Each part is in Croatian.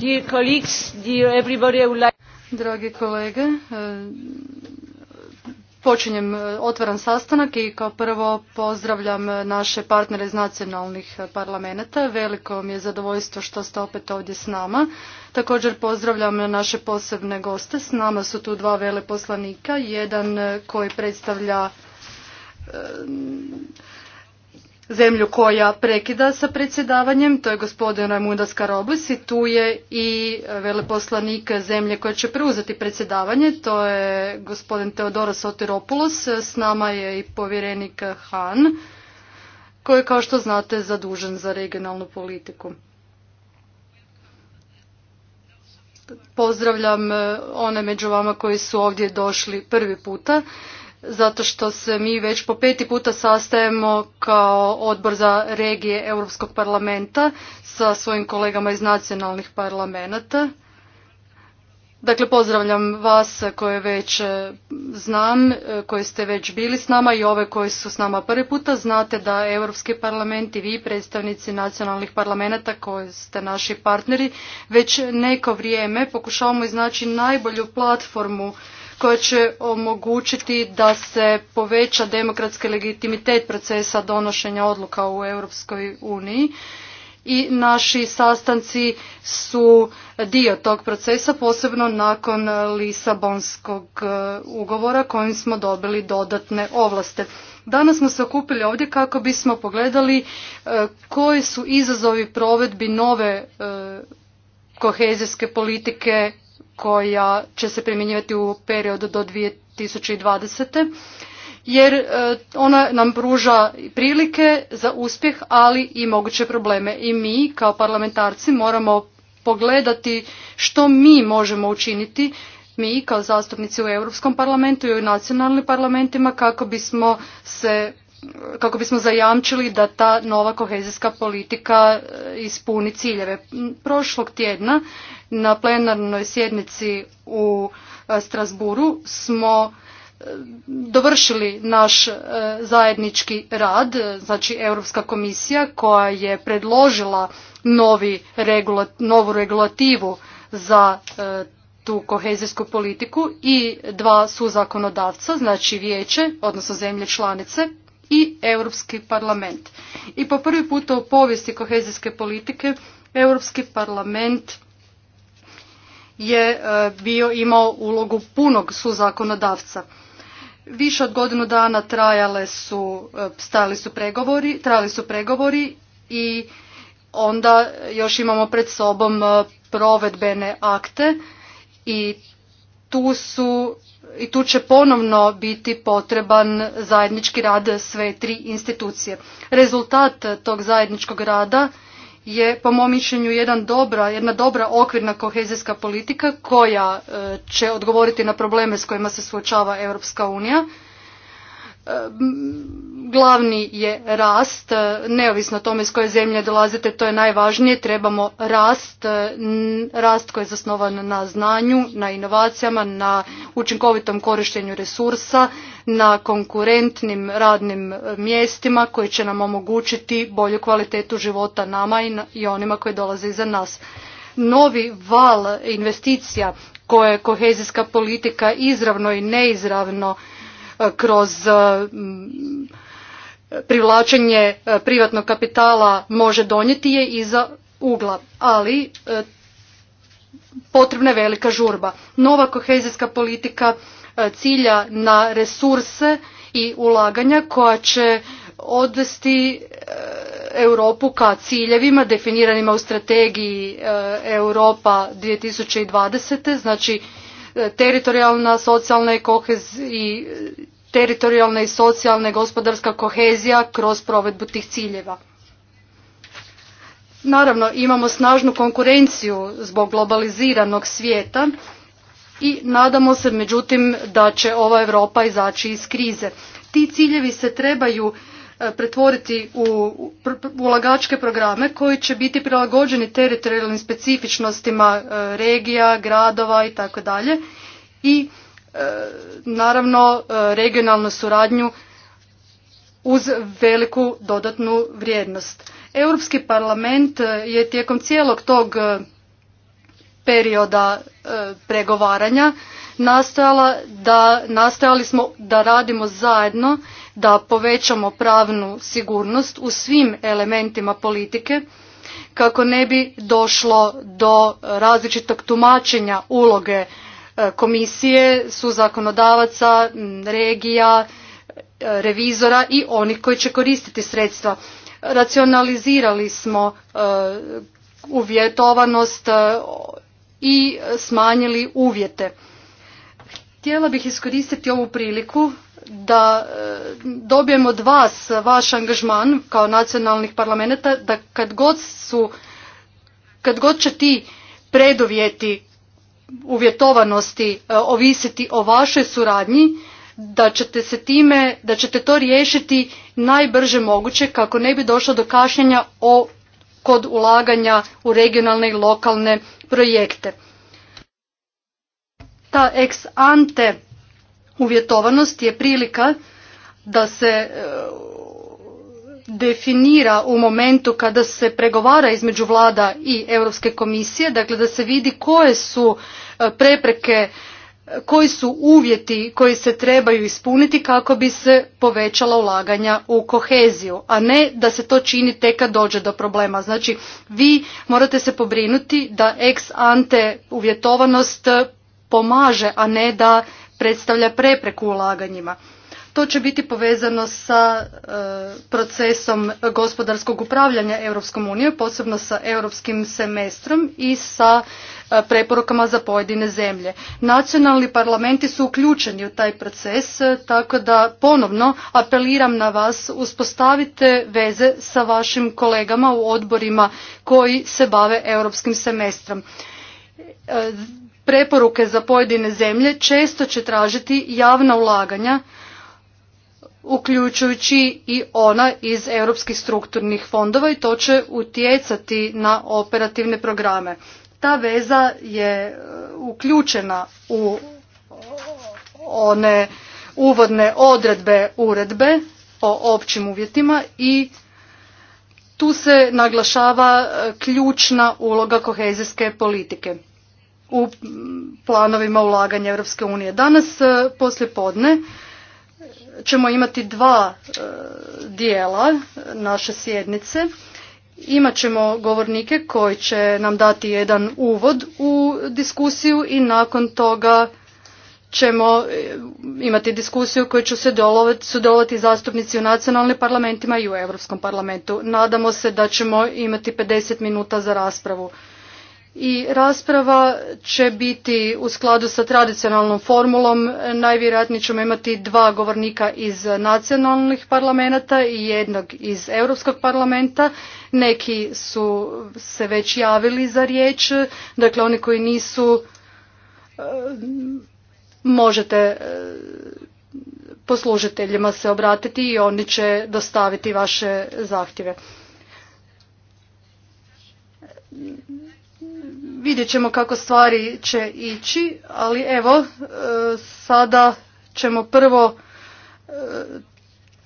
Dear kolege, e, počinjem, e, otvaram sastanak i kao prvo pozdravljam e, naše partnere iz nacionalnih parlamenta. Veliko mi je zadovoljstvo što ste opet ovdje s nama. Također pozdravljam naše posebne goste. S nama su tu dva veleposlanika, jedan koji predstavlja zemlju koja prekida sa predsjedavanjem, to je gospodin Raimunda Karoblis i tu je i veleposlanik zemlje koja će preuzeti predsjedavanje, to je gospodin Teodoro Otiropoulos, s nama je i povjerenik Han, koji je kao što znate zadužen za regionalnu politiku. Pozdravljam eh, one među vama koji su ovdje došli prvi puta zato što se mi već po peti puta sastajemo kao odbor za regije Europskog parlamenta sa svojim kolegama iz nacionalnih parlamenta. Dakle, pozdravljam vas koje već e, znam, e, koji ste već bili s nama i ove koji su s nama prvi puta. Znate da Europski parlament i vi, predstavnici nacionalnih parlamenta koji ste naši partneri, već neko vrijeme pokušavamo iznaći najbolju platformu koja će omogućiti da se poveća demokratski legitimitet procesa donošenja odluka u Europskoj uniji i naši sastanci su dio tog procesa, posebno nakon Lisabonskog e, ugovora kojim smo dobili dodatne ovlaste. Danas smo se okupili ovdje kako bismo pogledali e, koji su izazovi provedbi nove e, kohezijske politike koja će se primjenjivati u periodu do 2020. jer e, ona nam pruža prilike za uspjeh, ali i moguće probleme. I mi kao parlamentarci moramo pogledati što mi možemo učiniti, mi kao zastupnici u Europskom parlamentu i u nacionalnim parlamentima kako bismo se kako bismo zajamčili da ta nova kohezijska politika e, ispuni ciljeve. Prošlog tjedna na plenarnoj sjednici u e, Strasburu smo e, dovršili naš e, zajednički rad, znači Europska komisija koja je predložila novi, novu regulativu za tu kohezijsku politiku i dva su zakonodavca, znači vijeće, odnosno zemlje članice i Europski parlament. I po prvi puta u povijesti kohezijske politike Europski parlament je e, bio imao ulogu punog suzakonodavca. Više od godinu dana trajale su, e, stajali su pregovori, trajali su pregovori i onda još imamo pred sobom e, provedbene akte i tu su i tu će ponovno biti potreban zajednički rad sve tri institucije. Rezultat tog zajedničkog rada je po mom mišljenju jedan dobra, jedna dobra okvirna kohezijska politika koja e, će odgovoriti na probleme s kojima se suočava Europska unija glavni je rast, e, neovisno o tome iz koje zemlje dolazite, to je najvažnije, trebamo rast, e, rast koji je zasnovan na znanju, na inovacijama, na učinkovitom korištenju resursa, na konkurentnim radnim e, mjestima koji će nam omogućiti bolju kvalitetu života nama i onima koji dolaze iza nas. Novi val investicija koje kohezijska politika izravno i neizravno kroz e, privlačenje e, privatnog kapitala može donijeti je iza ugla, ali e, potrebna je velika žurba. Nova kohezijska politika cilja na resurse i ulaganja koja će odvesti Europu ka ciljevima definiranima u strategiji Europa 2020. Znači teritorijalna, socijalna i, kohez, i teritorijalna i socijalna i gospodarska kohezija kroz provedbu tih ciljeva. Naravno, imamo snažnu konkurenciju zbog globaliziranog svijeta i nadamo se međutim da će ova Europa izaći iz krize. Ti ciljevi se trebaju e, pretvoriti u ulagačke programe koji će biti prilagođeni teritorijalnim specifičnostima e, regija, gradova i tako dalje i naravno e, regionalnu suradnju uz veliku dodatnu vrijednost. Europski parlament e, je tijekom cijelog tog e, perioda pregovaranja nastojala da nastojali smo da radimo zajedno da povećamo pravnu sigurnost u svim elementima politike kako ne bi došlo do različitog tumačenja uloge E, komisije, su zakonodavaca, regija, e, revizora i onih koji će koristiti sredstva. Racionalizirali smo e, uvjetovanost i smanjili uvjete. Htjela bih iskoristiti ovu priliku da dobijemo od vas vaš angažman kao nacionalnih parlamenta da kad god su kad god će ti preduvjeti uvjetovanosti e, ovisiti o vašoj suradnji da ćete se time, da ćete to riješiti najbrže moguće kako ne bi došlo do kašnjenja kod ulaganja u regionalne i lokalne projekte. Ta ex ante uvjetovanost je prilika da se e, definira u momentu kada se pregovara između vlada i Europske komisije, dakle da se vidi koje su prepreke koji su uvjeti koji se trebaju ispuniti kako bi se povećala ulaganja u koheziju, a ne da se to čini tek kad dođe do problema. Znači, vi morate se pobrinuti da ex ante uvjetovanost pomaže, a ne da predstavlja prepreku ulaganjima. To će biti povezano sa e, procesom gospodarskog upravljanja Europskom unijom, posebno sa europskim semestrom i sa e, preporukama za pojedine zemlje. Nacionalni parlamenti su uključeni u taj proces, e, tako da ponovno apeliram na vas uspostavite veze sa vašim kolegama u odborima koji se bave europskim semestrom preporuke za pojedine zemlje često će tražiti javna ulaganja uključujući i ona iz europskih strukturnih fondova i to će utjecati na operativne programe. Ta veza je e, uključena u one uvodne odredbe uredbe o općim uvjetima i tu se naglašava e, ključna uloga kohezijske politike u planovima ulaganja Europske unije. Danas e, poslijepodne podne ćemo imati dva e, dijela naše sjednice. Imat ćemo govornike koji će nam dati jedan uvod u diskusiju i nakon toga ćemo e, imati diskusiju koju će sudjelovati zastupnici u nacionalnim parlamentima i u Europskom parlamentu. Nadamo se da ćemo imati 50 minuta za raspravu i rasprava će biti u skladu sa tradicionalnom formulom. Najvjerojatnije ćemo imati dva govornika iz nacionalnih parlamenta i jednog iz Europskog parlamenta. Neki su se već javili za riječ, dakle oni koji nisu e, možete e, poslužiteljima se obratiti i oni će dostaviti vaše zahtjeve vidjet ćemo kako stvari će ići, ali evo, e, sada ćemo prvo e,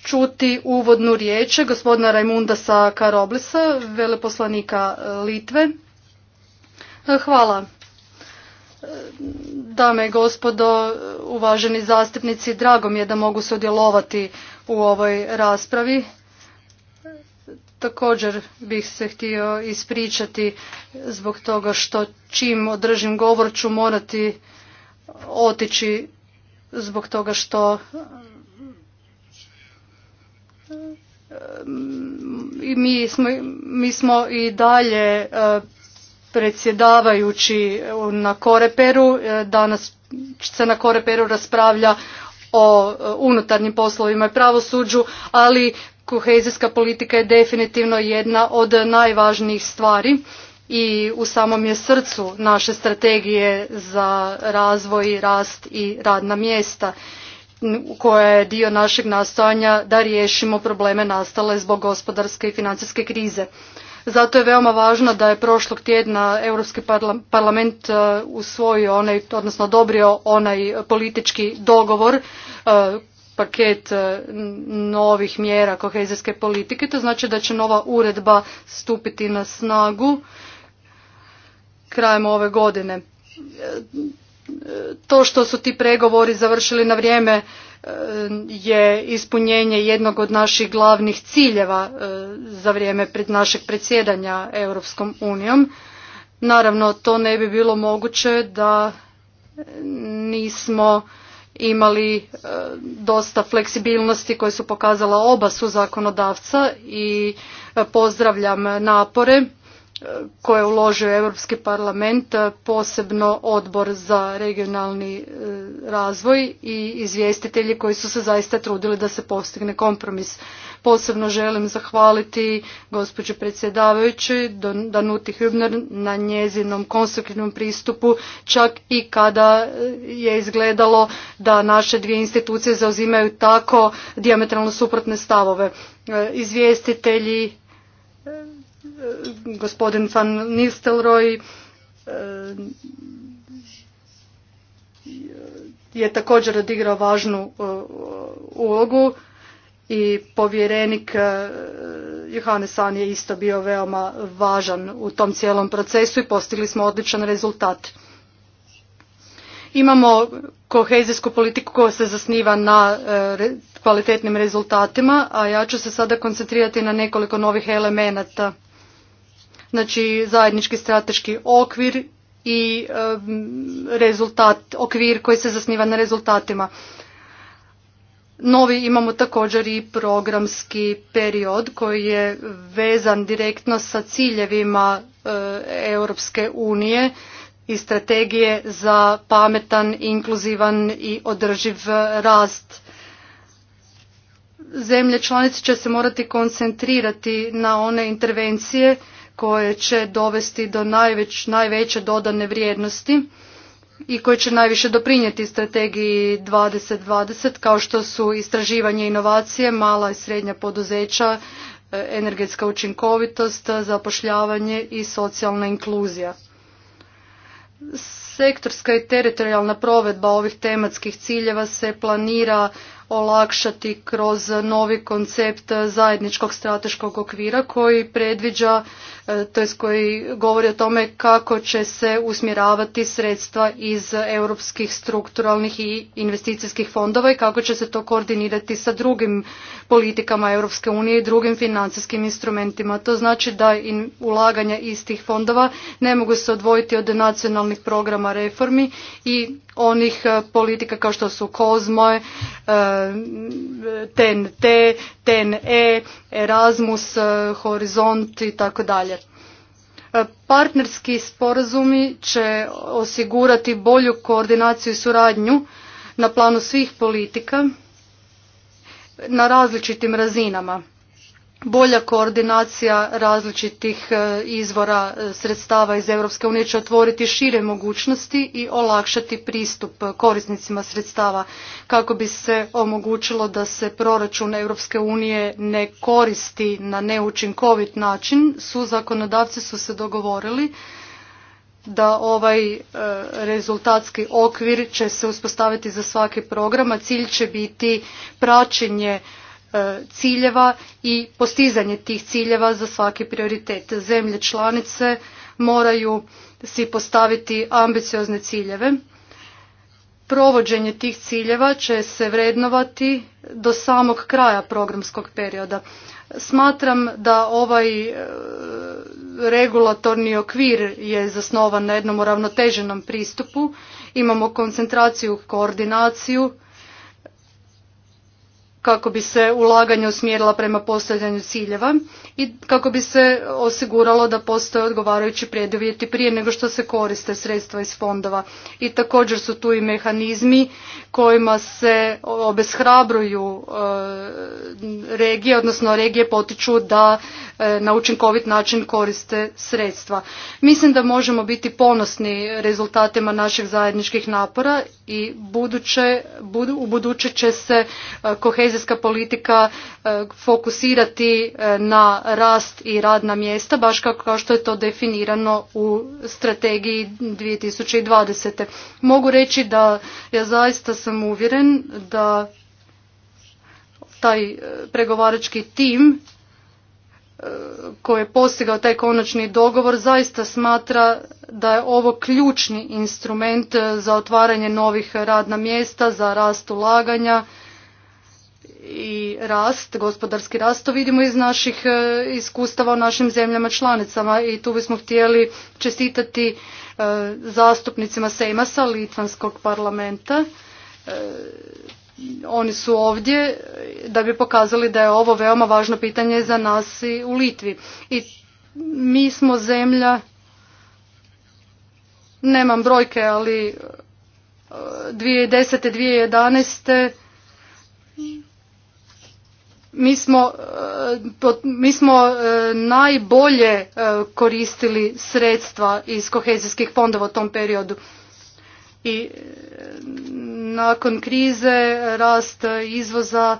čuti uvodnu riječ gospodina Rajmunda sa Karoblisa, veleposlanika e, Litve. Hvala. Dame i gospodo, uvaženi zastupnici, drago mi je da mogu sudjelovati u ovoj raspravi Također bih se htio ispričati zbog toga što čim održim govor ću morati otići zbog toga što i e, mi smo, mi smo i dalje e, predsjedavajući na Koreperu. E, danas se na Koreperu raspravlja o unutarnjim poslovima i pravosuđu, ali kohezijska politika je definitivno jedna od najvažnijih stvari i u samom je srcu naše strategije za razvoj, rast i radna mjesta koja je dio našeg nastojanja da riješimo probleme nastale zbog gospodarske i financijske krize. Zato je veoma važno da je prošlog tjedna Europski parlament e, usvojio onaj, odnosno odobrio onaj politički dogovor e, paket e, novih mjera kohezijske politike. To znači da će nova uredba stupiti na snagu krajem ove godine. E, to što su ti pregovori završili na vrijeme e, je ispunjenje jednog od naših glavnih ciljeva za vrijeme pred našeg predsjedanja Europskom unijom. Naravno, to ne bi bilo moguće da nismo imali e, dosta fleksibilnosti koje su pokazala oba su zakonodavca i e, pozdravljam napore koje je uložio Europski parlament, e, posebno odbor za regionalni e, razvoj i izvjestitelji koji su se zaista trudili da se postigne kompromis. Posebno želim zahvaliti gospođi predsjedavajući Danuti Hübner na njezinom konstruktivnom pristupu, čak i kada e, je izgledalo da naše dvije institucije zauzimaju tako diametralno suprotne stavove. Izvjestitelji gospodin Van Nistelrooy e, je također odigrao važnu e, ulogu i povjerenik e, Johannes San je isto bio veoma važan u tom cijelom procesu i postigli smo odličan rezultat. Imamo kohezijsku politiku koja se zasniva na kvalitetnim rezultatima, a ja ću se sada koncentrirati na nekoliko novih elemenata znači zajednički strateški okvir i rezultat, okvir koji se zasniva na rezultatima. Novi imamo također i programski period koji je vezan direktno sa ciljevima eh, Europske unije i strategije za pametan, inkluzivan i održiv rast. Zemlje članice će se morati koncentrirati na one intervencije koje će dovesti do najveć, najveće dodane vrijednosti i koje će najviše doprinijeti strategiji 2020 kao što su istraživanje inovacije, mala i srednja poduzeća, e, energetska učinkovitost, zapošljavanje i socijalna inkluzija. Sektorska i teritorijalna provedba ovih tematskih ciljeva se planira olakšati kroz novi koncept zajedničkog strateškog okvira koji predviđa to koji govori o tome kako će se usmjeravati sredstva iz europskih strukturalnih i investicijskih fondova i kako će se to koordinirati sa drugim politikama Europske unije i drugim financijskim instrumentima. To znači da ulaganja iz tih fondova ne mogu se odvojiti od nacionalnih programa reformi i onih e, politika kao što su COSMO, e, TNT, TNE, Erasmus, e, Horizont i tako dalje. Partnerski sporazumi će osigurati bolju koordinaciju i suradnju na planu svih politika na različitim razinama bolja koordinacija različitih e, izvora e, sredstava iz Europske će otvoriti šire mogućnosti i olakšati pristup korisnicima sredstava kako bi se omogućilo da se proračun EU unije ne koristi na neučinkovit način. Su zakonodavci su se dogovorili da ovaj e, rezultatski okvir će se uspostaviti za svaki program, a cilj će biti praćenje E, ciljeva i postizanje tih ciljeva za svaki prioritet. Zemlje članice moraju si postaviti ambiciozne ciljeve. Provođenje tih ciljeva će se vrednovati do samog kraja programskog perioda. Smatram da ovaj e, regulatorni okvir je zasnovan na jednom uravnoteženom pristupu. Imamo koncentraciju, koordinaciju kako bi se ulaganje usmjerila prema postavljanju ciljeva i kako bi se osiguralo da postoje odgovarajući preduvjeti prije nego što se koriste sredstva iz fondova. I također su tu i mehanizmi kojima se obeshrabruju e, regije, odnosno regije potiču da e, na učinkovit način koriste sredstva. Mislim da možemo biti ponosni rezultatima naših zajedničkih napora i buduće, u buduće će se e, kohezijska politika fokusirati na rast i radna mjesta, baš kao što je to definirano u strategiji 2020. Mogu reći da ja zaista sam uvjeren da taj e, pregovarački tim e, koji je postigao taj konačni dogovor zaista smatra da je ovo ključni instrument e, za otvaranje novih radna mjesta, za rast ulaganja i rast, gospodarski rast, to vidimo iz naših e, iskustava u našim zemljama članicama i tu bismo htjeli čestitati e, zastupnicima Sejmasa, Litvanskog parlamenta. E, oni su ovdje da bi pokazali da je ovo veoma važno pitanje za nas i u Litvi. I mi smo zemlja, nemam brojke, ali 2010. 2011 mi smo, e, mi smo e, najbolje e, koristili sredstva iz kohezijskih fondova u tom periodu. I nakon krize rast izvoza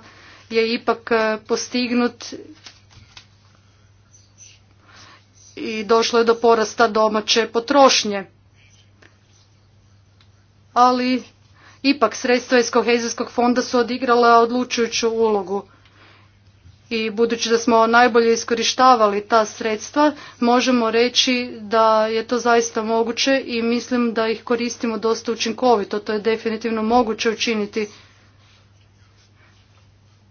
je ipak postignut i došlo je do porasta domaće potrošnje. Ali ipak sredstva iz kohezijskog fonda su odigrala odlučujuću ulogu i budući da smo najbolje iskorištavali ta sredstva, možemo reći da je to zaista moguće i mislim da ih koristimo dosta učinkovito. To je definitivno moguće učiniti.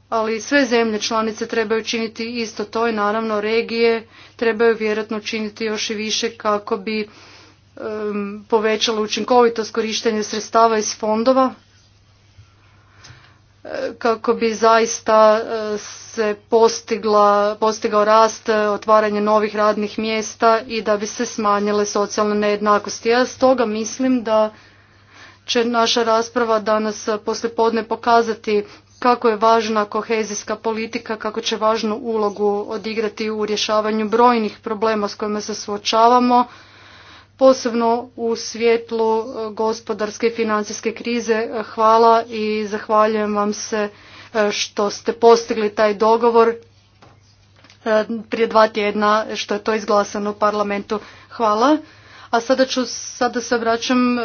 Ali sve zemlje članice trebaju učiniti isto to i naravno regije trebaju vjerojatno učiniti još i više kako bi um, povećalo učinkovitost korištenja sredstava iz fondova e, kako bi zaista e, se postigla, postigao rast, e, otvaranje novih radnih mjesta i da bi se smanjile socijalne nejednakosti. Ja stoga mislim da će naša rasprava danas e, poslijepodne pokazati kako je važna kohezijska politika, kako će važnu ulogu odigrati u rješavanju brojnih problema s kojima se suočavamo, posebno u svjetlu e, gospodarske i financijske krize. Hvala i zahvaljujem vam se što ste postigli taj dogovor e, prije dva tjedna što je to izglasano u parlamentu. Hvala. A sada ću, sada se vraćam e,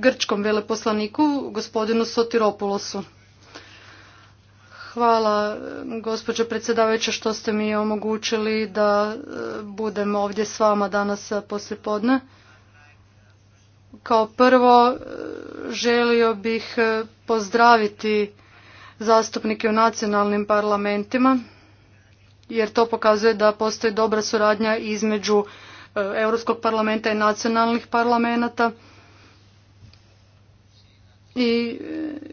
grčkom veleposlaniku, gospodinu Sotiropulosu. Hvala, gospođo predsjedavajuća, što ste mi omogućili da e, budem ovdje s vama danas poslijepodne. Kao prvo, želio bih pozdraviti zastupnike u nacionalnim parlamentima jer to pokazuje da postoji dobra suradnja između e, Europskog parlamenta i nacionalnih parlamenta. I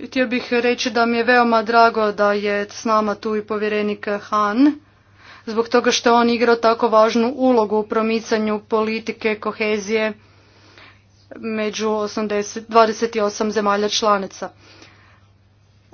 e, htio bih reći da mi je veoma drago da je s nama tu i povjerenik Han, zbog toga što on igrao tako važnu ulogu u promicanju politike kohezije među 28 zemalja članica.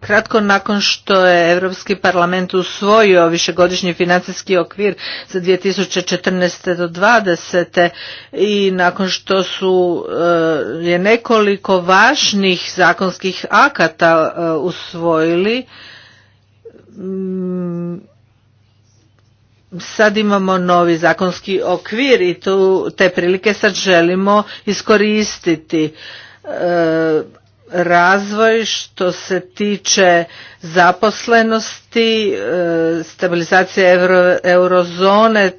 Kratko nakon što je Europski parlament usvojio višegodišnji financijski okvir za 2014. do 2020. i nakon što su eh, je nekoliko važnih zakonskih akata eh, usvojili, mm, sad imamo novi zakonski okvir i tu te prilike sad želimo iskoristiti. Eh, razvoj što se tiče zaposlenosti, e, stabilizacije eurozone, e,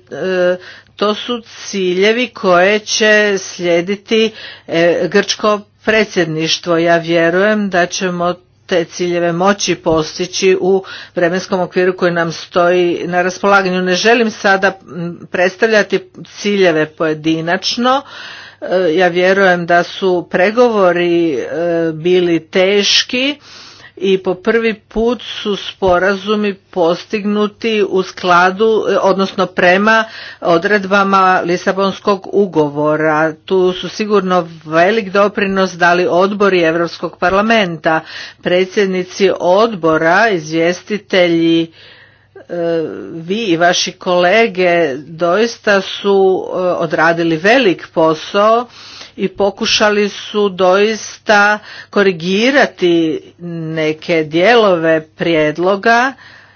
to su ciljevi koje će slijediti e, grčko predsjedništvo. Ja vjerujem da ćemo te ciljeve moći postići u vremenskom okviru koji nam stoji na raspolaganju. Ne želim sada predstavljati ciljeve pojedinačno, ja vjerujem da su pregovori e, bili teški i po prvi put su sporazumi postignuti u skladu, e, odnosno prema odredbama Lisabonskog ugovora. Tu su sigurno velik doprinos dali odbori Europskog parlamenta, predsjednici odbora, izvjestitelji vi i vaši kolege doista su e, odradili velik posao i pokušali su doista korigirati neke dijelove prijedloga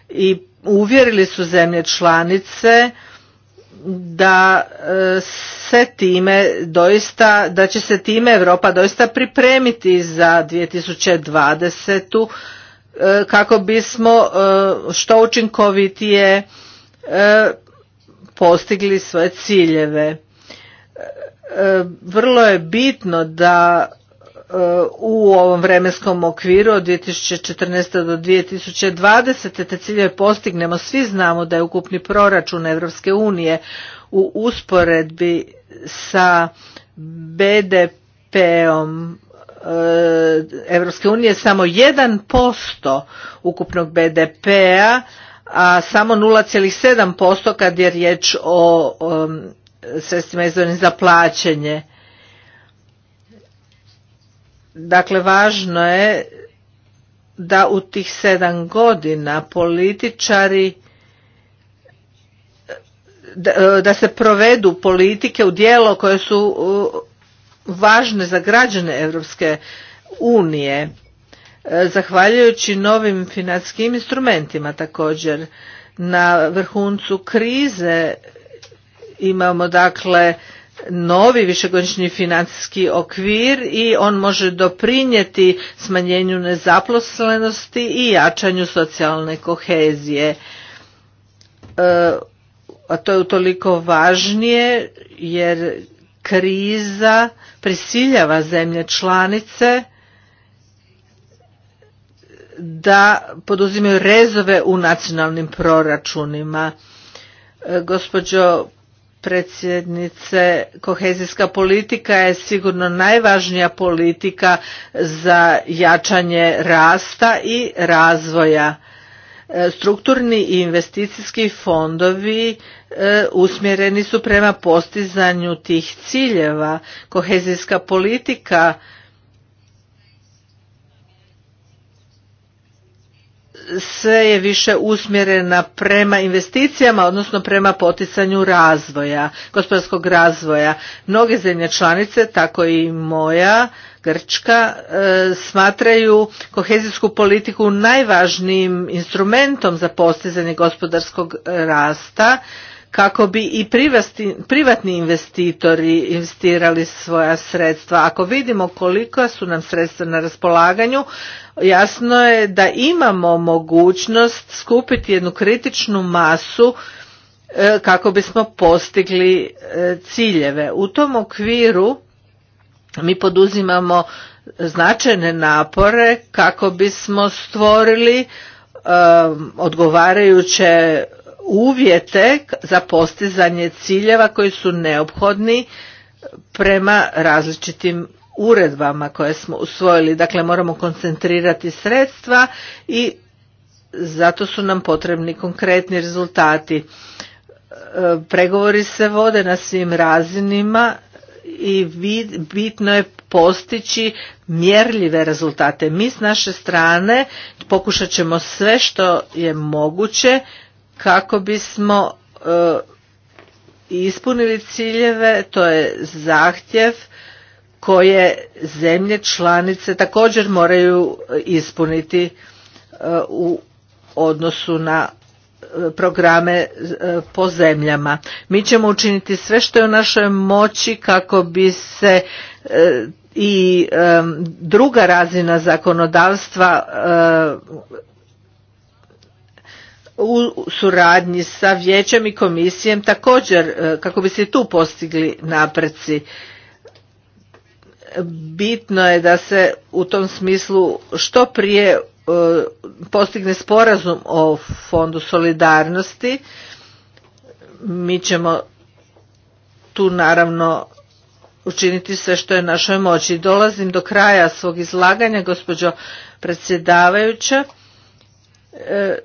i uvjerili su zemlje članice da e, se time doista da će se time Europa doista pripremiti za 2020. E, kako bismo e, što učinkovitije e, postigli svoje ciljeve. Vrlo je bitno da u ovom vremenskom okviru od 2014. do 2020. te ciljeve postignemo. Svi znamo da je ukupni proračun Europske unije u usporedbi sa BDP-om Europske unije samo 1% ukupnog BDP-a, a samo 0,7% kad je riječ o, sredstvima za plaćanje. Dakle, važno je da u tih sedam godina političari da, se provedu politike u dijelo koje su važne za građane Europske unije e, zahvaljujući novim financijskim instrumentima također na vrhuncu krize imamo dakle novi višegodišnji financijski okvir i on može doprinijeti smanjenju nezaposlenosti i jačanju socijalne kohezije. E, a to je utoliko važnije jer kriza prisiljava zemlje članice da poduzimaju rezove u nacionalnim proračunima. E, gospođo predsjednice, kohezijska politika je sigurno najvažnija politika za jačanje rasta i razvoja E, strukturni i investicijski fondovi e, usmjereni su prema postizanju tih ciljeva. Kohezijska politika sve je više usmjerena prema investicijama, odnosno prema poticanju razvoja, gospodarskog razvoja. Mnoge zemlje članice, tako i moja, Grčka e, smatraju kohezijsku politiku najvažnijim instrumentom za postizanje gospodarskog rasta kako bi i privatni investitori investirali svoja sredstva. Ako vidimo koliko su nam sredstva na raspolaganju, jasno je da imamo mogućnost skupiti jednu kritičnu masu e, kako bismo postigli e, ciljeve. U tom okviru mi poduzimamo značajne napore kako bismo stvorili um, odgovarajuće uvjete za postizanje ciljeva koji su neophodni prema različitim uredbama koje smo usvojili. Dakle, moramo koncentrirati sredstva i zato su nam potrebni konkretni rezultati. E, pregovori se vode na svim razinima i bitno je postići mjerljive rezultate. Mi s naše strane pokušat ćemo sve što je moguće kako bismo e, ispunili ciljeve, to je zahtjev koje zemlje članice također moraju e, ispuniti e, u odnosu na programe e, po zemljama. Mi ćemo učiniti sve što je u našoj moći kako bi se e, i e, druga razina zakonodavstva u suradnji sa vijećem i komisijem također kako bi se tu postigli napreci bitno je da se u tom smislu što prije E, postigne sporazum o fondu solidarnosti mi ćemo tu naravno učiniti sve što je našoj moći. Dolazim do kraja svog izlaganja, gospođo predsjedavajuća. E,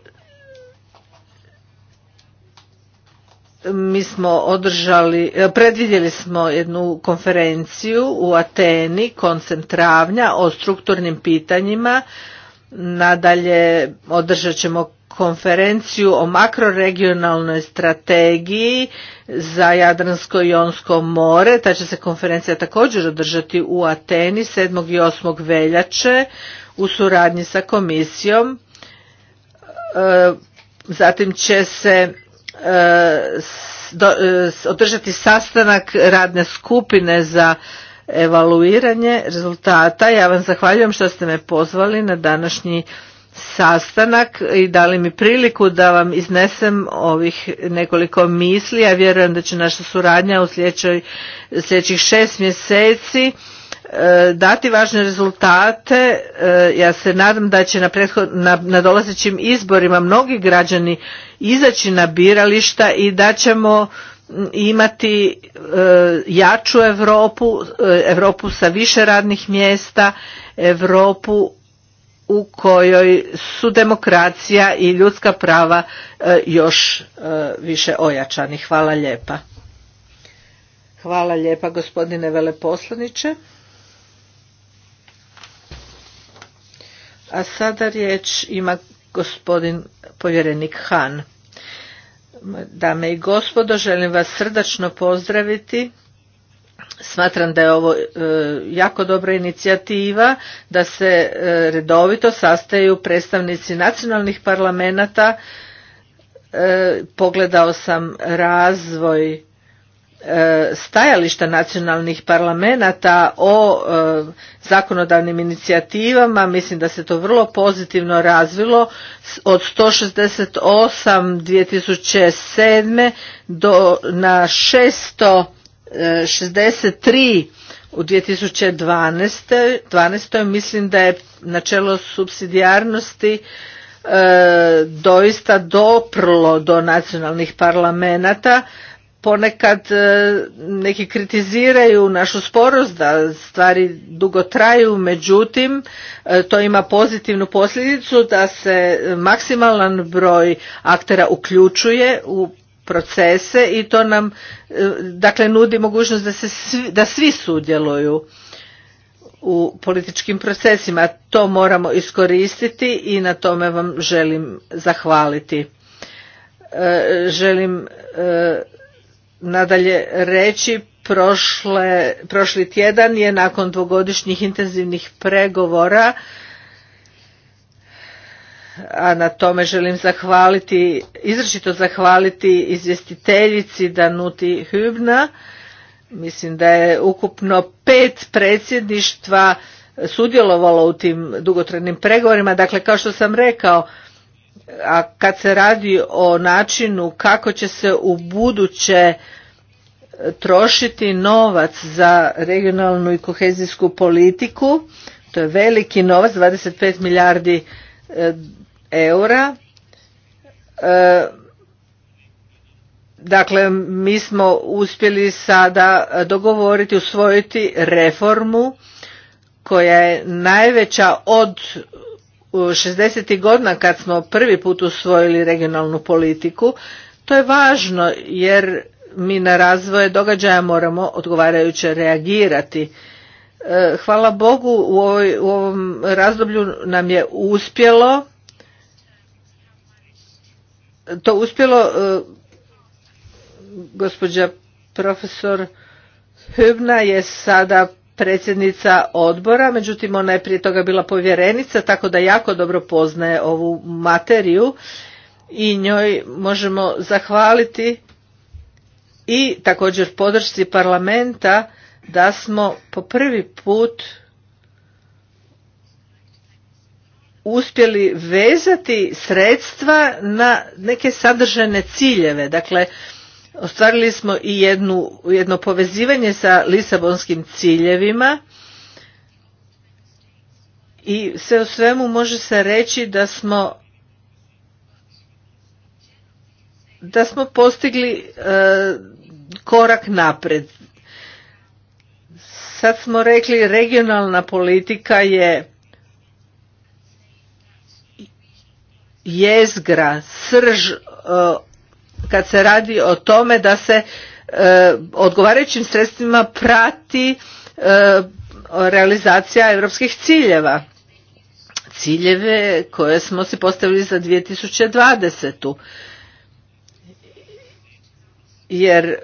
mi smo održali, e, predvidjeli smo jednu konferenciju u Ateni koncem travnja o strukturnim pitanjima Nadalje održat ćemo konferenciju o makroregionalnoj strategiji za Jadransko i Jonsko more. Ta će se konferencija također održati u Ateni 7. i 8. veljače u suradnji sa komisijom. E, zatim će se e, e, održati sastanak radne skupine za evaluiranje rezultata. Ja vam zahvaljujem što ste me pozvali na današnji sastanak i dali mi priliku da vam iznesem ovih nekoliko misli. Ja vjerujem da će naša suradnja u sljedećih šest mjeseci e, dati važne rezultate. E, ja se nadam da će na, na dolazećim izborima mnogi građani izaći na birališta i da ćemo imati e, jaču Europu, e, Europu sa više radnih mjesta, Europu u kojoj su demokracija i ljudska prava e, još više ojačani. Hvala lijepa. Hvala lijepa gospodine veleposlaniče. A sada riječ ima gospodin povjerenik Han dame i gospodo, želim vas srdačno pozdraviti. Smatram da je ovo e, jako dobra inicijativa da se e, redovito sastaju predstavnici nacionalnih parlamenata. E, pogledao sam razvoj E, stajališta nacionalnih parlamenata o e, zakonodavnim inicijativama. Mislim da se to vrlo pozitivno razvilo od 168 2007. do na 663 u 2012. 12. mislim da je načelo subsidijarnosti e, doista doprlo do nacionalnih parlamenata ponekad e, neki kritiziraju našu sporost da stvari dugo traju, međutim e, to ima pozitivnu posljedicu da se maksimalan broj aktera uključuje u procese i to nam e, dakle nudi mogućnost da, se da svi sudjeluju u političkim procesima. To moramo iskoristiti i na tome vam želim zahvaliti. Želim nadalje reći prošle, prošli tjedan je nakon dvogodišnjih intenzivnih pregovora a na tome želim zahvaliti, izrašito zahvaliti izvjestiteljici Danuti Hübna. Mislim da je ukupno pet predsjedništva sudjelovalo u tim dugotrajnim pregovorima. Dakle, kao što sam rekao, a kad se radi o načinu kako će se u buduće e, trošiti novac za regionalnu i kohezijsku politiku, to je veliki novac, 25 milijardi e, eura. E, dakle, mi smo uspjeli sada dogovoriti, usvojiti reformu koja je najveća od u 60. godina kad smo prvi put usvojili regionalnu politiku, to je važno jer mi na razvoje događaja moramo odgovarajuće reagirati. E, hvala Bogu u ovom razdoblju nam je uspjelo to uspjelo e, gospođa profesor Hübna je sada predsjednica odbora, međutim ona je prije toga bila povjerenica, tako da jako dobro poznaje ovu materiju i njoj možemo zahvaliti i također podršci parlamenta da smo po prvi put uspjeli vezati sredstva na neke sadržajne ciljeve. Dakle, Ostvarili smo i jedno povezivanje sa lisabonskim ciljevima i sve u svemu može se reći da smo da smo postigli e, korak napred. Sad smo rekli regionalna politika je jezgra, srž e, kad se radi o tome da se e, odgovarajućim sredstvima prati e, realizacija europskih ciljeva ciljeve koje smo si postavili za 2020. Jer e,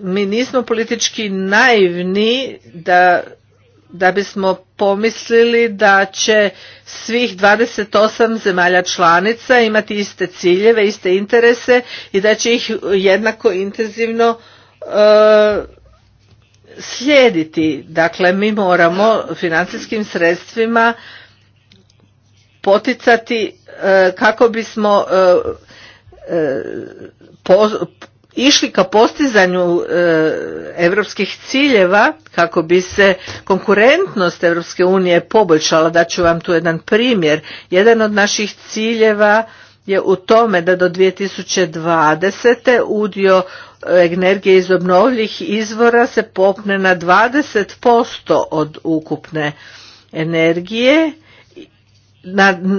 mi nismo politički naivni da da bismo pomislili da će svih 28 zemalja članica imati iste ciljeve, iste interese i da će ih jednako intenzivno e, slijediti. Dakle, mi moramo financijskim sredstvima poticati e, kako bismo e, išli ka postizanju europskih ciljeva kako bi se konkurentnost Europske unije poboljšala. ću vam tu jedan primjer. Jedan od naših ciljeva je u tome da do 2020. udio e, energije iz obnovljivih izvora se popne na 20% od ukupne energije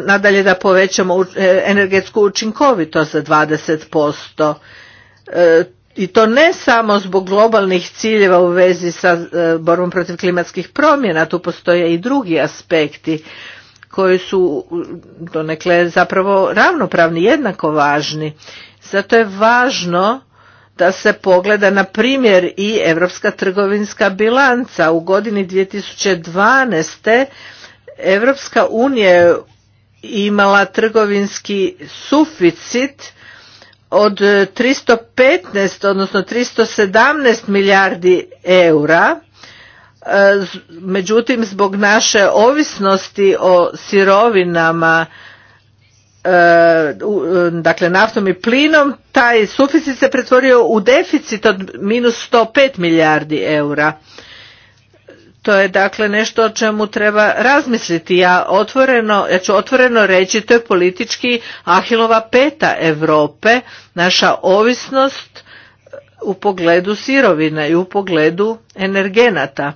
nadalje da povećamo e, energetsku učinkovitost za 20%. E, i to ne samo zbog globalnih ciljeva u vezi sa e, borbom protiv klimatskih promjena, tu postoje i drugi aspekti koji su donekle zapravo ravnopravni, jednako važni. Zato je važno da se pogleda na primjer i Europska trgovinska bilanca. U godini 2012. Evropska unija imala trgovinski suficit od 315 e, odnosno 317 milijardi eura e, međutim zbog naše ovisnosti o sirovinama e, dakle naftom i plinom taj suficit se pretvorio u deficit od minus 105 milijardi eura to je dakle nešto o čemu treba razmisliti. Ja, otvoreno, ja ću otvoreno reći, to je politički Ahilova peta Europe, naša ovisnost uh, u pogledu sirovina i u pogledu energenata.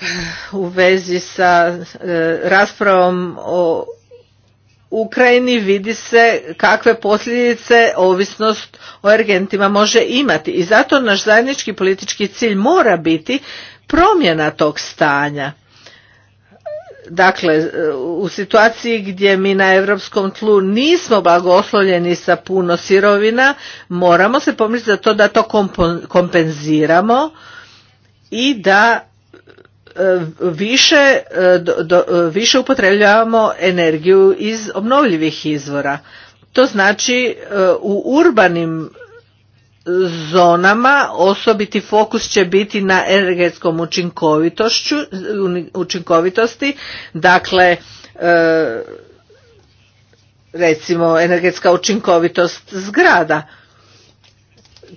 U vezi sa uh, raspravom o Ukrajini vidi se kakve posljedice ovisnost o argentima može imati i zato naš zajednički politički cilj mora biti promjena tog stanja. Dakle, u situaciji gdje mi na europskom tlu nismo blagoslovljeni sa puno sirovina, moramo se pomisliti za to da to kompenziramo i da više, e, do, e, više upotrebljavamo energiju iz obnovljivih izvora. To znači e, u urbanim zonama osobiti fokus će biti na energetskom učinkovitosti, dakle recimo energetska učinkovitost zgrada.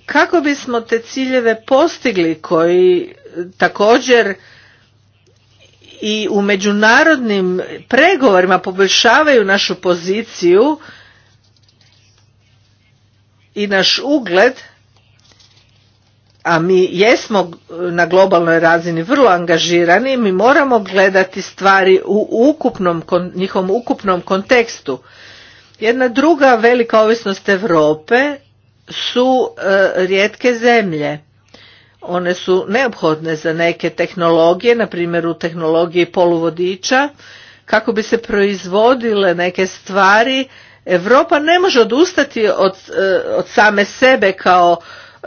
Kako bismo te ciljeve postigli koji također i u međunarodnim pregovorima poboljšavaju našu poziciju i naš ugled, a mi jesmo na globalnoj razini vrlo angažirani, mi moramo gledati stvari u ukupnom, njihovom ukupnom kontekstu. Jedna druga velika ovisnost Europe su e, rijetke zemlje one su neophodne za neke tehnologije, na primjer u tehnologiji poluvodiča, kako bi se proizvodile neke stvari, Europa ne može odustati od, e, od same sebe kao, e,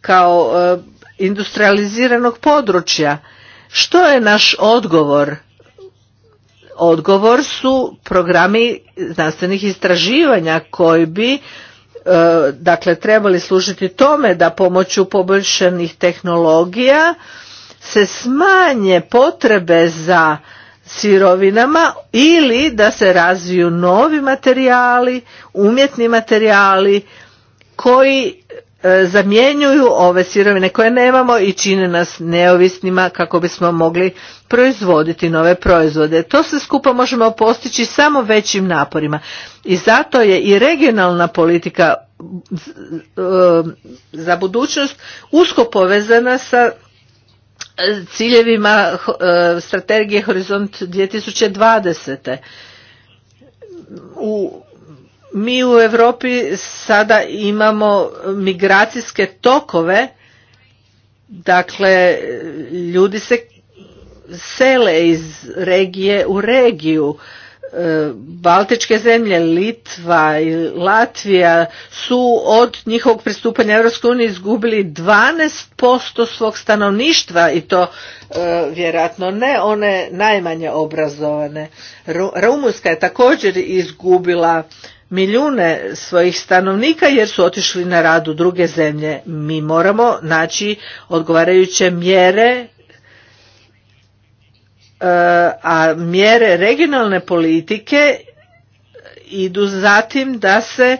kao e, industrializiranog područja. Što je naš odgovor? Odgovor su programi znanstvenih istraživanja koji bi E, dakle trebali služiti tome da pomoću poboljšanih tehnologija se smanje potrebe za sirovinama ili da se razviju novi materijali, umjetni materijali koji E, zamjenjuju ove sirovine koje nemamo i čine nas neovisnima kako bismo mogli proizvoditi nove proizvode. To se skupa možemo postići samo većim naporima i zato je i regionalna politika e, za budućnost usko povezana sa e, ciljevima strategije Horizont 2020. U mi u Europi sada imamo migracijske tokove, dakle ljudi se sele iz regije u regiju. E, Baltičke zemlje, Litva i Latvija su od njihovog pristupanja EU izgubili 12% svog stanovništva i to e, vjerojatno ne one najmanje obrazovane. Rumunjska je također izgubila milijune svojih stanovnika jer su otišli na rad u druge zemlje. Mi moramo naći odgovarajuće mjere e, a mjere regionalne politike idu zatim da se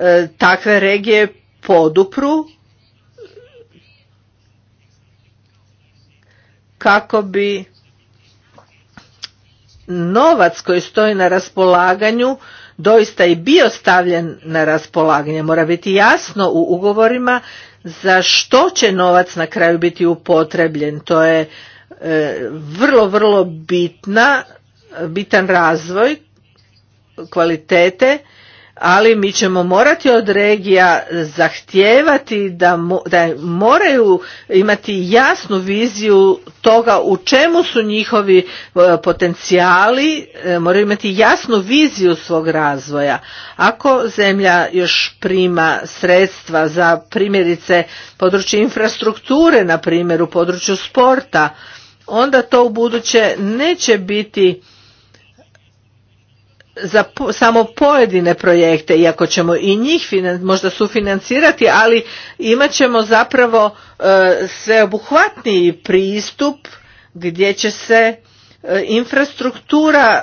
e, takve regije podupru kako bi novac koji stoji na raspolaganju doista i bio stavljen na raspolaganje. Mora biti jasno u ugovorima za što će novac na kraju biti upotrebljen. To je e, vrlo, vrlo bitna, bitan razvoj kvalitete ali mi ćemo morati od regija zahtijevati da, da moraju imati jasnu viziju toga u čemu su njihovi e, potencijali, e, moraju imati jasnu viziju svog razvoja. Ako zemlja još prima sredstva za primjerice područje infrastrukture, na primjer u području sporta, onda to u buduće neće biti za samo pojedine projekte, iako ćemo i njih možda sufinancirati, ali imat ćemo zapravo e, sveobuhvatniji pristup gdje će se e, infrastruktura e,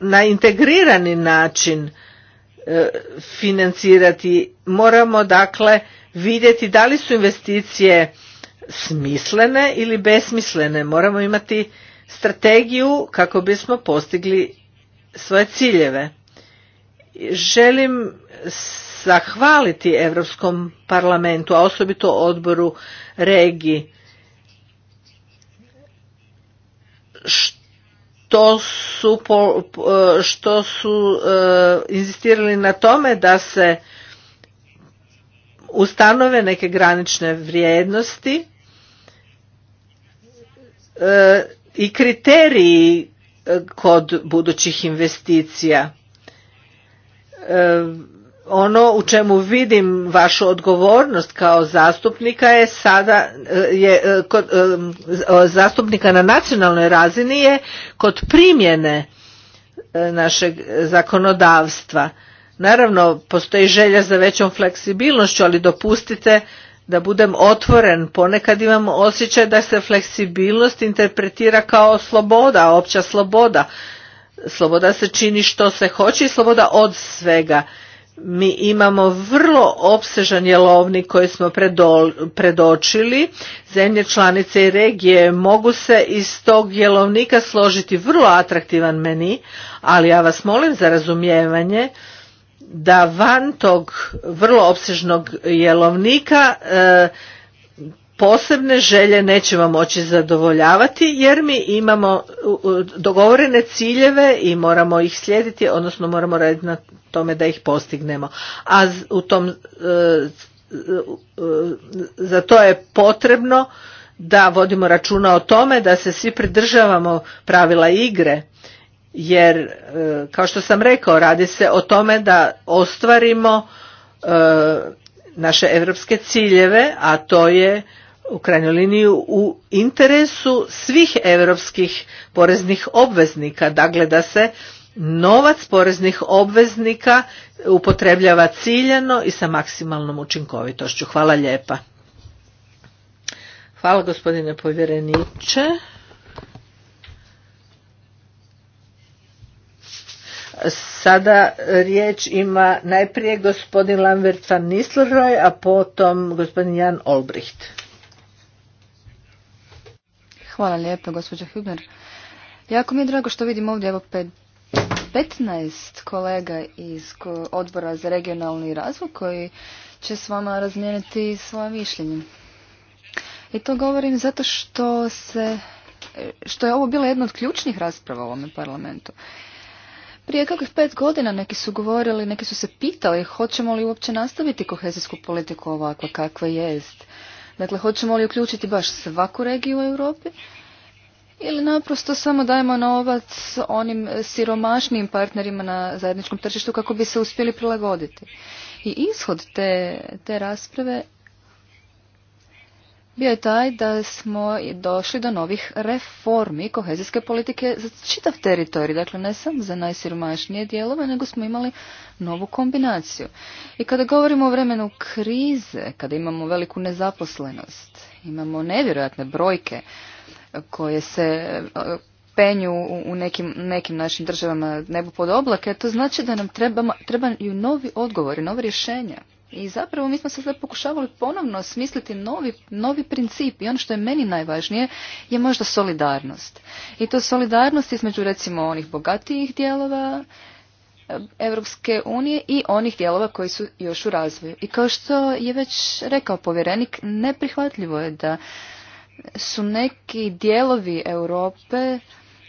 na integrirani način e, financirati. Moramo dakle vidjeti da li su investicije smislene ili besmislene. Moramo imati strategiju kako bismo postigli svoje ciljeve. Želim zahvaliti Europskom parlamentu, a osobito odboru regiji, što su, što su e, na tome da se ustanove neke granične vrijednosti e, i kriteriji kod budućih investicija. E, ono u čemu vidim vašu odgovornost kao zastupnika je sada e, je e, kod zastupnika na nacionalnoj razini je kod primjene našeg zakonodavstva. Naravno, postoji želja za većom fleksibilnošću, ali dopustite da budem otvoren, ponekad imam osjećaj da se fleksibilnost interpretira kao sloboda, opća sloboda. Sloboda se čini što se hoće i sloboda od svega. Mi imamo vrlo opsežan jelovnik koji smo predočili. Zemlje, članice i regije mogu se iz tog jelovnika složiti vrlo atraktivan meni, ali ja vas molim za razumijevanje da van tog vrlo opsežnog jelovnika e, posebne želje nećemo moći zadovoljavati jer mi imamo dogovorene ciljeve i moramo ih slijediti, odnosno moramo raditi na tome da ih postignemo. A u tom, e, e, za to je potrebno da vodimo računa o tome da se svi pridržavamo pravila igre jer e, kao što sam rekao radi se o tome da ostvarimo e, naše europske ciljeve a to je u krajnjoj liniji u interesu svih europskih poreznih obveznika dakle da se novac poreznih obveznika upotrebljava ciljano i sa maksimalnom učinkovitošću hvala lijepa hvala gospodine povjereniče Sada riječ ima najprije gospodin Lambert van Nistelrooy, a potom gospodin Jan Olbricht. Hvala lijepo, gospođa Hübner. Jako mi je drago što vidim ovdje evo 15 kolega iz odbora za regionalni razvoj koji će s vama razmijeniti svoje mišljenje. I to govorim zato što se što je ovo bila jedna od ključnih rasprava u ovom parlamentu. Prije kakvih pet godina neki su govorili, neki su se pitali hoćemo li uopće nastaviti kohezijsku politiku ovakva kakva jest. Dakle, hoćemo li uključiti baš svaku regiju u Europi? Ili naprosto samo dajemo novac onim siromašnijim partnerima na zajedničkom tržištu kako bi se uspjeli prilagoditi. I ishod te, te rasprave bio je taj da smo došli do novih reformi kohezijske politike za čitav teritorij, dakle ne samo za najsiromašnije dijelove, nego smo imali novu kombinaciju. I kada govorimo o vremenu krize, kada imamo veliku nezaposlenost, imamo nevjerojatne brojke koje se e, penju u nekim, nekim našim državama nebo pod oblake, to znači da nam trebamo, trebaju novi odgovori, nove rješenja. I zapravo mi smo se sve pokušavali ponovno smisliti novi, novi princip i ono što je meni najvažnije je možda solidarnost. I to solidarnost između recimo onih bogatijih dijelova Europske unije i onih dijelova koji su još u razvoju. I kao što je već rekao povjerenik, neprihvatljivo je da su neki dijelovi Europe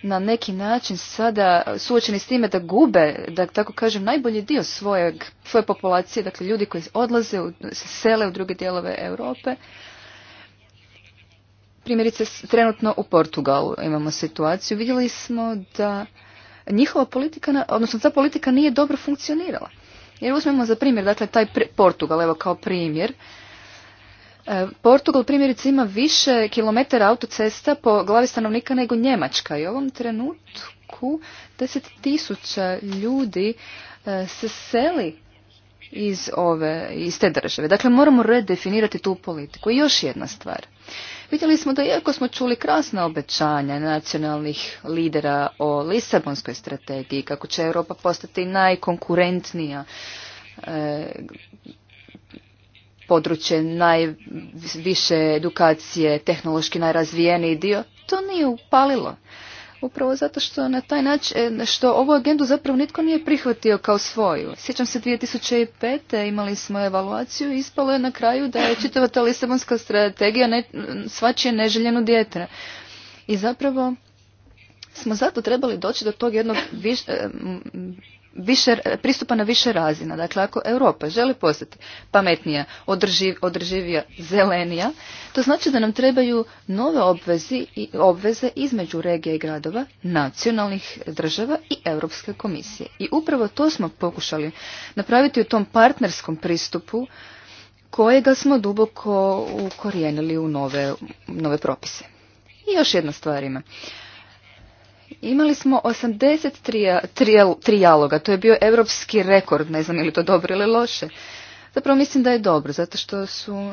na neki način sada suočeni s time da gube, da tako kažem, najbolji dio svojeg, svoje populacije, dakle ljudi koji odlaze, u, se sele u druge dijelove Europe. Primjerice, trenutno u Portugalu imamo situaciju. Vidjeli smo da njihova politika, odnosno ta politika nije dobro funkcionirala. Jer uzmemo za primjer, dakle, taj Portugal, evo kao primjer, E, Portugal primjerice ima više kilometara autocesta po glavi stanovnika nego Njemačka i u ovom trenutku deset tisuća ljudi e, se seli iz, ove, iz te države. Dakle, moramo redefinirati tu politiku. I još jedna stvar. Vidjeli smo da iako smo čuli krasna obećanja nacionalnih lidera o Lisabonskoj strategiji, kako će Europa postati najkonkurentnija e, područje najviše edukacije, tehnološki najrazvijeniji dio, to nije upalilo. Upravo zato što na taj način, e, što ovu agendu zapravo nitko nije prihvatio kao svoju. Sjećam se 2005. imali smo evaluaciju i ispalo je na kraju da je čitava ta Lisabonska strategija ne, svačije neželjenu dijete. I zapravo smo zato trebali doći do tog jednog viš, e, više, pristupa na više razina. Dakle, ako Europa želi postati pametnija, održiv, održivija, zelenija, to znači da nam trebaju nove obvezi i obveze između regija i gradova, nacionalnih država i Europske komisije. I upravo to smo pokušali napraviti u tom partnerskom pristupu kojega smo duboko ukorijenili u nove, nove propise. I još jedna stvar ima. Imali smo 83 trija, trijaloga, to je bio europski rekord, ne znam je to dobro ili loše. Zapravo mislim da je dobro, zato što su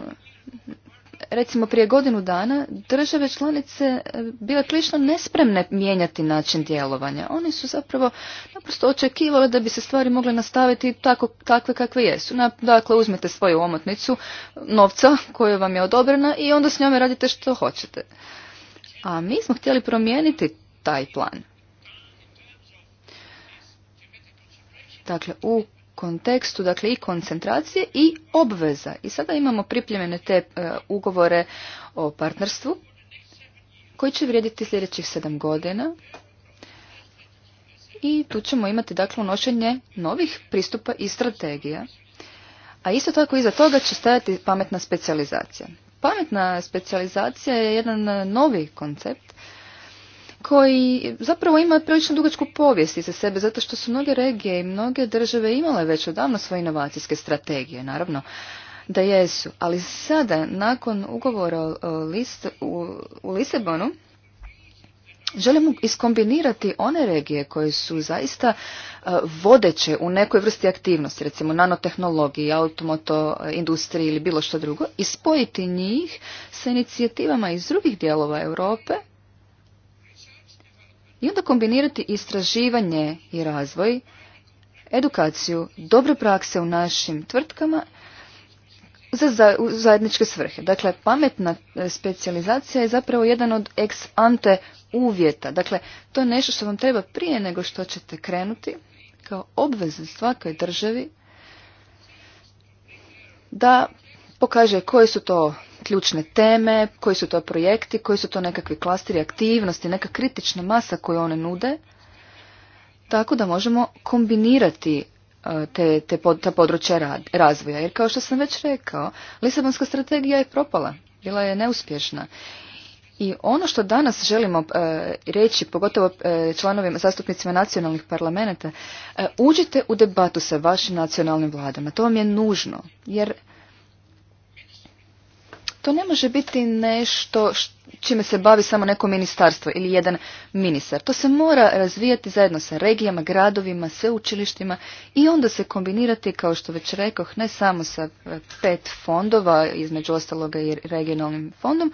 recimo prije godinu dana države članice e, bile klično nespremne mijenjati način djelovanja. Oni su zapravo naprosto očekivali da bi se stvari mogle nastaviti tako, takve kakve jesu. Dakle, uzmete svoju omotnicu novca koja vam je odobrena i onda s njome radite što hoćete. A mi smo htjeli promijeniti taj plan. Dakle, u kontekstu dakle i koncentracije i obveza. I sada imamo pripremljene te e, ugovore o partnerstvu koji će vrijediti sljedećih sedam godina i tu ćemo imati dakle unošenje novih pristupa i strategija. A isto tako iza toga će stajati pametna specijalizacija. Pametna specijalizacija je jedan novi koncept koji zapravo ima prilično dugačku povijest iza sebe, zato što su mnoge regije i mnoge države imale već odavno svoje inovacijske strategije, naravno da jesu. Ali sada, nakon ugovora list, u, u Lisabonu, želimo iskombinirati one regije koje su zaista e, vodeće u nekoj vrsti aktivnosti, recimo nanotehnologiji, automoto, industriji ili bilo što drugo, i spojiti njih sa inicijativama iz drugih dijelova Europe i onda kombinirati istraživanje i razvoj, edukaciju, dobre prakse u našim tvrtkama za zajedničke svrhe. Dakle, pametna e, specijalizacija je zapravo jedan od ex ante uvjeta. Dakle, to je nešto što vam treba prije nego što ćete krenuti kao obveznost svakoj državi da pokaže koje su to ključne teme, koji su to projekti, koji su to nekakvi klasteri aktivnosti, neka kritična masa koju one nude, tako da možemo kombinirati e, te, te pod, ta područja razvoja. Jer kao što sam već rekao, Lisabonska strategija je propala, bila je neuspješna. I ono što danas želimo e, reći, pogotovo e, članovima, zastupnicima nacionalnih parlamenta, uđite u debatu sa vašim nacionalnim vladama. To vam je nužno, jer to ne može biti nešto čime se bavi samo neko ministarstvo ili jedan ministar. To se mora razvijati zajedno sa regijama, gradovima, sveučilištima i onda se kombinirati, kao što već rekoh, ne samo sa e, pet fondova, između ostaloga i regionalnim fondom,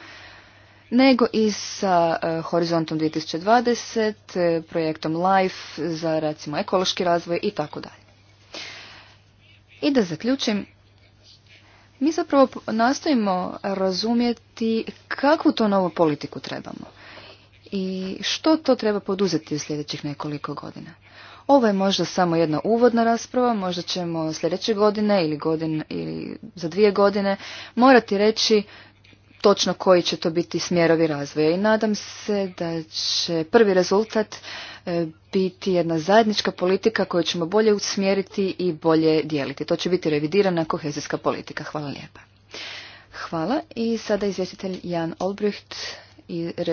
nego i sa e, Horizontom 2020, e, projektom LIFE za recimo ekološki razvoj i tako dalje. I da zaključim, mi zapravo nastojimo razumjeti kakvu to novu politiku trebamo i što to treba poduzeti u sljedećih nekoliko godina. Ovo je možda samo jedna uvodna rasprava, možda ćemo sljedeće godine ili, godine ili za dvije godine morati reći točno koji će to biti smjerovi razvoja i nadam se da će prvi rezultat e, biti jedna zajednička politika koju ćemo bolje usmjeriti i bolje dijeliti. To će biti revidirana kohezijska politika. Hvala lijepa. Hvala i sada izvjestitelj Jan Olbricht,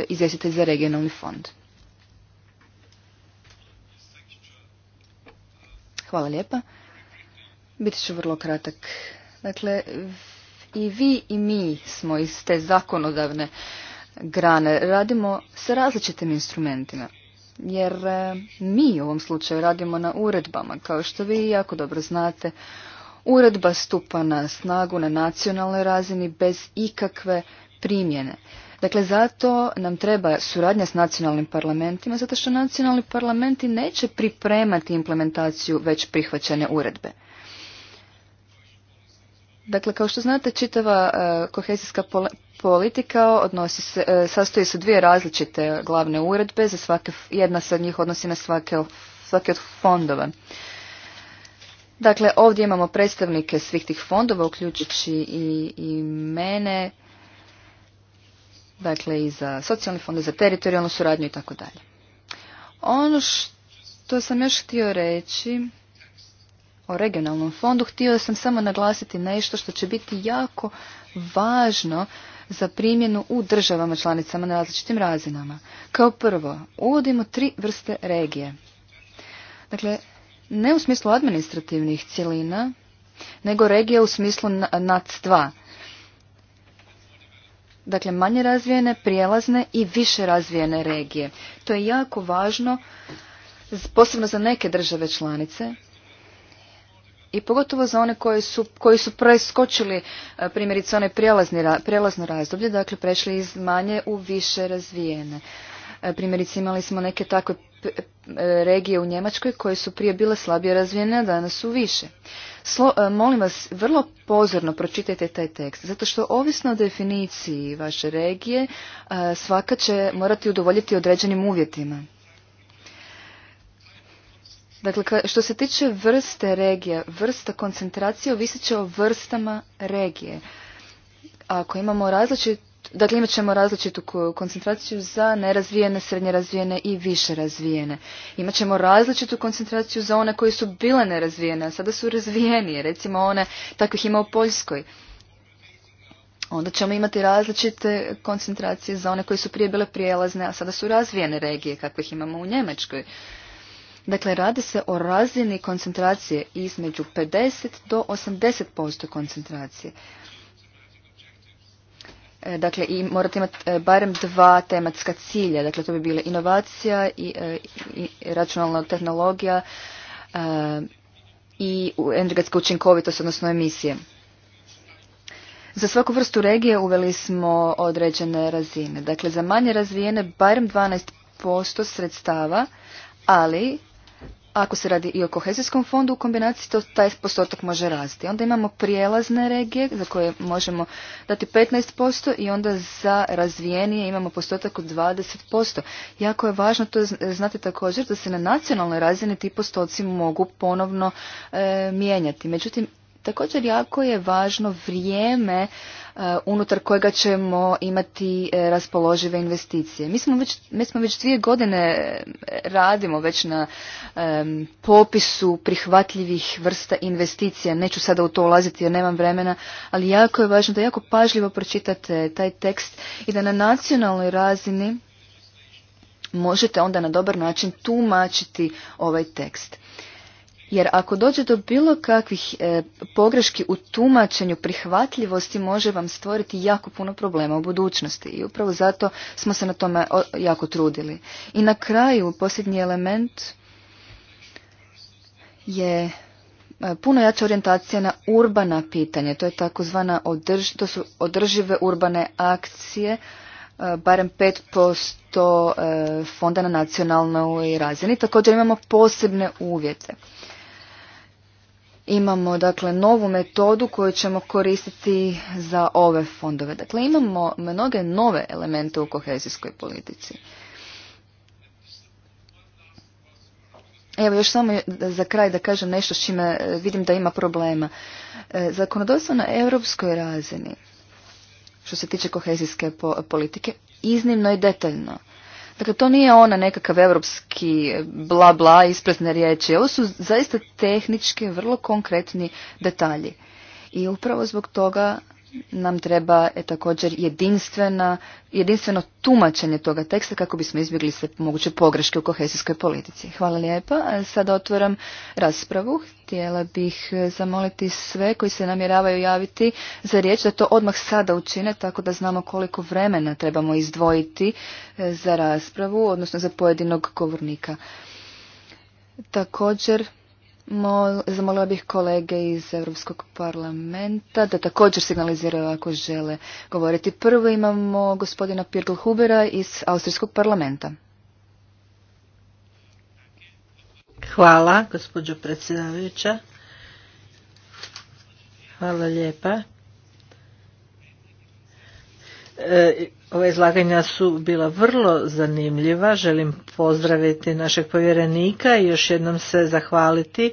izvjestitelj za regionalni fond. Hvala lijepa. Biti ću vrlo kratak. Dakle, i vi i mi smo iz te zakonodavne grane. Radimo sa različitim instrumentima. Jer e, mi u ovom slučaju radimo na uredbama. Kao što vi jako dobro znate, uredba stupa na snagu na nacionalnoj razini bez ikakve primjene. Dakle, zato nam treba suradnja s nacionalnim parlamentima, zato što nacionalni parlamenti neće pripremati implementaciju već prihvaćene uredbe. Dakle, kao što znate, čitava e, kohezijska politika odnosi se, e, sastoji se dvije različite glavne uredbe, za svake, jedna se od njih odnosi na svake, od fondova. Dakle, ovdje imamo predstavnike svih tih fondova, uključujući i, mene, dakle i za socijalni fond, za teritorijalnu suradnju i tako dalje. Ono što sam još htio reći o regionalnom fondu, htio sam samo naglasiti nešto što će biti jako važno za primjenu u državama članicama na različitim razinama. Kao prvo, uvodimo tri vrste regije. Dakle, ne u smislu administrativnih cjelina, nego regije u smislu nad Dakle, manje razvijene, prijelazne i više razvijene regije. To je jako važno, posebno za neke države članice, i pogotovo za one koji su, koji su preskočili e, primjerice one prijelazno razdoblje, dakle prešli iz manje u više razvijene. E, primjerice imali smo neke takve e, regije u Njemačkoj koje su prije bile slabije razvijene, a danas su više. molim vas, vrlo pozorno pročitajte taj tekst, zato što ovisno o definiciji vaše regije, svaka će morati udovoljiti određenim uvjetima. Dakle, što se tiče vrste regije, vrsta koncentracije ovisit će o vrstama regije. Ako imamo različit, dakle imat ćemo različitu koncentraciju za nerazvijene, srednje razvijene i više razvijene. Imat ćemo različitu koncentraciju za one koje su bile nerazvijene, a sada su razvijenije, recimo one takvih ima u Poljskoj. Onda ćemo imati različite koncentracije za one koje su prije bile prijelazne, a sada su razvijene regije, kakvih imamo u Njemačkoj. Dakle, radi se o razini koncentracije između 50 do 80% koncentracije. E, dakle, i morate imati e, barem dva tematska cilja. Dakle, to bi bile inovacija i, e, računalna tehnologija i energetska učinkovitost, odnosno emisije. Za svaku vrstu regije uveli smo određene razine. Dakle, za manje razvijene barem 12% sredstava, ali ako se radi i o kohezijskom fondu, u kombinaciji to taj postotak može rasti. Onda imamo prijelazne regije za koje možemo dati 15% i onda za razvijenije imamo postotak od 20%. Jako je važno to znati također da se na nacionalnoj razini ti postoci mogu ponovno e, mijenjati. Međutim, također jako je važno vrijeme Eh, unutar kojega ćemo imati eh, raspoložive investicije. Mi smo već, mi smo već dvije godine eh, radimo već na popisu prihvatljivih vrsta investicija. Neću sada u to ulaziti jer nemam vremena, ali jako je važno da jako pažljivo pročitate taj tekst i da na nacionalnoj razini možete onda na dobar način tumačiti ovaj tekst jer ako dođe do bilo kakvih e, pogreški u tumačenju prihvatljivosti može vam stvoriti jako puno problema u budućnosti i upravo zato smo se na tome jako trudili. I na kraju posljednji element je e, puno jača orijentacija na urbana pitanje, to je takozvana održ, to su održive urbane akcije e, barem 5% e, fonda na nacionalnoj razini. Također imamo posebne uvjete. Imamo dakle novu metodu koju ćemo koristiti za ove fondove. Dakle imamo mnoge nove elemente u kohezijskoj politici. Evo još samo za kraj da kažem nešto s čime e, vidim da ima problema. E, zakonodavstvo na europskoj razini što se tiče kohezijske politike iznimno je detaljno. Dakle, to nije ona nekakav evropski bla bla isprazne riječi. Ovo su zaista tehnički, vrlo konkretni detalji. I upravo zbog toga nam treba e, također jedinstvena, jedinstveno tumačenje toga teksta kako bismo izbjegli sve moguće pogreške u kohezijskoj politici. Hvala lijepa. Sada otvoram raspravu. Htjela bih e, zamoliti sve koji se namjeravaju javiti za riječ da to odmah sada učine tako da znamo koliko vremena trebamo izdvojiti e, za raspravu, odnosno za pojedinog govornika. Također no zamolila bih kolege iz Europskog parlamenta da također signaliziraju ako žele govoriti. Prvo imamo gospodina Pirgl Hubera iz Austrijskog parlamenta. Hvala, gospođo predsjedavajuća. Hvala lijepa. E, ova izlaganja su bila vrlo zanimljiva. Želim pozdraviti našeg povjerenika i još jednom se zahvaliti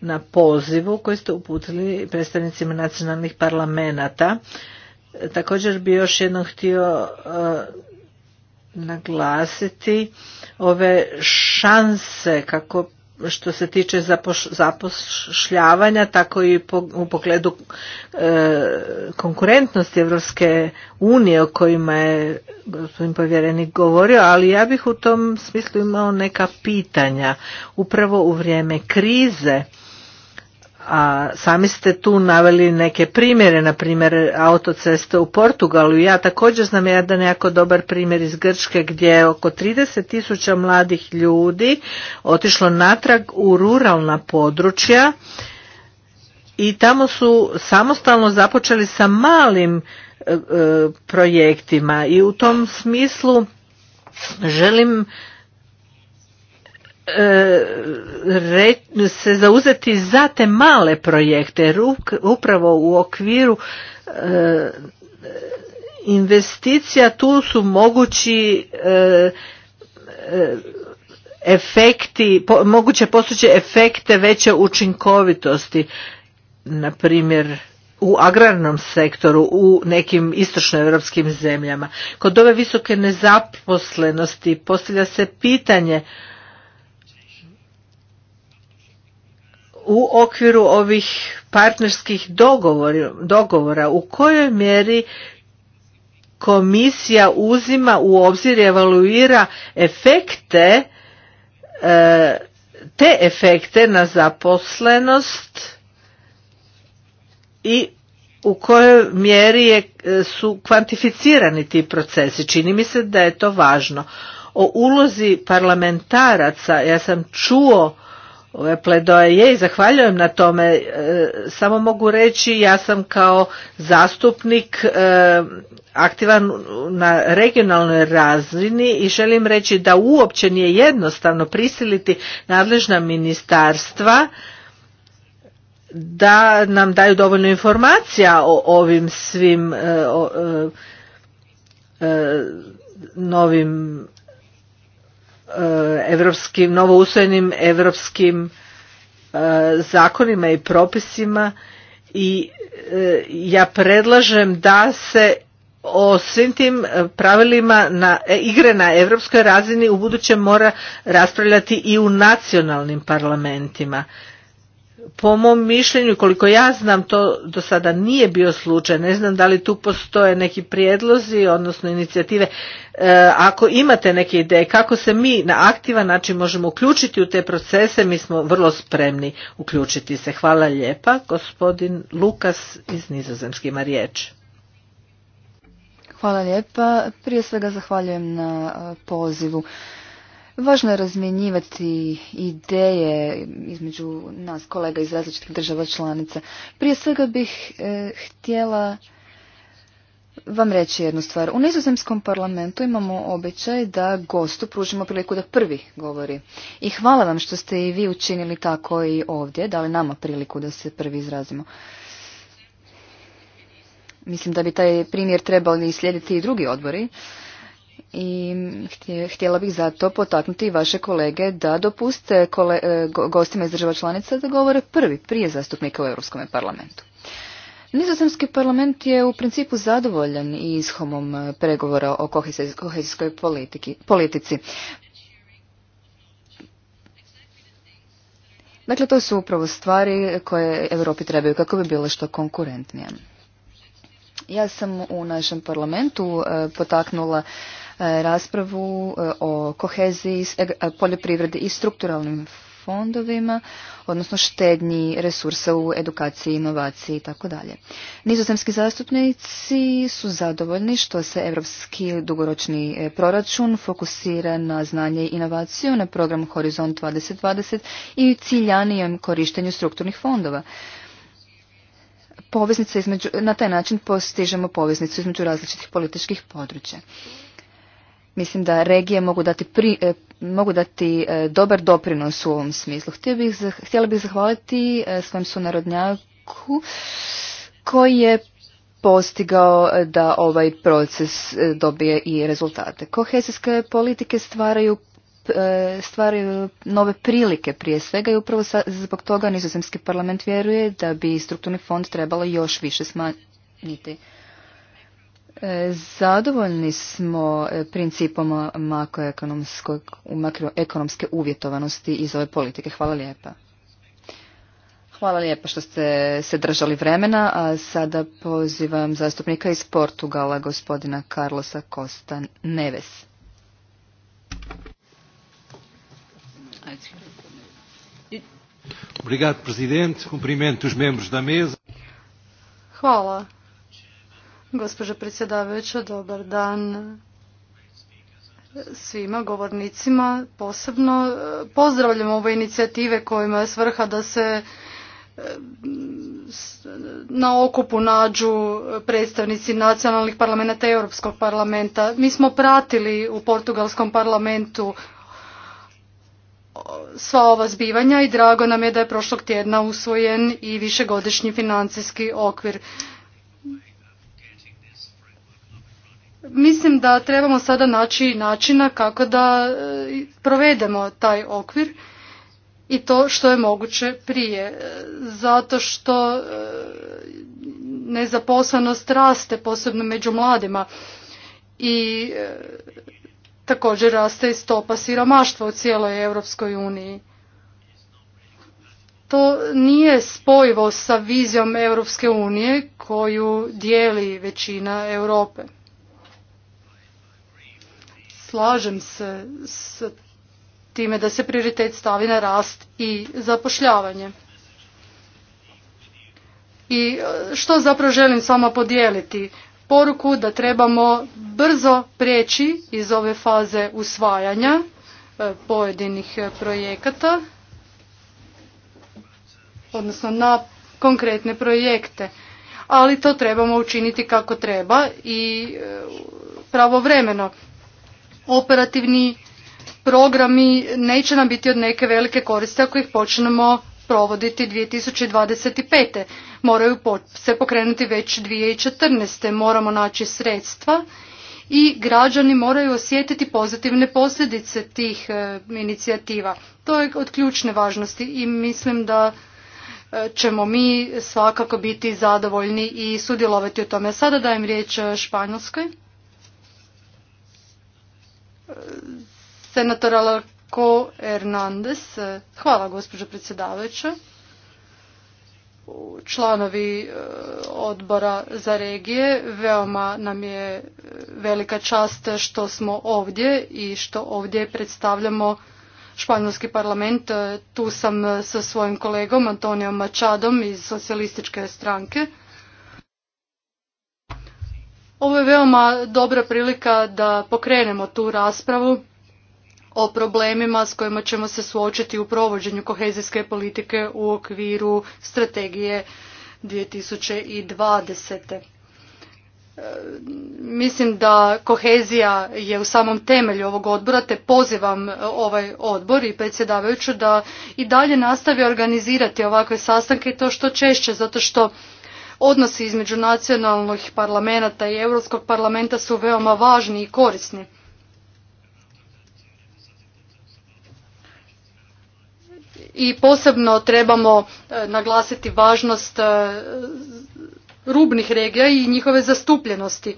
na pozivu koji ste uputili predstavnicima nacionalnih parlamenata. Također bi još jednom htio e, naglasiti ove šanse kako što se tiče zapošljavanja, tako i u pogledu e, konkurentnosti Evropske unije o kojima je gospodin povjerenik govorio, ali ja bih u tom smislu imao neka pitanja. Upravo u vrijeme krize a sami ste tu naveli neke primjere, na primjer autoceste u Portugalu. Ja također znam jedan jako dobar primjer iz Grčke gdje je oko 30.000 mladih ljudi otišlo natrag u ruralna područja i tamo su samostalno započeli sa malim e, e, projektima i u tom smislu želim E, se zauzeti za te male projekte jer upravo u okviru e, investicija tu su mogući e, efekti moguće postojeće efekte veće učinkovitosti na primjer u agrarnom sektoru u nekim istočnoevropskim zemljama kod ove visoke nezaposlenosti postavlja se pitanje u okviru ovih partnerskih dogovora u kojoj mjeri komisija uzima u obzir i evaluira efekte e, te efekte na zaposlenost i u kojoj mjeri je, e, su kvantificirani ti procesi. Čini mi se da je to važno. O ulozi parlamentaraca ja sam čuo ove pledoje je i zahvaljujem na tome. E, samo mogu reći ja sam kao zastupnik e, aktivan na regionalnoj razini i želim reći da uopće nije jednostavno prisiliti nadležna ministarstva da nam daju dovoljno informacija o ovim svim e, novim novo e, novousvojenim europskim e, zakonima i propisima i e, ja predlažem da se o svim tim pravilima na, igre na europskoj razini u budućem mora raspravljati i u nacionalnim parlamentima po mom mišljenju, koliko ja znam, to do sada nije bio slučaj. Ne znam da li tu postoje neki prijedlozi, odnosno inicijative. E, ako imate neke ideje kako se mi na aktivan način možemo uključiti u te procese, mi smo vrlo spremni uključiti se. Hvala lijepa. Gospodin Lukas iz Nizozemske ima riječ. Hvala lijepa. Prije svega zahvaljujem na e, pozivu. Važno je razmjenjivati ideje između nas kolega iz različitih država članica. Prije svega bih e, htjela vam reći jednu stvar. U nizozemskom parlamentu imamo običaj da gostu pružimo priliku da prvi govori. I hvala vam što ste i vi učinili tako i ovdje, dali nama priliku da se prvi izrazimo. Mislim da bi taj primjer trebali slijediti i drugi odbori i htjela bih zato potaknuti vaše kolege da dopuste e, gostima iz država članica da govore prvi prije zastupnika u Europskom parlamentu. Nizozemski parlament je u principu zadovoljan i ishomom e, pregovora o kohezijskoj politici. Dakle, to su upravo stvari koje Europi trebaju kako bi bilo što konkurentnije. Ja sam u našem parlamentu e, potaknula E, raspravu e, o koheziji, e, poljoprivredi i strukturalnim fondovima, odnosno štednji resursa u edukaciji, inovaciji i tako dalje. Nizozemski zastupnici su zadovoljni što se europski dugoročni proračun fokusira na znanje i inovaciju na program Horizont 2020 i ciljanijem korištenju strukturnih fondova. Poveznica na taj način postižemo poveznicu između različitih političkih područja. Mislim da regije mogu dati, pri, e, mogu dati e, dobar doprinos u ovom smislu. Htio bih, htjela bih zahvaliti e, svom sunarodnjaku koji je postigao da ovaj proces dobije i rezultate. Kohezijske politike stvaraju stvaraju nove prilike prije svega i upravo zbog toga nizozemski parlament vjeruje da bi strukturni fond trebalo još više smanjiti. E, zadovoljni smo e, principom makroekonomske uvjetovanosti iz ove politike. Hvala lijepa. Hvala lijepa što ste se držali vremena, a sada pozivam zastupnika iz Portugala, gospodina Carlosa Costa Neves. Obrigado, presidente. membros da mesa. Hvala, Gospođo predsjedavajuća, dobar dan svima govornicima. Posebno e, pozdravljam ove inicijative kojima je svrha da se e, na okupu nađu predstavnici nacionalnih parlamenta i Europskog parlamenta. Mi smo pratili u portugalskom parlamentu e, sva ova zbivanja i drago nam je da je prošlog tjedna usvojen i višegodišnji financijski okvir. Mislim da trebamo sada naći načina kako da e, provedemo taj okvir i to što je moguće prije. E, zato što e, nezaposlenost raste, posebno među mladima. I također raste i stopa siromaštva u cijeloj Europskoj uniji. To nije spojivo sa vizijom Europske unije koju dijeli većina Europe slažem se s time da se prioritet stavi na rast i zapošljavanje. I e, što zapravo želim s vama podijeliti? Poruku da trebamo brzo preći iz ove faze usvajanja e, pojedinih projekata, odnosno na konkretne projekte. Ali to trebamo učiniti kako treba i e, pravovremeno operativni programi neće nam biti od neke velike koriste ako ih počnemo provoditi 2025. Moraju se pokrenuti već 2014. Moramo naći sredstva i građani moraju osjetiti pozitivne posljedice tih e, inicijativa. To je od ključne važnosti i mislim da e, ćemo mi svakako biti zadovoljni i sudjelovati u tome. Sada dajem riječ e, Španjolskoj. Senator Alarko Hernandez. Hvala gospođo predsjedavajuća. Članovi e, odbora za regije, veoma nam je e, velika čast što smo ovdje i što ovdje predstavljamo španjolski parlament. E, tu sam sa svojim kolegom Antonijom Mačadom iz socijalističke stranke. Ovo je veoma dobra prilika da pokrenemo tu raspravu o problemima s kojima ćemo se suočiti u provođenju kohezijske politike u okviru strategije 2020. E, mislim da kohezija je u samom temelju ovog odbora, te pozivam e, ovaj odbor i predsjedavajuću da i dalje nastavi organizirati ovakve sastanke i to što češće, zato što Odnosi između nacionalnih parlamenta i Europskog parlamenta su veoma važni i korisni. I posebno trebamo e, naglasiti važnost e, rubnih regija i njihove zastupljenosti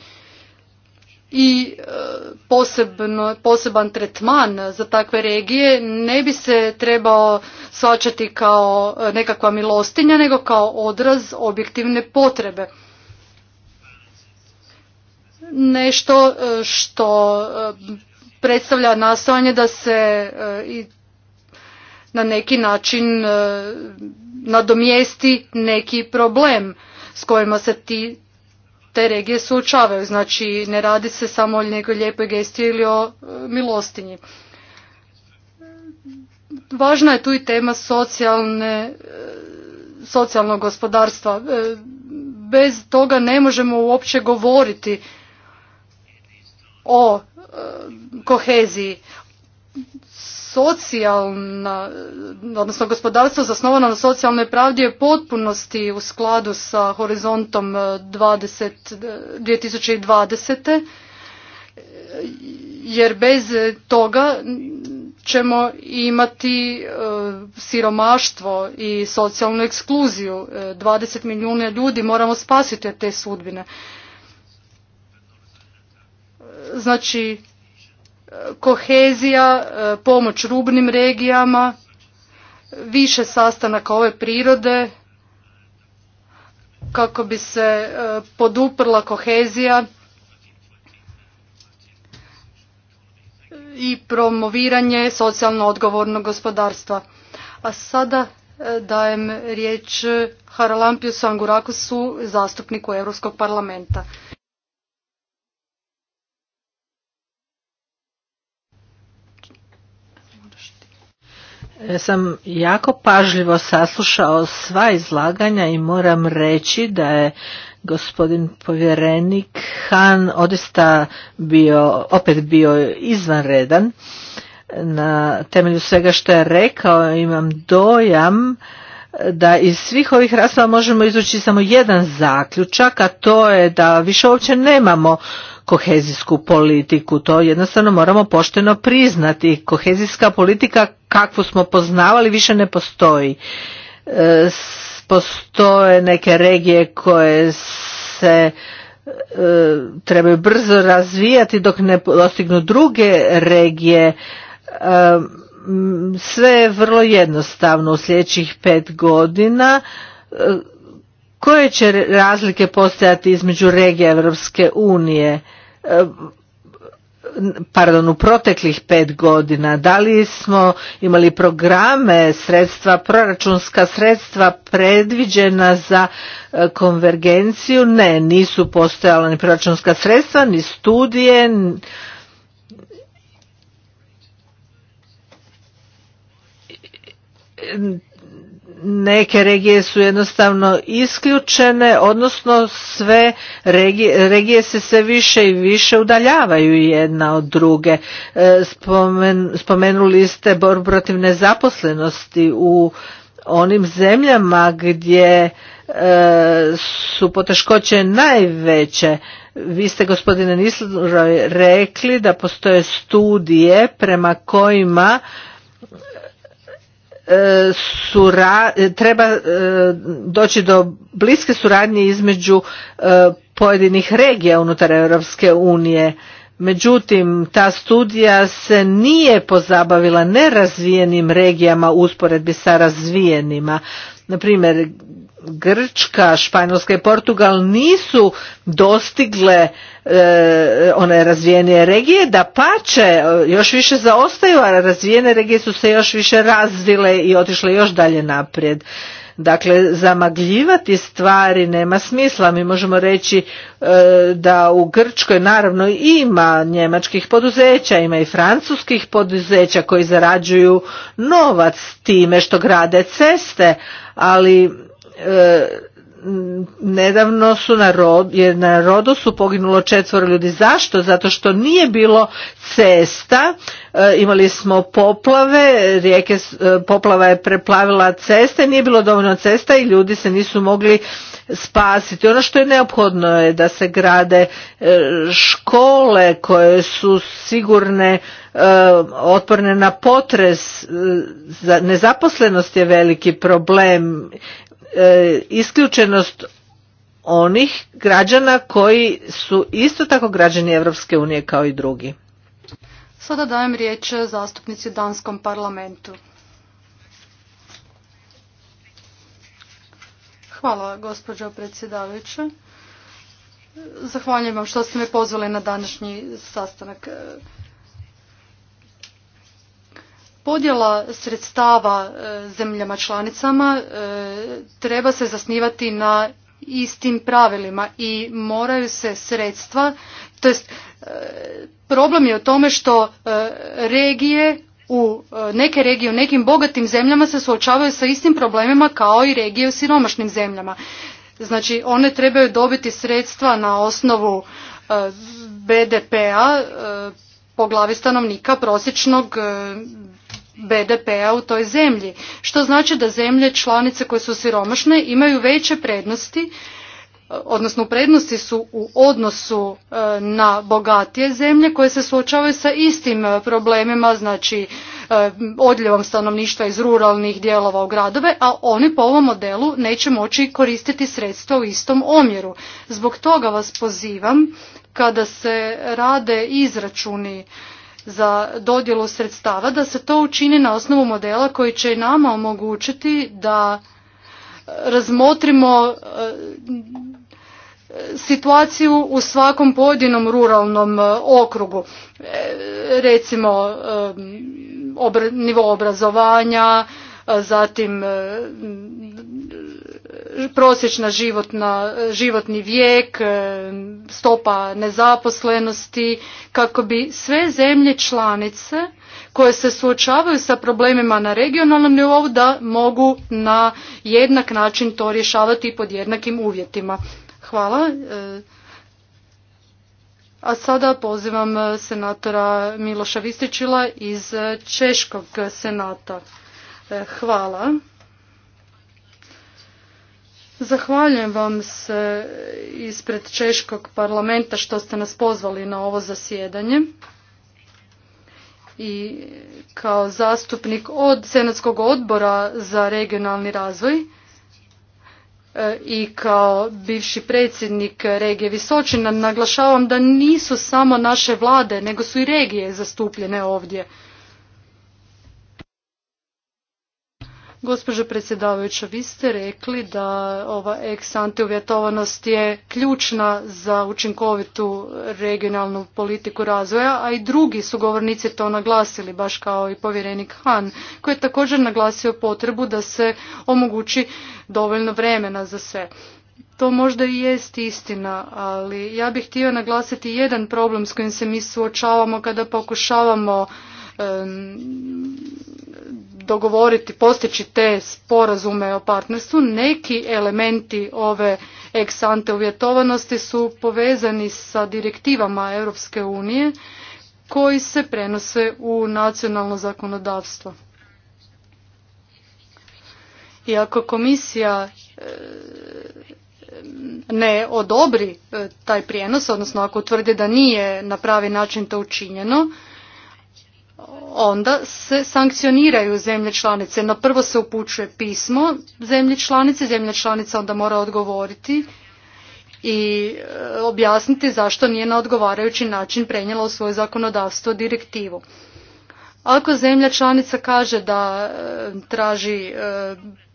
i e, poseban tretman za takve regije ne bi se trebao svačati kao e, nekakva milostinja nego kao odraz objektivne potrebe nešto e, što predstavlja nastojanje da se i na neki način nadomjesti neki problem s kojima se ti te regije suočavaju. Znači ne radi se samo o nekoj lijepoj gestiji ili o e, milostinji. Važna je tu i tema socijalne, e, socijalnog gospodarstva. E, bez toga ne možemo uopće govoriti o koheziji socijalna, odnosno gospodarstvo zasnovano na socijalnoj pravdi je potpunosti u skladu sa horizontom 20, e, 2020. E, e, jer bez toga ćemo imati siromaštvo i socijalnu ekskluziju. 20 milijuna ljudi moramo spasiti od te sudbine. Znači, kohezija, e, pomoć rubnim regijama, više sastanaka ove prirode kako bi se e, poduprla kohezija i promoviranje socijalno odgovornog gospodarstva. A sada e, dajem riječ Haralampiju Sangurakusu, zastupniku Europskog parlamenta. E, sam jako pažljivo saslušao sva izlaganja i moram reći da je gospodin povjerenik Han odista bio, opet bio izvanredan. Na temelju svega što je rekao imam dojam da iz svih ovih rasprava možemo izući samo jedan zaključak, a to je da više uopće nemamo kohezijsku politiku. To jednostavno moramo pošteno priznati. Kohezijska politika kakvu smo poznavali više ne postoji. E, postoje neke regije koje se e, trebaju brzo razvijati dok ne dostignu druge regije e, sve je vrlo jednostavno u sljedećih pet godina. E, koje će razlike postojati između regija Europske unije? E, pardon, u proteklih pet godina, da li smo imali programe, sredstva, proračunska sredstva predviđena za e, konvergenciju? Ne, nisu postojala ni proračunska sredstva, ni studije, neke regije su jednostavno isključene, odnosno sve regije, se sve više i više udaljavaju jedna od druge. E, spomen, spomenuli ste borbu protiv nezaposlenosti u onim zemljama gdje e, su poteškoće najveće. Vi ste gospodine Nislav, rekli da postoje studije prema kojima E, sura, e, treba e, doći do bliske suradnje između pojedinih regija unutar Europske unije. Međutim, ta studija se nije pozabavila nerazvijenim regijama usporedbi sa razvijenima. Naprimjer, Grčka, Španjolska i Portugal nisu dostigle e, one razvijenije regije, da pače e, još više zaostaju, a razvijene regije su se još više razvile i otišle još dalje naprijed. Dakle, zamagljivati stvari nema smisla. Mi možemo reći e, da u Grčkoj naravno ima njemačkih poduzeća, ima i francuskih poduzeća koji zarađuju novac time što grade ceste, ali E, nedavno su na, rodu je na Rodosu poginulo četvoro ljudi. Zašto? Zato što nije bilo cesta, e, imali smo poplave, rijeke, e, poplava je preplavila ceste, nije bilo dovoljno cesta i ljudi se nisu mogli spasiti. Ono što je neophodno je da se grade škole koje su sigurne, otporne na potres, nezaposlenost je veliki problem E, isključenost onih građana koji su isto tako građani Europske unije kao i drugi. Sada dajem riječ zastupnici Danskom parlamentu. Hvala gospođo predsjedavajuća. Zahvaljujem vam što ste me pozvali na današnji sastanak. Podjela sredstava e, zemljama članicama e, treba se zasnivati na istim pravilima i moraju se sredstva, to jest e, problem je u tome što regije u neke regije u nekim bogatim zemljama se suočavaju sa istim problemima kao i regije u siromašnim zemljama. Znači one trebaju dobiti sredstva na osnovu BDP-a po glavi stanovnika prosječnog BDP-a u toj zemlji, što znači da zemlje članice koje su siromašne imaju veće prednosti odnosno prednosti su u odnosu e, na bogatije zemlje koje se suočavaju sa istim e, problemima, znači e, odljevom stanovništva iz ruralnih dijelova u gradove, a oni po ovom modelu neće moći koristiti sredstva u istom omjeru. Zbog toga vas pozivam kada se rade izračuni za dodjelu sredstava, da se to učini na osnovu modela koji će nama omogućiti da e, razmotrimo e, situaciju u svakom pojedinom ruralnom e, okrugu. Recimo nivo obrazovanja, zatim prosječna životna, životni vijek, e, stopa nezaposlenosti, kako bi sve zemlje članice koje se suočavaju sa problemima na regionalnom nivou da mogu na jednak način to rješavati i pod jednakim uvjetima. Hvala. E, a sada pozivam e, senatora Miloša Vističila iz Češkog senata. Hvala. Zahvaljujem vam se ispred Češkog parlamenta što ste nas pozvali na ovo zasjedanje. I kao zastupnik od Senatskog odbora za regionalni razvoj e, i kao bivši predsjednik regije Visočina naglašavam da nisu samo naše vlade, nego su i regije zastupljene ovdje. Gospođo predsjedavajuća, vi ste rekli da ova ex ante uvjetovanost je ključna za učinkovitu regionalnu politiku razvoja, a i drugi su govornici to naglasili, baš kao i povjerenik Han, koji je također naglasio potrebu da se omogući dovoljno vremena za sve. To možda i jest istina, ali ja bih htio naglasiti jedan problem s kojim se mi suočavamo kada pokušavamo dogovoriti, postići te sporazume o partnerstvu. Neki elementi ove ex ante uvjetovanosti su povezani sa direktivama Europske unije koji se prenose u nacionalno zakonodavstvo. I ako komisija ne odobri e, taj prijenos, odnosno ako utvrdi da nije na pravi način to učinjeno, onda se sankcioniraju zemlje članice. Na prvo se upućuje pismo zemlje članice, zemlja članica onda mora odgovoriti i e, objasniti zašto nije na odgovarajući način prenijela u svoje zakonodavstvo direktivu. Ako zemlja članica kaže da e, traži e,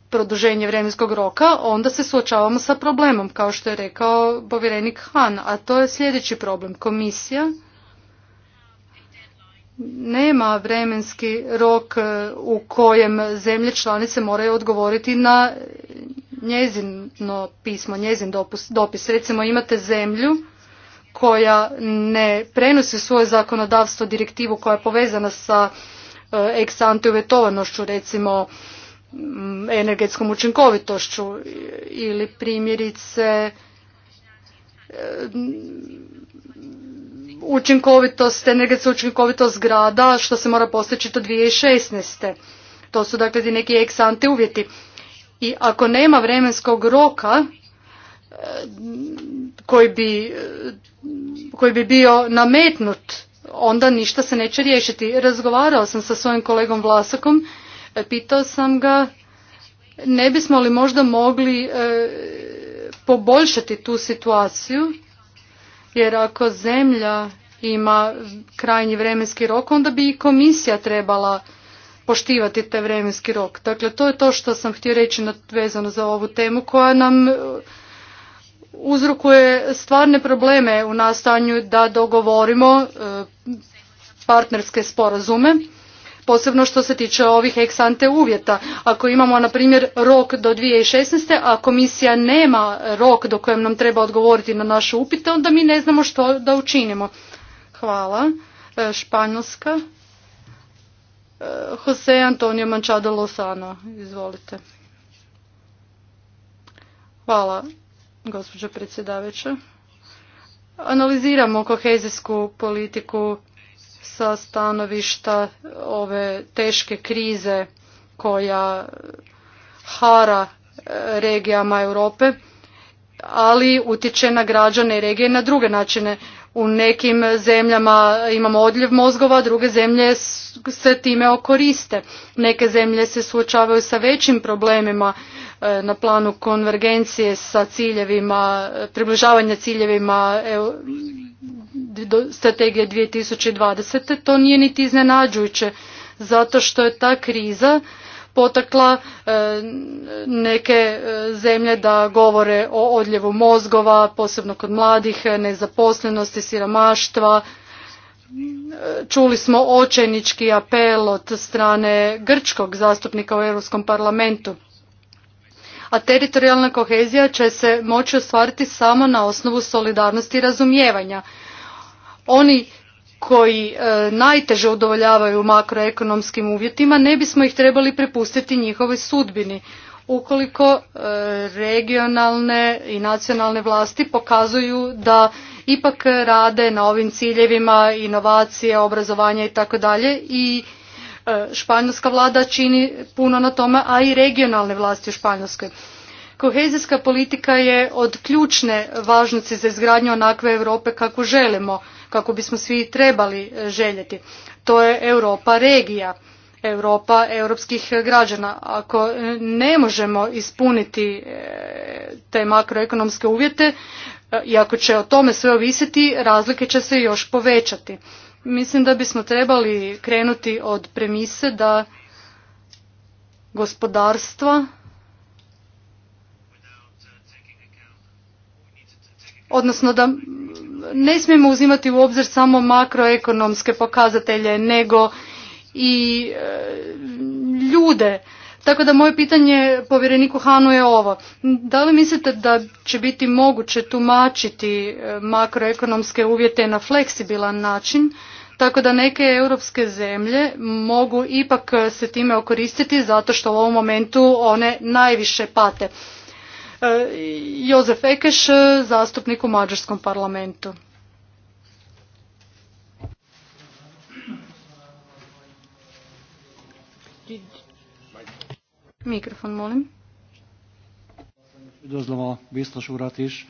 produženje vremenskog roka, onda se suočavamo sa problemom, kao što je rekao povjerenik Han, a to je sljedeći problem. Komisija nema vremenski rok e, u kojem zemlje članice moraju odgovoriti na njezino pismo, njezin dopis. Recimo imate zemlju koja ne prenosi svoje zakonodavstvo direktivu koja je povezana sa e, ex uvjetovanošću, recimo energetskom učinkovitošću ili primjerice e, učinkovitost, energetska učinkovitost zgrada što se mora postići do 2016. To su dakle ti neki ex uvjeti. I ako nema vremenskog roka e, koji bi, e, koji bi bio nametnut, onda ništa se neće riješiti. Razgovarao sam sa svojim kolegom Vlasakom, e, pitao sam ga ne bismo li možda mogli poboljšati tu situaciju jer ako zemlja ima krajnji vremenski rok, onda bi i komisija trebala poštivati taj vremenski rok. Dakle, to je to što sam htio reći vezano za ovu temu koja nam e, uzrokuje stvarne probleme u nastanju da dogovorimo e, partnerske sporazume posebno što se tiče ovih ex ante uvjeta. Ako imamo, na primjer, rok do 2016. a komisija nema rok do kojem nam treba odgovoriti na naše upite, onda mi ne znamo što da učinimo. Hvala. E, Španjolska. E, Jose Antonio Manchado Lozano. Izvolite. Hvala, gospođo predsjedavajuća. Analiziramo kohezijsku politiku sa stanovišta ove teške krize koja hara e, regijama Europe, ali utječe na građane i regije na druge načine. U nekim zemljama imamo odljev mozgova, druge zemlje se time okoriste. Neke zemlje se suočavaju sa većim problemima e, na planu konvergencije sa ciljevima, približavanja ciljevima e, strategije 2020. To nije niti iznenađujuće zato što je ta kriza potakla e, neke e, zemlje da govore o odljevu mozgova, posebno kod mladih, nezaposlenosti, siromaštva. E, čuli smo očajnički apel od strane grčkog zastupnika u Europskom parlamentu. A teritorijalna kohezija će se moći ostvariti samo na osnovu solidarnosti i razumijevanja oni koji e, najteže udovoljavaju makroekonomskim uvjetima ne bismo ih trebali prepustiti njihovoj sudbini ukoliko e, regionalne i nacionalne vlasti pokazuju da ipak rade na ovim ciljevima inovacije, obrazovanja i tako dalje i e, španjolska vlada čini puno na tome, a i regionalne vlasti u Španjolskoj. Kohezijska politika je od ključne važnosti za izgradnju onakve Europe kako želimo kako bismo svi trebali e, željeti. To je Europa regija. Europa europskih građana. Ako e, ne možemo ispuniti e, te makroekonomske uvjete i ako će o tome sve ovisiti, razlike će se još povećati. Mislim da bismo trebali krenuti od premise da gospodarstva odnosno da ne smijemo uzimati u obzir samo makroekonomske pokazatelje, nego i e, ljude. Tako da moje pitanje povjereniku Hanu je ovo. Da li mislite da će biti moguće tumačiti e, makroekonomske uvjete na fleksibilan način, tako da neke europske zemlje mogu ipak se time okoristiti zato što u ovom momentu one najviše pate. E, Jozef Ekeš, e, zastupnik u Mađarskom parlamentu. Mikrofon, molim. Üdvözlöm a biztos urat is.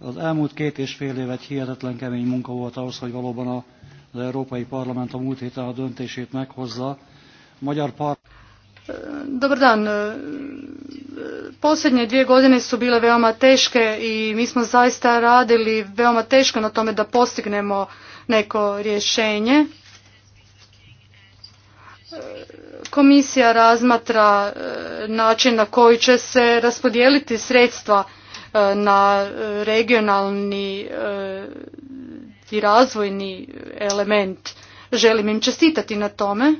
Az elmúlt két és fél év egy hihetetlen kemény munka volt ahhoz, hogy valóban az Európai Parlament a múlt héten a döntését meghozza. Magyar parlament... Dobar dan. E, posljednje dvije godine su bile veoma teške i mi smo zaista radili veoma teško na tome da postignemo neko rješenje. E, komisija razmatra e, način na koji će se raspodijeliti sredstva na regionalni i razvojni element. Želim im čestitati na tome.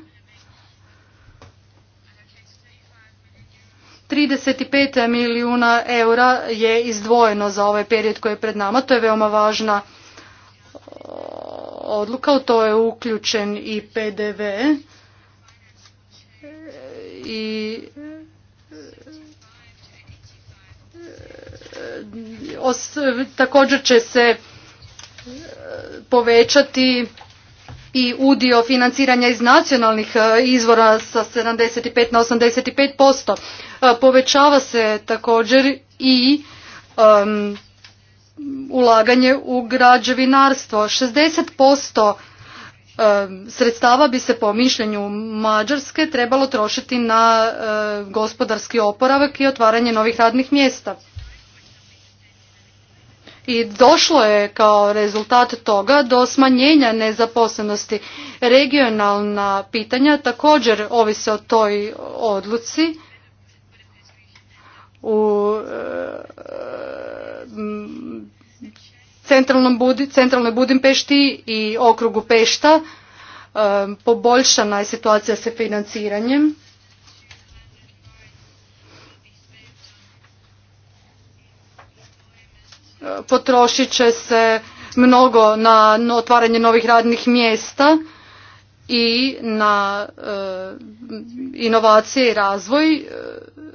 35 milijuna eura je izdvojeno za ovaj period koji je pred nama. To je veoma važna uh, odluka, u to je uključen i PDV i uh, također će se uh, povećati i udio financiranja iz nacionalnih izvora sa 75 na 85% povećava se također i um, ulaganje u građevinarstvo. 60% um, sredstava bi se po mišljenju Mađarske trebalo trošiti na uh, gospodarski oporavak i otvaranje novih radnih mjesta. I došlo je kao rezultat toga do smanjenja nezaposlenosti. Regionalna pitanja također ovise o toj odluci u e, centralnoj Budimpešti i okrugu Pešta. E, poboljšana je situacija sa financiranjem. Potrošit će se mnogo na otvaranje novih radnih mjesta i na e, inovacije i razvoj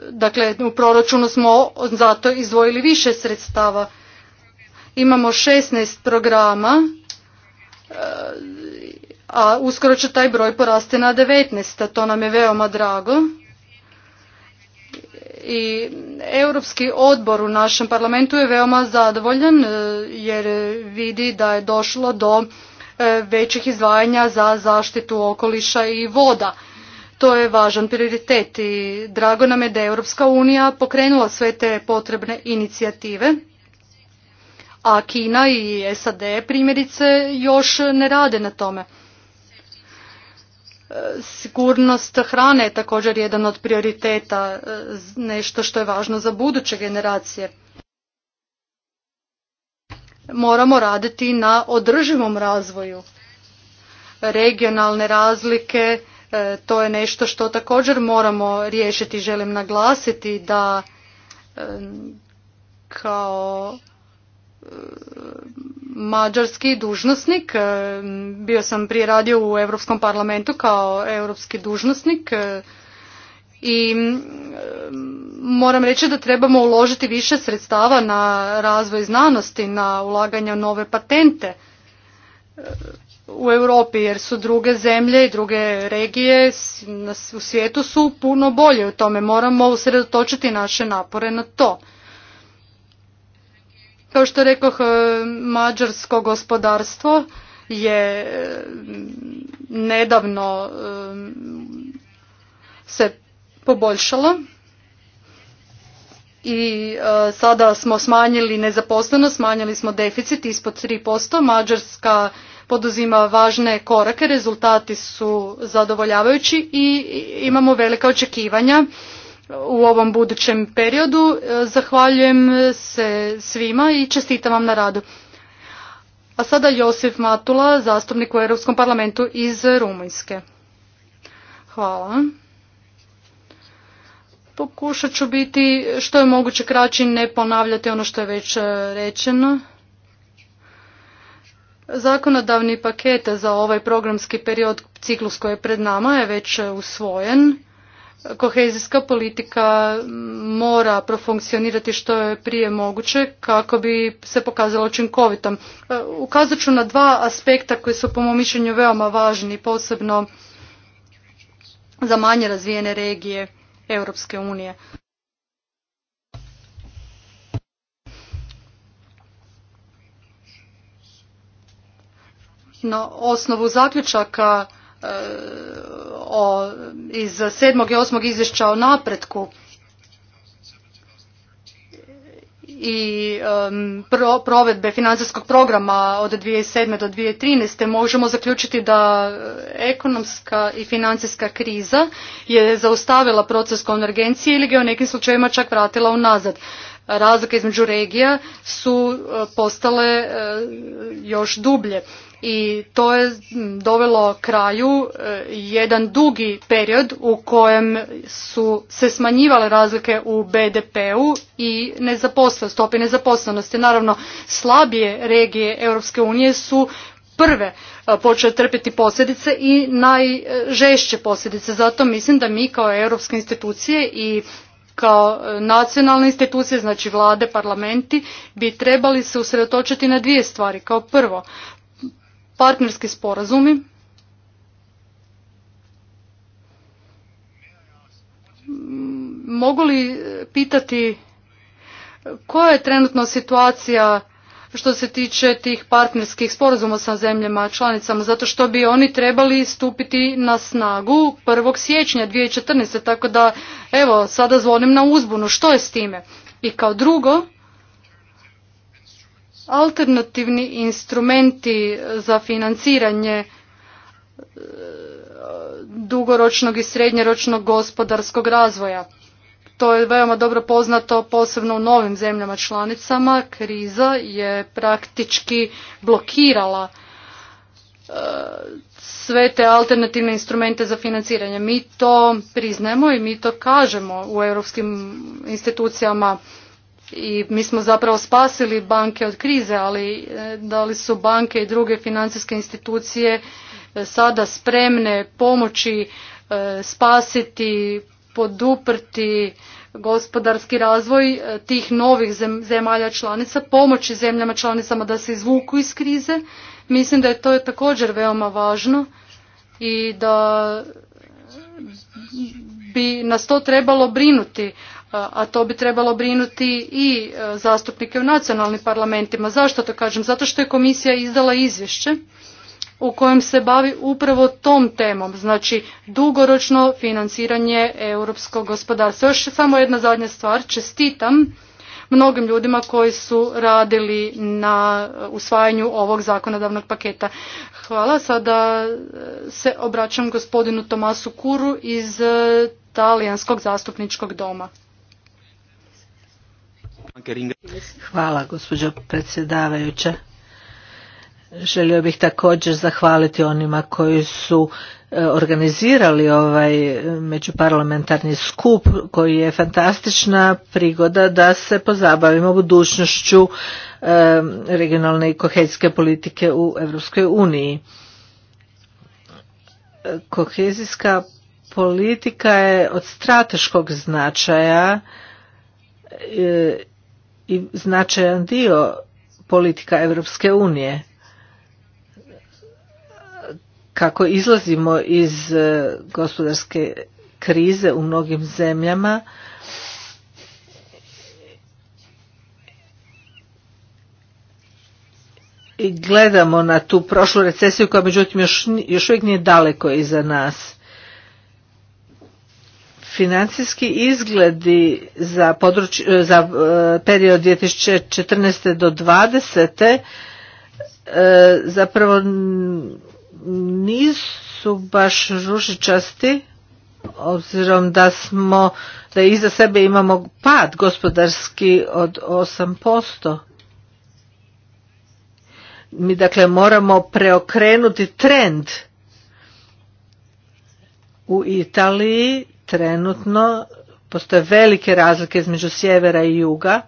dakle u proračunu smo zato izdvojili više sredstava. Imamo 16 programa, e, a uskoro će taj broj porasti na 19, to nam je veoma drago. I Europski odbor u našem parlamentu je veoma zadovoljan e, jer vidi da je došlo do e, većih izdvajanja za zaštitu okoliša i voda to je važan prioritet i drago nam je da je Europska unija pokrenula sve te potrebne inicijative, a Kina i SAD primjerice još ne rade na tome. E, sigurnost hrane je također jedan od prioriteta, e, nešto što je važno za buduće generacije. Moramo raditi na održivom razvoju. Regionalne razlike E, to je nešto što također moramo riješiti. Želim naglasiti da e, kao e, mađarski dužnosnik. Bio sam prije radio u Europskom parlamentu kao europski dužnosnik i moram reći da trebamo uložiti više sredstava na razvoj znanosti, na ulaganje u nove patente u Europi jer su druge zemlje i druge regije u svijetu su puno bolje u tome. Moramo usredotočiti naše napore na to. Kao što rekoh, e, mađarsko gospodarstvo je nedavno e, se poboljšalo i e, sada smo smanjili nezaposlenost, smanjili smo deficit ispod 3%, Mađarska poduzima važne korake, rezultati su zadovoljavajući i imamo velika očekivanja u ovom budućem periodu. Zahvaljujem se svima i čestitam vam na radu. A sada Josip Matula, zastupnik u Europskom parlamentu iz Rumunjske. Hvala. Pokušat ću biti što je moguće kraći ne ponavljati ono što je već e, rečeno. Zakonodavni paket za ovaj programski period ciklus koji je pred nama je već usvojen. Kohezijska politika mora profunkcionirati što je prije moguće kako bi se pokazalo učinkovitom. Ukazat ću na dva aspekta koji su po mom mišljenju veoma važni, posebno za manje razvijene regije Europske unije. na osnovu zaključaka e, iz sedmog i osmog izvješća o napretku i provedbe financijskog programa od 2007. do 2013. možemo zaključiti da ekonomska i financijska kriza je zaustavila proces konvergencije ili ga u nekim slučajevima čak vratila unazad. Razlike između regija su e, postale e, još dublje i to je dovelo kraju e, jedan dugi period u kojem su se smanjivale razlike u BDP-u i stopi nezaposlenosti. Naravno, slabije regije Europske unije su prve e, počele trpjeti posljedice i najžešće posljedice. Zato mislim da mi kao europske institucije i kao nacionalne institucije, znači vlade, parlamenti, bi trebali se usredotočiti na dvije stvari. Kao prvo, partnerski sporazumi mogu li pitati koja je trenutno situacija što se tiče tih partnerskih sporazuma sa zemljama članicama, zato što bi oni trebali stupiti na snagu 1. siječnja 2014. Tako da, evo, sada zvonim na uzbunu. Što je s time? I kao drugo, alternativni instrumenti za financiranje e, dugoročnog i srednjeročnog gospodarskog razvoja. To je veoma dobro poznato posebno u novim zemljama članicama. Kriza je praktički blokirala e, sve te alternativne instrumente za financiranje. Mi to priznajemo i mi to kažemo u europskim institucijama i mi smo zapravo spasili banke od krize, ali e, da li su banke i druge financijske institucije e, sada spremne pomoći e, spasiti, poduprti gospodarski razvoj tih novih zemalja članica, pomoći zemljama članicama da se izvuku iz krize. Mislim da je to također veoma važno i da bi nas to trebalo brinuti, a to bi trebalo brinuti i e, zastupnike u nacionalnim parlamentima. Zašto to kažem? Zato što je komisija izdala izvješće u kojem se bavi upravo tom temom, znači dugoročno financiranje europskog gospodarstva. Još samo jedna zadnja stvar, čestitam mnogim ljudima koji su radili na e, usvajanju ovog zakonodavnog paketa. Hvala, sada e, se obraćam gospodinu Tomasu Kuru iz Talijanskog zastupničkog doma. Hvala gospođo predsjedavajuća. Želio bih također zahvaliti onima koji su e, organizirali ovaj e, međuparlamentarni skup koji je fantastična prigoda da se pozabavimo budućnošću e, regionalne i kohezijske politike u Europskoj uniji. Kohezijska politika je od strateškog značaja i značajan dio politika Europske unije. Kako izlazimo iz e, gospodarske krize u mnogim zemljama, i gledamo na tu prošlu recesiju koja međutim još, još uvijek nije daleko iza nas financijski izgledi za, područ, e, za e, period 2014. do 2020. E, zapravo nisu baš rušičasti, obzirom da smo da iza sebe imamo pad gospodarski od 8%. Mi dakle moramo preokrenuti trend u Italiji trenutno postoje velike razlike između sjevera i juga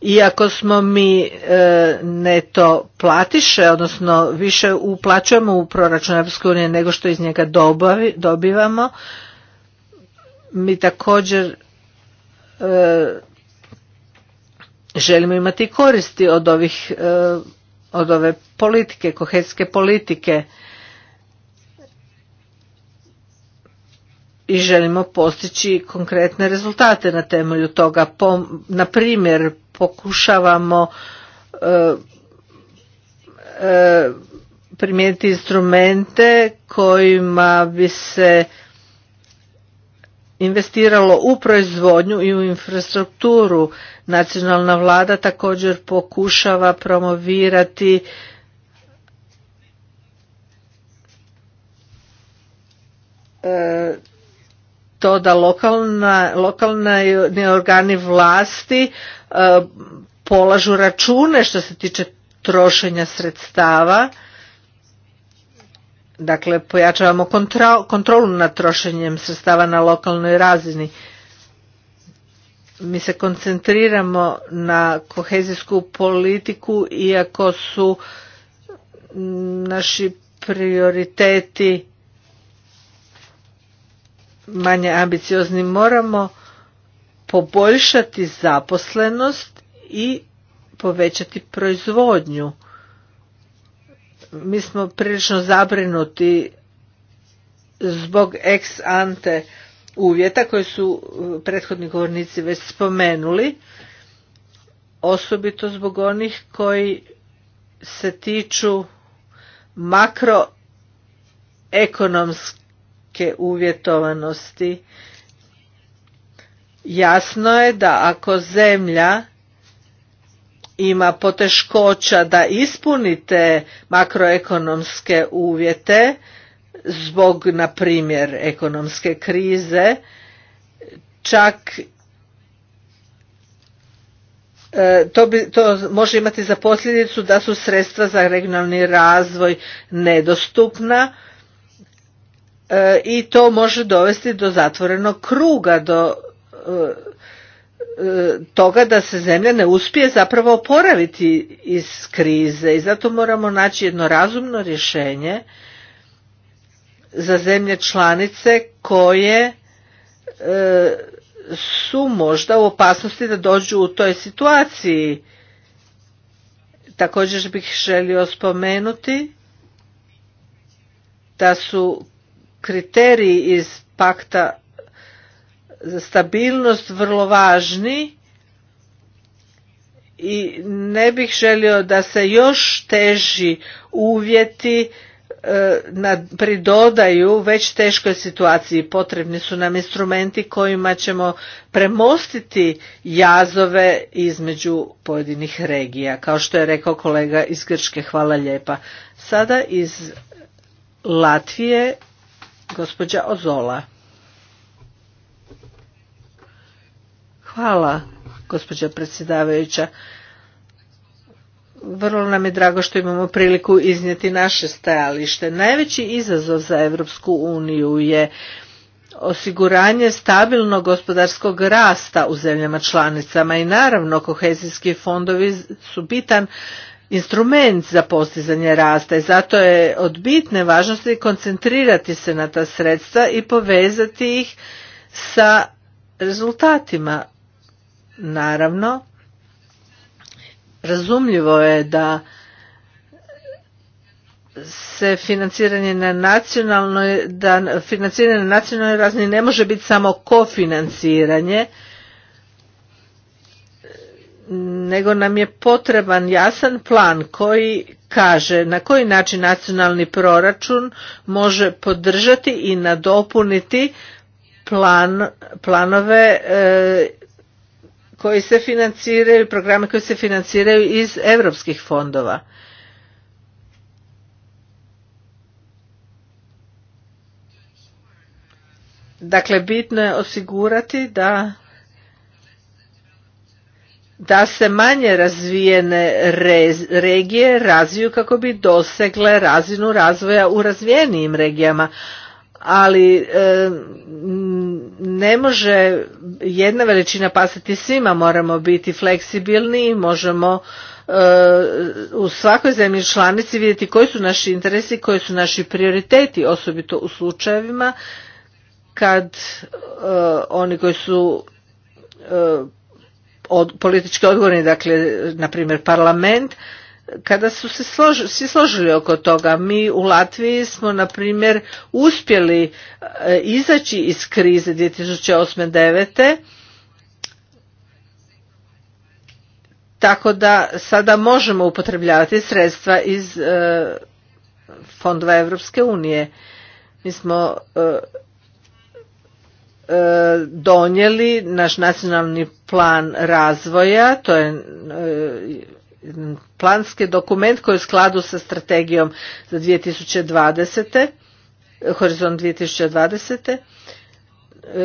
iako smo mi e, neto platiše odnosno više uplaćujemo u proračun eu nego što iz njega dobivamo mi također e, želimo imati koristi od ovih e, od ove politike kohetske politike i želimo postići konkretne rezultate na temelju toga. Na primjer, pokušavamo e, e, primijeniti instrumente kojima bi se investiralo u proizvodnju i u infrastrukturu. Nacionalna vlada također pokušava promovirati e, to da lokalna, lokalni organi vlasti e, polažu račune što se tiče trošenja sredstava. Dakle, pojačavamo kontrolu nad trošenjem sredstava na lokalnoj razini. Mi se koncentriramo na kohezijsku politiku, iako su naši prioriteti manje ambiciozni, moramo poboljšati zaposlenost i povećati proizvodnju. Mi smo prilično zabrinuti zbog ex ante uvjeta koje su uh, prethodni govornici već spomenuli, osobito zbog onih koji se tiču makroekonomskih uvjetovanosti jasno je da ako zemlja ima poteškoća da ispunite makroekonomske uvjete zbog na primjer ekonomske krize čak e, to, bi, to može imati za posljedicu da su sredstva za regionalni razvoj nedostupna E, i to može dovesti do zatvorenog kruga, do e, e, toga da se zemlja ne uspije zapravo oporaviti iz krize i zato moramo naći jedno razumno rješenje za zemlje članice koje su možda u opasnosti da dođu u toj situaciji. Također bih želio spomenuti da su kriteriji iz pakta za stabilnost vrlo važni i ne bih želio da se još teži uvjeti e, pridodaju već teškoj situaciji. Potrebni su nam instrumenti kojima ćemo premostiti jazove između pojedinih regija, kao što je rekao kolega iz Grčke. Hvala lijepa. Sada iz Latvije Gospođa Ozola. Hvala, gospođa predsjedavajuća. Vrlo nam je drago što imamo priliku iznijeti naše stajalište. Najveći izazov za Europsku uniju je osiguranje stabilnog gospodarskog rasta u zemljama članicama i naravno kohezijski fondovi su bitan instrument za postizanje rasta i zato je od bitne važnosti koncentrirati se na ta sredstva i povezati ih sa rezultatima. Naravno, razumljivo je da se financiranje na nacionalnoj, da financiranje na nacionalnoj razini ne može biti samo kofinanciranje, nego nam je potreban jasan plan koji kaže na koji način nacionalni proračun može podržati i nadopuniti plan, planove e, koji se financiraju, programe koji se financiraju iz europskih fondova. Dakle, bitno je osigurati da da se manje razvijene regije razviju kako bi dosegle razinu razvoja u razvijenijim regijama ali e, ne može jedna veličina pasati svima moramo biti fleksibilni možemo e, u svakoj zemlji članici vidjeti koji su naši interesi koji su naši prioriteti osobito u slučajevima kad e, oni koji su od, politički odgovorni, dakle, na primjer parlament, kada su se složili oko toga. Mi u Latviji smo, na primjer, uspjeli e, izaći iz krize 2008-2009, tako da sada možemo upotrebljavati sredstva iz e, fondova Europske unije. Mi smo e, E, donijeli naš nacionalni plan razvoja, to je e, planski dokument koji je u skladu sa strategijom za 2020. Horizont 2020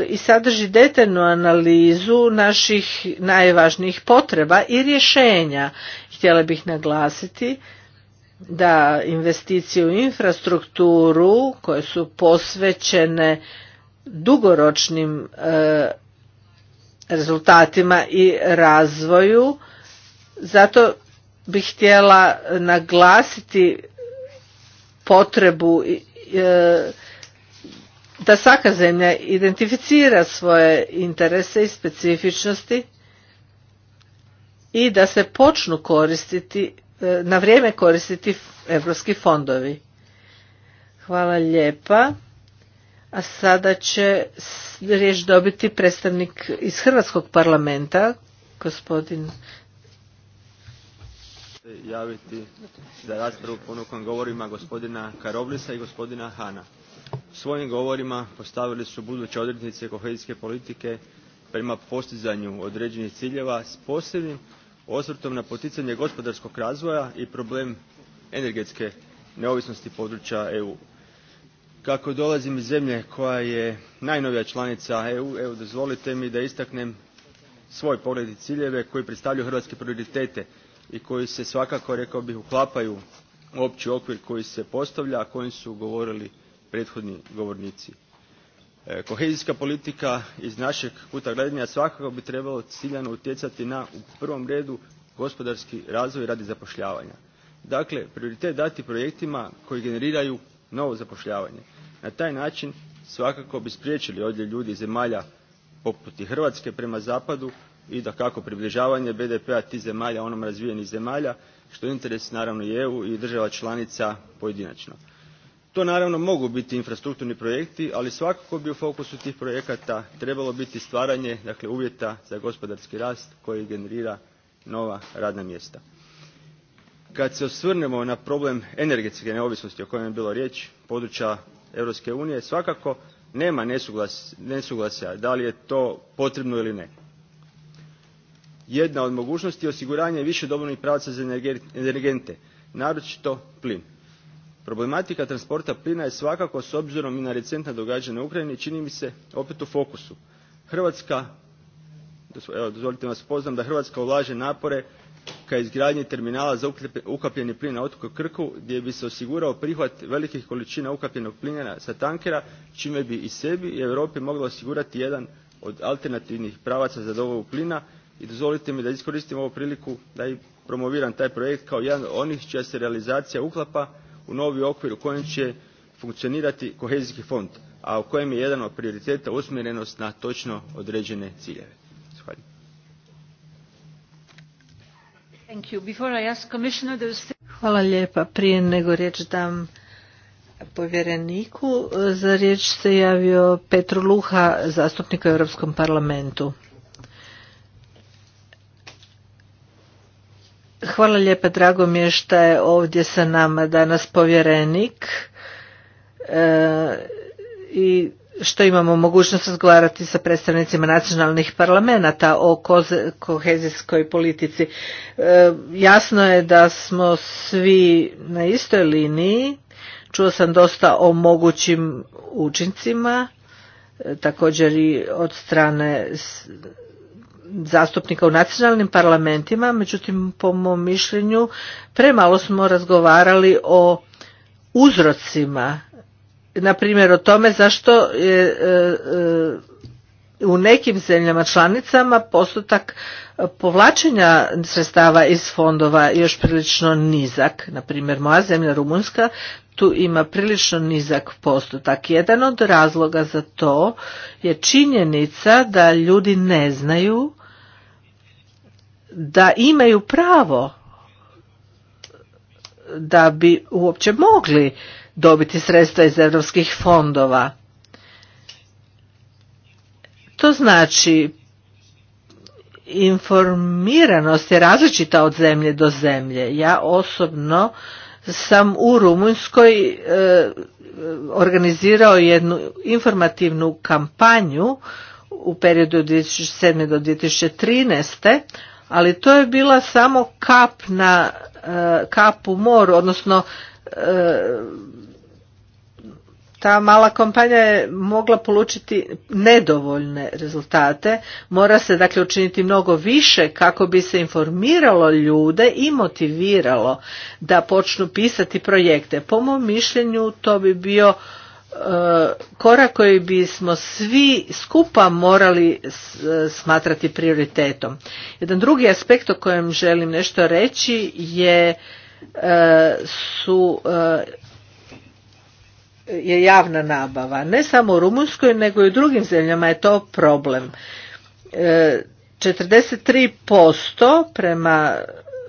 i sadrži detaljnu analizu naših najvažnijih potreba i rješenja. Htjela bih naglasiti da investicije u infrastrukturu koje su posvećene dugoročnim e, rezultatima i razvoju zato bih htjela naglasiti potrebu e, da svaka zemlja identificira svoje interese i specifičnosti i da se počnu koristiti e, na vrijeme koristiti evropski fondovi hvala lijepa a sada će riječ dobiti predstavnik iz Hrvatskog parlamenta, gospodin javiti za raspravu ponukom govorima gospodina Karoblisa i gospodina Hana. Svojim govorima postavili su buduće odrednice kohezijske politike prema postizanju određenih ciljeva s posebnim osvrtom na poticanje gospodarskog razvoja i problem energetske neovisnosti područja EU kako dolazim iz zemlje koja je najnovija članica EU, evo dozvolite mi da istaknem svoj pogled i ciljeve koji predstavljaju hrvatske prioritete i koji se svakako, rekao bih, uklapaju u opći okvir koji se postavlja, a kojim su govorili prethodni govornici. E, kohezijska politika iz našeg kuta gledanja svakako bi trebalo ciljano utjecati na u prvom redu gospodarski razvoj radi zapošljavanja. Dakle, prioritet dati projektima koji generiraju novo zapošljavanje. Na taj način svakako bi spriječili ovdje ljudi zemalja poput i Hrvatske prema zapadu i da kako približavanje BDP-a tih zemalja onom razvijenih zemalja što je interes naravno i EU i država članica pojedinačno. To naravno mogu biti infrastrukturni projekti, ali svakako bi u fokusu tih projekata trebalo biti stvaranje dakle, uvjeta za gospodarski rast koji generira nova radna mjesta. Kad se osvrnemo na problem energetske neovisnosti o kojem je bilo riječ, područja Europske unije svakako nema nesuglasja da li je to potrebno ili ne. Jedna od mogućnosti je osiguranje više dobavnih pravaca za energente, naročito plin. Problematika transporta plina je svakako s obzirom i na recentna događanja u Ukrajini čini mi se opet u fokusu. Hrvatska, evo dozvolite da vas upoznam da Hrvatska ulaže napore odluka izgradnje terminala za ukapljeni plin na otoku Krku gdje bi se osigurao prihvat velikih količina ukapljenog plina sa tankera čime bi i sebi i Europi mogla osigurati jedan od alternativnih pravaca za dobavu plina i dozvolite mi da iskoristim ovu priliku da i promoviram taj projekt kao jedan od onih čija se realizacija uklapa u novi okvir u kojem će funkcionirati kohezijski fond a u kojem je jedan od prioriteta usmjerenost na točno određene ciljeve. Hvala lijepa. Prije nego riječ dam povjereniku, za riječ se javio Petru Luha, zastupnik u Europskom parlamentu. Hvala lijepa, drago mi je što je ovdje sa nama danas povjerenik e, i što imamo mogućnost razgovarati sa predstavnicima nacionalnih parlamenta o kohezijskoj politici. E, jasno je da smo svi na istoj liniji, čuo sam dosta o mogućim učincima, e, također i od strane zastupnika u nacionalnim parlamentima, međutim po mom mišljenju premalo smo razgovarali o uzrocima na primjer o tome zašto je e, e, u nekim zemljama članicama postotak povlačenja sredstava iz fondova još prilično nizak. Na primjer, moja zemlja Rumunjska tu ima prilično nizak postotak. Jedan od razloga za to je činjenica da ljudi ne znaju da imaju pravo da bi uopće mogli dobiti sredstva iz europskih fondova. To znači informiranost je različita od zemlje do zemlje. Ja osobno sam u Rumunjskoj e, organizirao jednu informativnu kampanju u periodu 2007. do 2013. Ali to je bila samo kap na e, u moru, odnosno e, ta mala kompanija je mogla polučiti nedovoljne rezultate. Mora se dakle učiniti mnogo više kako bi se informiralo ljude i motiviralo da počnu pisati projekte. Po mom mišljenju to bi bio e, korak koji bismo svi skupa morali e, smatrati prioritetom. Jedan drugi aspekt o kojem želim nešto reći je e, su je javna nabava. Ne samo u Rumunjskoj, nego i u drugim zemljama je to problem. 43% e, prema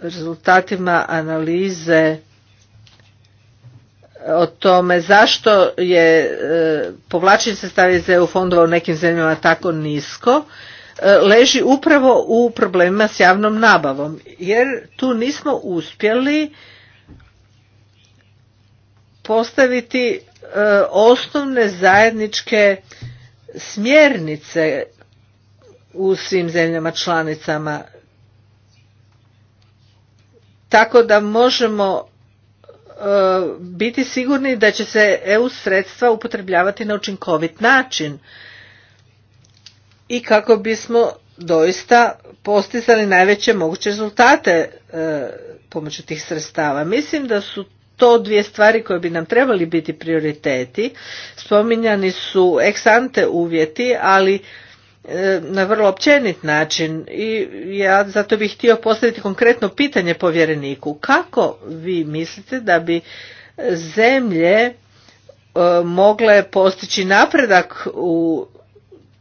rezultatima analize o tome zašto je e, povlačenje sredstava iz EU fondova u nekim zemljama tako nisko e, leži upravo u problemima s javnom nabavom jer tu nismo uspjeli postaviti E, osnovne zajedničke smjernice u svim zemljama članicama tako da možemo e, biti sigurni da će se EU sredstva upotrebljavati na učinkovit način i kako bismo doista postizali najveće moguće rezultate e, pomoću tih sredstava. Mislim da su to dvije stvari koje bi nam trebali biti prioriteti. Spominjani su eksante uvjeti, ali e, na vrlo općenit način i ja zato bih htio postaviti konkretno pitanje povjereniku. Kako vi mislite da bi zemlje e, mogle postići napredak u,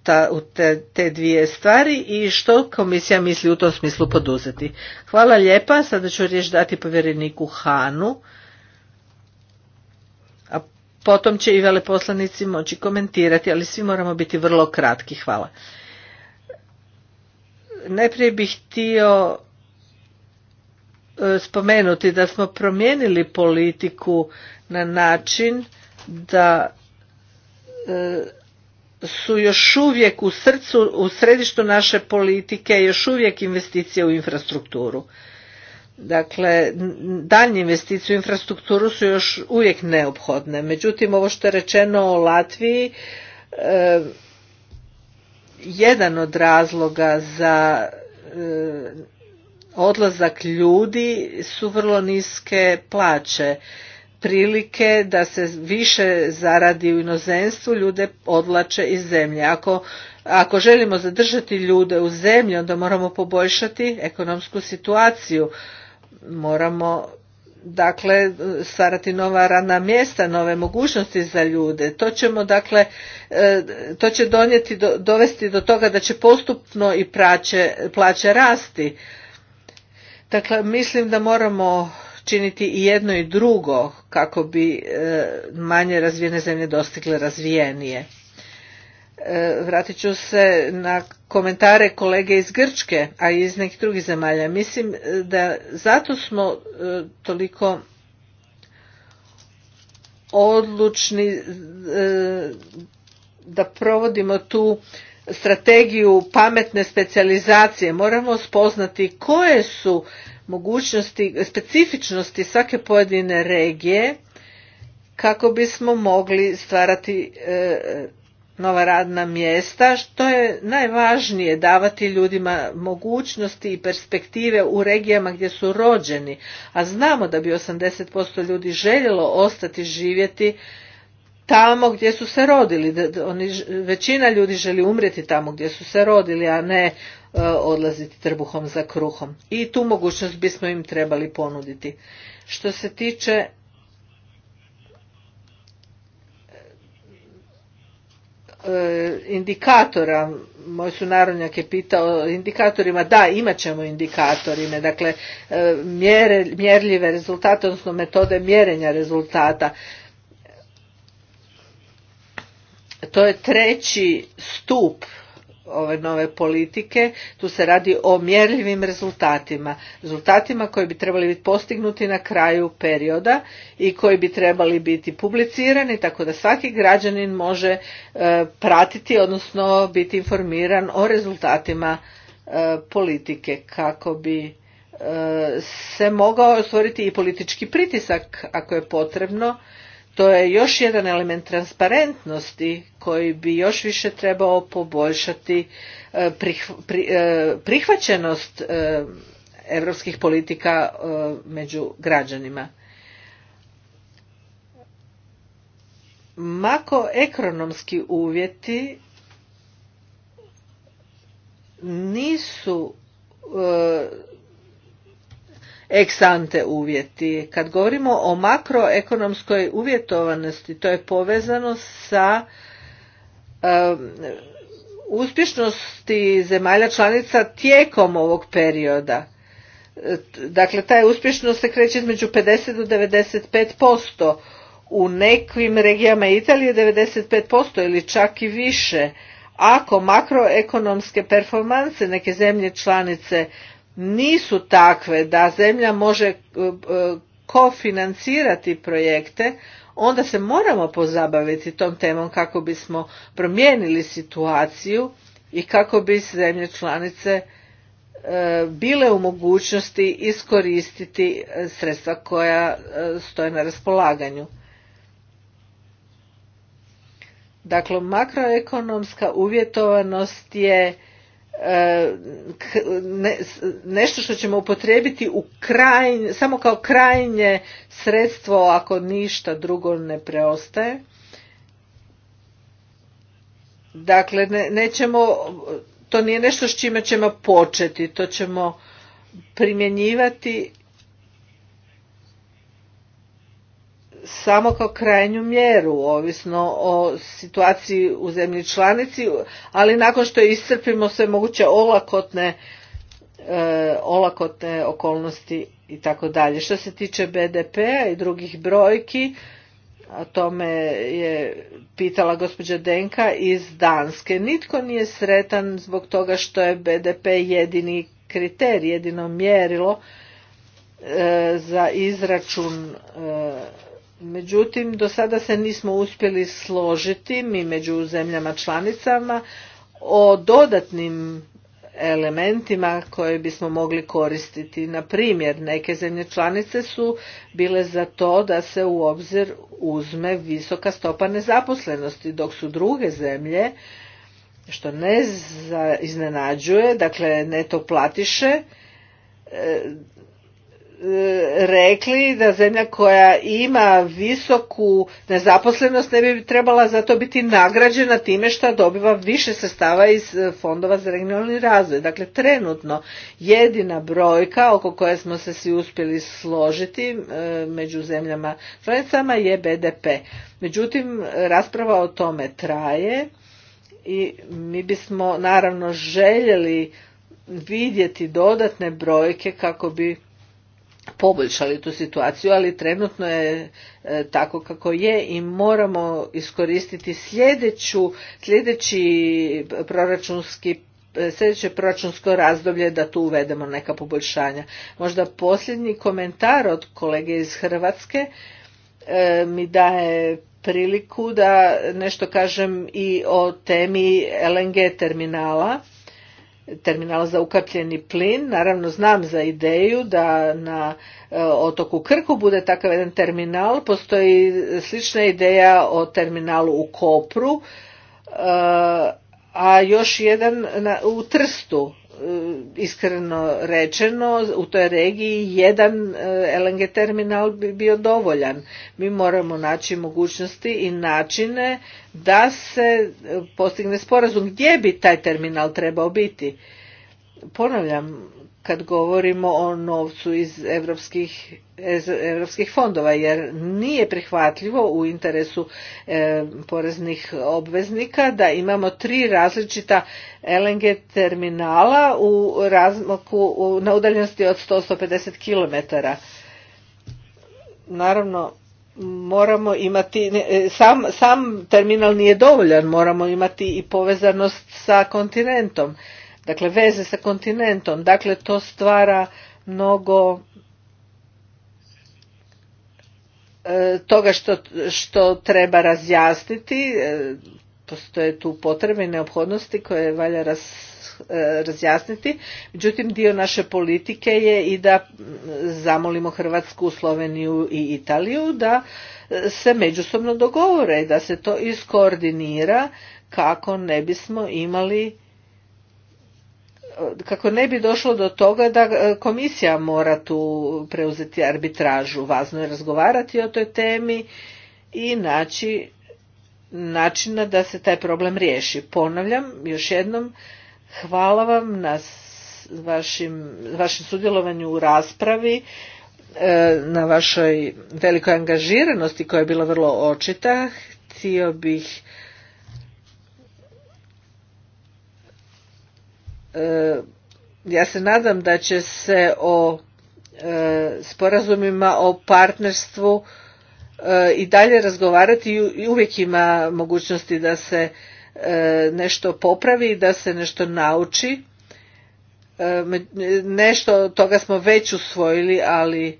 ta, u te, te dvije stvari i što komisija misli u tom smislu poduzeti. Hvala lijepa, sada ću riječ dati povjereniku Hanu potom će i veleposlanici moći komentirati, ali svi moramo biti vrlo kratki. Hvala. Najprije bih htio e, spomenuti da smo promijenili politiku na način da e, su još uvijek u srcu, u središtu naše politike još uvijek investicije u infrastrukturu. Dakle, daljnje investicije u infrastrukturu su još uvijek neophodne. Međutim, ovo što je rečeno o Latviji, eh, jedan od razloga za eh, odlazak ljudi su vrlo niske plaće. Prilike da se više zaradi u inozemstvu ljude odlače iz zemlje. Ako ako želimo zadržati ljude u zemlji, onda moramo poboljšati ekonomsku situaciju moramo dakle stvarati nova radna mjesta, nove mogućnosti za ljude. To ćemo dakle, e, to će donijeti, dovesti do toga da će postupno i praće, plaće rasti. Dakle, mislim da moramo činiti i jedno i drugo kako bi e, manje razvijene zemlje dostigle razvijenije. E, vratit ću se na komentare kolege iz Grčke, a i iz nekih drugih zemalja. Mislim e, da zato smo e, toliko odlučni da provodimo tu strategiju pametne specijalizacije. Moramo spoznati koje su mogućnosti, specifičnosti svake pojedine regije kako bismo mogli stvarati nova radna mjesta, što je najvažnije davati ljudima mogućnosti i perspektive u regijama gdje su rođeni, a znamo da bi 80% ljudi željelo ostati živjeti tamo gdje su se rodili. Oni, većina ljudi želi umrijeti tamo gdje su se rodili, a ne e, odlaziti trbuhom za kruhom. I tu mogućnost bismo im trebali ponuditi. Što se tiče E, indikatora, moj sunarodnjak je pitao indikatorima, da imat ćemo indikatorime, dakle e, mjere, mjerljive rezultate, odnosno metode mjerenja rezultata. To je treći stup ove nove politike. Tu se radi o mjerljivim rezultatima. Rezultatima koji bi trebali biti postignuti na kraju perioda i koji bi trebali biti publicirani tako da svaki građanin može e, pratiti, odnosno biti informiran o rezultatima e, politike kako bi e, se mogao stvoriti i politički pritisak ako je potrebno to je još jedan element transparentnosti koji bi još više trebao poboljšati e, e, prihvaćenost europskih politika e, među građanima. ekonomski uvjeti nisu eksante uvjeti. Kad govorimo o makroekonomskoj uvjetovanosti, to je povezano sa uspješnosti zemalja članica tijekom ovog perioda. Dakle, ta uspješnost se kreće između 50 do 95%. U nekim regijama Italije 95% ili čak i više. Ako makroekonomske performanse neke zemlje članice nisu takve da zemlja može e, e, kofinancirati projekte, onda se moramo pozabaviti tom temom kako bismo promijenili situaciju i kako bi zemlje članice e, bile u mogućnosti iskoristiti sredstva koja stoje na raspolaganju. Dakle, makroekonomska uvjetovanost je Eh, nešto što ćemo upotrijebiti u krajnje, samo kao krajnje sredstvo ako ništa drugo ne preostaje. Dakle, nećemo, to nije nešto s čime ćemo početi, to ćemo primjenjivati samo kao krajnju mjeru, ovisno o situaciji u zemlji članici, ali nakon što iscrpimo sve moguće olakotne, e, olakotne okolnosti i tako dalje. Što se tiče bdp p-a i drugih brojki, o tome je pitala gospođa Denka iz Danske. Nitko nije sretan zbog toga što je BDP jedini kriterij, jedino mjerilo e, za izračun e, Međutim, do sada se nismo uspjeli složiti mi među zemljama članicama o dodatnim elementima koje bismo mogli koristiti. Na primjer, neke zemlje članice su bile za to da se u obzir uzme visoka stopa nezaposlenosti, dok su druge zemlje, što ne iznenađuje, dakle neto platiše, e, rekli da zemlja koja ima visoku nezaposlenost ne bi trebala zato biti nagrađena time što dobiva više sredstava iz e, fondova za regionalni razvoj. Dakle, trenutno jedina brojka oko koje smo se svi uspjeli složiti e, među zemljama članicama je BDP. Međutim, rasprava o tome traje i mi bismo naravno željeli vidjeti dodatne brojke kako bi poboljšali tu situaciju, ali trenutno je e, tako kako je i moramo iskoristiti sljedeću, sljedeći proračunski e, sljedeće proračunsko razdoblje da tu uvedemo neka poboljšanja. Možda posljednji komentar od kolege iz Hrvatske e, mi daje priliku da nešto kažem i o temi LNG terminala Terminal za ukapljeni plin. Naravno znam za ideju da na e, otoku Krku bude takav jedan terminal. Postoji slična ideja o terminalu u Kopru, e, a još jedan u Trstu. E, iskreno rečeno u toj regiji jedan e, LNG terminal bi bio dovoljan. Mi moramo naći mogućnosti i načine da se e, postigne sporazum gdje bi taj terminal trebao biti. Ponavljam, kad govorimo o novcu iz europskih, europskih fondova jer nije prihvatljivo u interesu e, poreznih obveznika da imamo tri različita LNG terminala u razmaku u, na udaljenosti od 100-150 km. Naravno moramo imati e, sam, sam terminal nije dovoljan, moramo imati i povezanost sa kontinentom dakle veze sa kontinentom, dakle to stvara mnogo e, toga što, što treba razjasniti, e, postoje tu potrebe i neophodnosti koje valja raz, e, razjasniti. Međutim, dio naše politike je i da zamolimo Hrvatsku, Sloveniju i Italiju da se međusobno dogovore i da se to iskoordinira kako ne bismo imali kako ne bi došlo do toga da e, komisija mora tu preuzeti arbitražu. Važno je razgovarati o toj temi i naći načina da se taj problem riješi. Ponavljam, još jednom, hvala vam na vašim, vašem sudjelovanju u raspravi, e, na vašoj velikoj angažiranosti koja je bila vrlo očita. Htio bih E, ja se nadam da će se o e, sporazumima o partnerstvu e, i dalje razgovarati i uvijek ima mogućnosti da se nešto popravi i da se nešto nauči. Nešto toga smo već usvojili, ali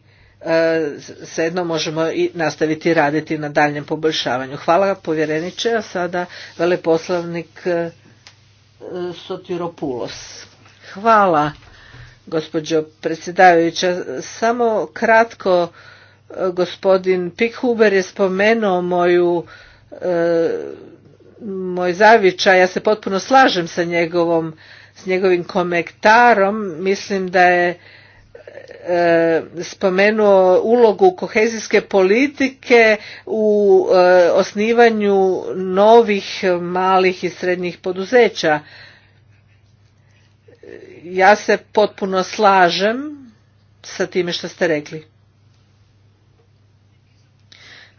sedno možemo i nastaviti raditi na daljem poboljšavanju. Hvala povjereniče, a sada veleposlavnik Sotiropoulos. Hvala, gospođo predsjedavajuća. Samo kratko, e, gospodin Pickhuber je spomenuo moju e, moj zavičaj, ja se potpuno slažem sa njegovom s njegovim komentarom, mislim da je E, spomenuo ulogu kohezijske politike u e, osnivanju novih malih i srednjih poduzeća. Ja se potpuno slažem sa time što ste rekli.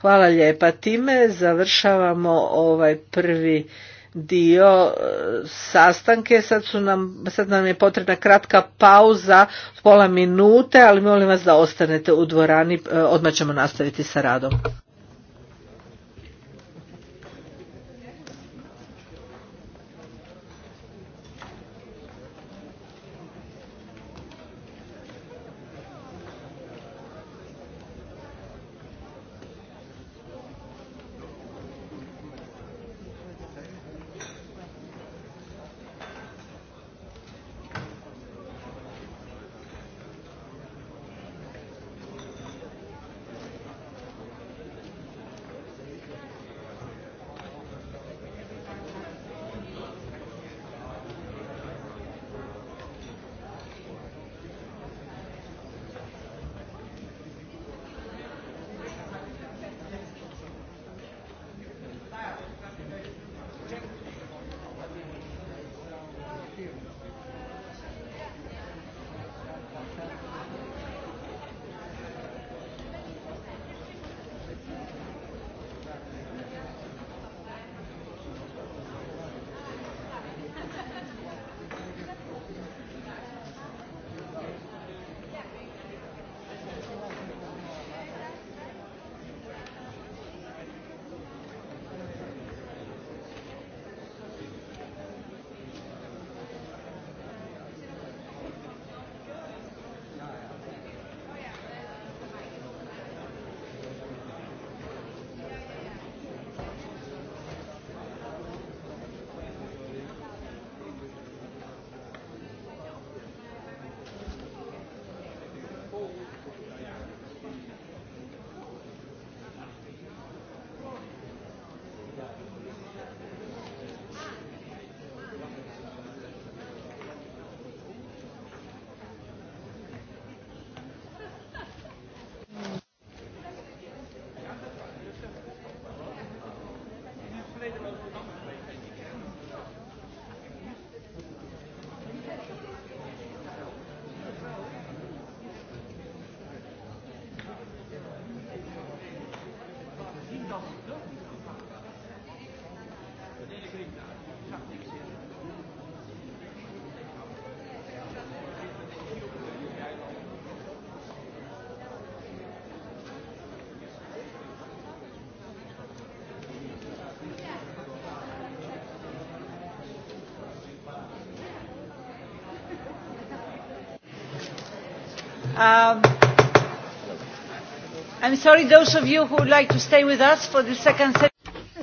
Hvala lijepa. Time završavamo ovaj prvi dio e, sastanke. Sad, su nam, sad nam je potrebna kratka pauza, pola minute, ali molim vas da ostanete u dvorani, e, odmah ćemo nastaviti sa radom.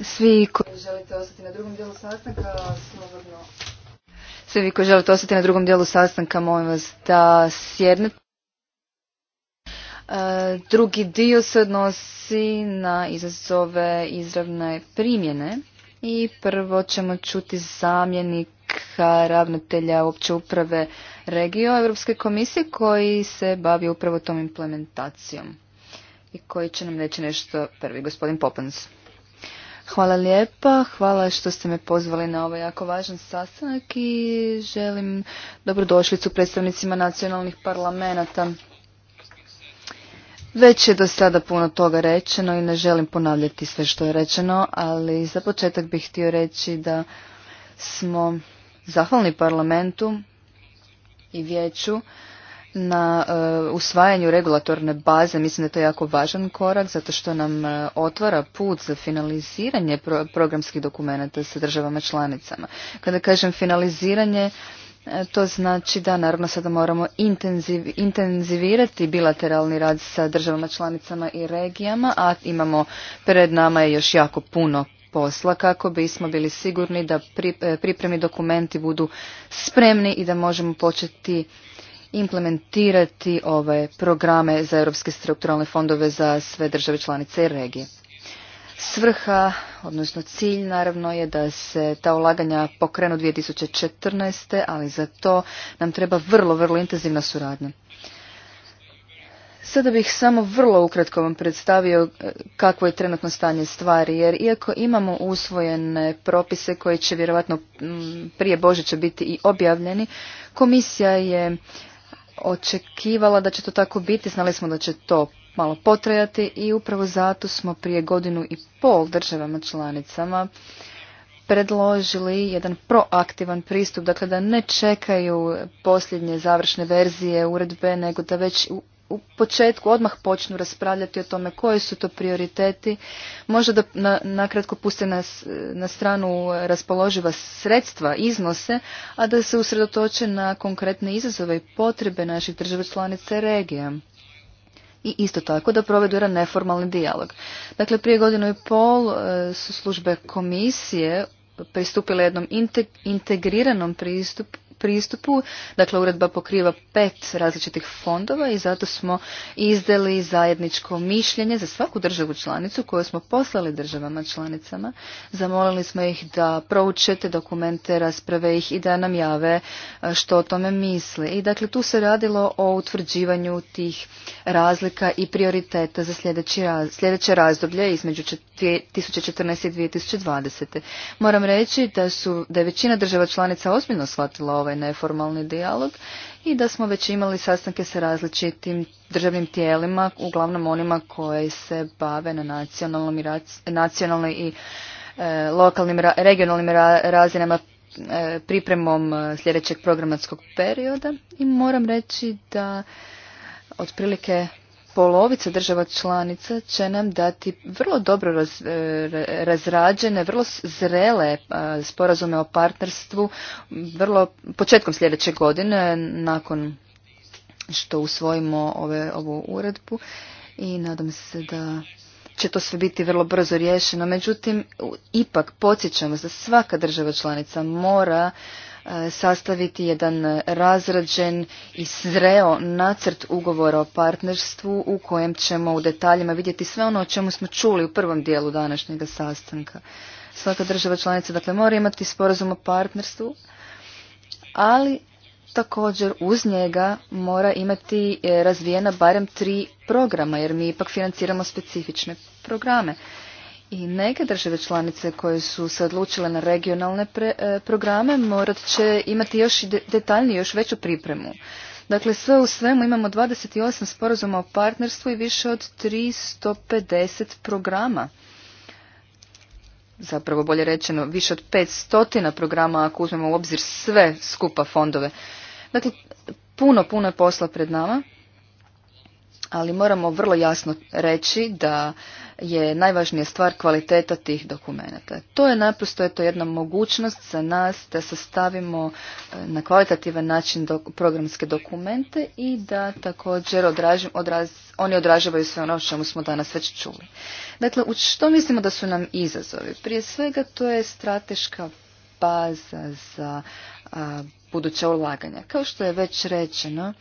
Svi koji želite ostati na drugom dijelu sastanka, koji želite ostati na drugom dijelu sastanka, molim vas da sjednete. E, drugi dio se odnosi na izazove izravne primjene i prvo ćemo čuti zamjenika ravnatelja opće uprave regio Europske komisije koji se bavi upravo tom implementacijom i koji će nam reći nešto prvi, gospodin Popans. Hvala lijepa, hvala što ste me pozvali na ovaj jako važan sastanak i želim dobrodošlicu predstavnicima nacionalnih parlamenta. Već je do sada puno toga rečeno i ne želim ponavljati sve što je rečeno, ali za početak bih htio reći da smo zahvalni parlamentu i vijeću na e, usvajanju regulatorne baze. Mislim da je to jako važan korak zato što nam e, otvara put za finaliziranje programskih dokumenata sa državama članicama. Kada kažem finaliziranje, e, to znači da naravno sada moramo intenziv, intenzivirati bilateralni rad sa državama članicama i regijama, a imamo pred nama je još jako puno posla kako bismo bili sigurni da pripremi dokumenti budu spremni i da možemo početi implementirati ove programe za europske strukturalne fondove za sve države članice i regije. Svrha, odnosno cilj naravno je da se ta ulaganja pokrenu 2014. ali za to nam treba vrlo, vrlo intenzivna suradnja. Sada bih samo vrlo ukratko vam predstavio eh, kakvo je trenutno stanje stvari, jer iako imamo usvojene propise koji će vjerojatno mm, prije Božića biti i objavljeni, komisija je očekivala da će to tako biti, znali smo da će to malo potrajati i upravo zato smo prije godinu i pol državama članicama predložili jedan proaktivan pristup, dakle da ne čekaju posljednje završne verzije uredbe, nego da već u u početku odmah počnu raspravljati o tome koji su to prioriteti, možda da nakratko puste na, na stranu raspoloživa sredstva, iznose, a da se usredotoče na konkretne izazove i potrebe naših država članica regija. I isto tako da provedu jedan neformalni dijalog. Dakle, prije godinu i pol e, su službe komisije pristupile jednom integriranom pristupu pristupu. Dakle, uredba pokriva pet različitih fondova i zato smo izdali zajedničko mišljenje za svaku državu članicu koju smo poslali državama članicama. Zamolili smo ih da proučete dokumente, rasprave ih i da nam jave e, što o tome misle. I dakle, tu se radilo o utvrđivanju tih razlika i prioriteta za sljedeće razdoblje između 2014. i 2020. Moram reći da, su, da je većina država članica ozbiljno shvatila ovaj neformalni dijalog i da smo već imali sastanke sa različitim državnim tijelima, uglavnom onima koje se bave na nacionalnom i, nacionalnoj i e, lokalnim, regionalnim razinama e, pripremom e, sljedećeg programatskog perioda i moram reći da otprilike polovica država članica će nam dati vrlo dobro e, razrađene, vrlo zrele e, sporazume o partnerstvu vrlo početkom sljedeće godine nakon što usvojimo ove, ovu uredbu i nadam se da će to sve biti vrlo brzo riješeno. Međutim, ipak podsjećamo da svaka država članica mora sastaviti jedan razrađen i zreo nacrt ugovora o partnerstvu u kojem ćemo u detaljima vidjeti sve ono o čemu smo čuli u prvom dijelu današnjega sastanka. Svaka država članica dakle mora imati sporazum o partnerstvu, ali također uz njega mora imati e, razvijena barem tri programa jer mi ipak financiramo specifične programe i neke države članice koje su se odlučile na regionalne e, programe morat će imati još detaljniju, još veću pripremu. Dakle, sve u svemu imamo 28 sporazuma o partnerstvu i više od 350 programa. Zapravo, bolje rečeno, više od 500 programa ako uzmemo u obzir sve skupa fondove. Dakle, puno, puno je posla pred nama, ali moramo vrlo jasno reći da je najvažnija stvar kvaliteta tih dokumenata. To je naprosto eto, jedna mogućnost za nas da sastavimo e, na kvalitativan način programske dokumente i da također oni odražavaju sve ono čemu smo danas već čuli. Dakle, u što mislimo da su nam izazovi? Prije svega to je strateška baza za a, buduća ulaganja. Kao što je već rečeno,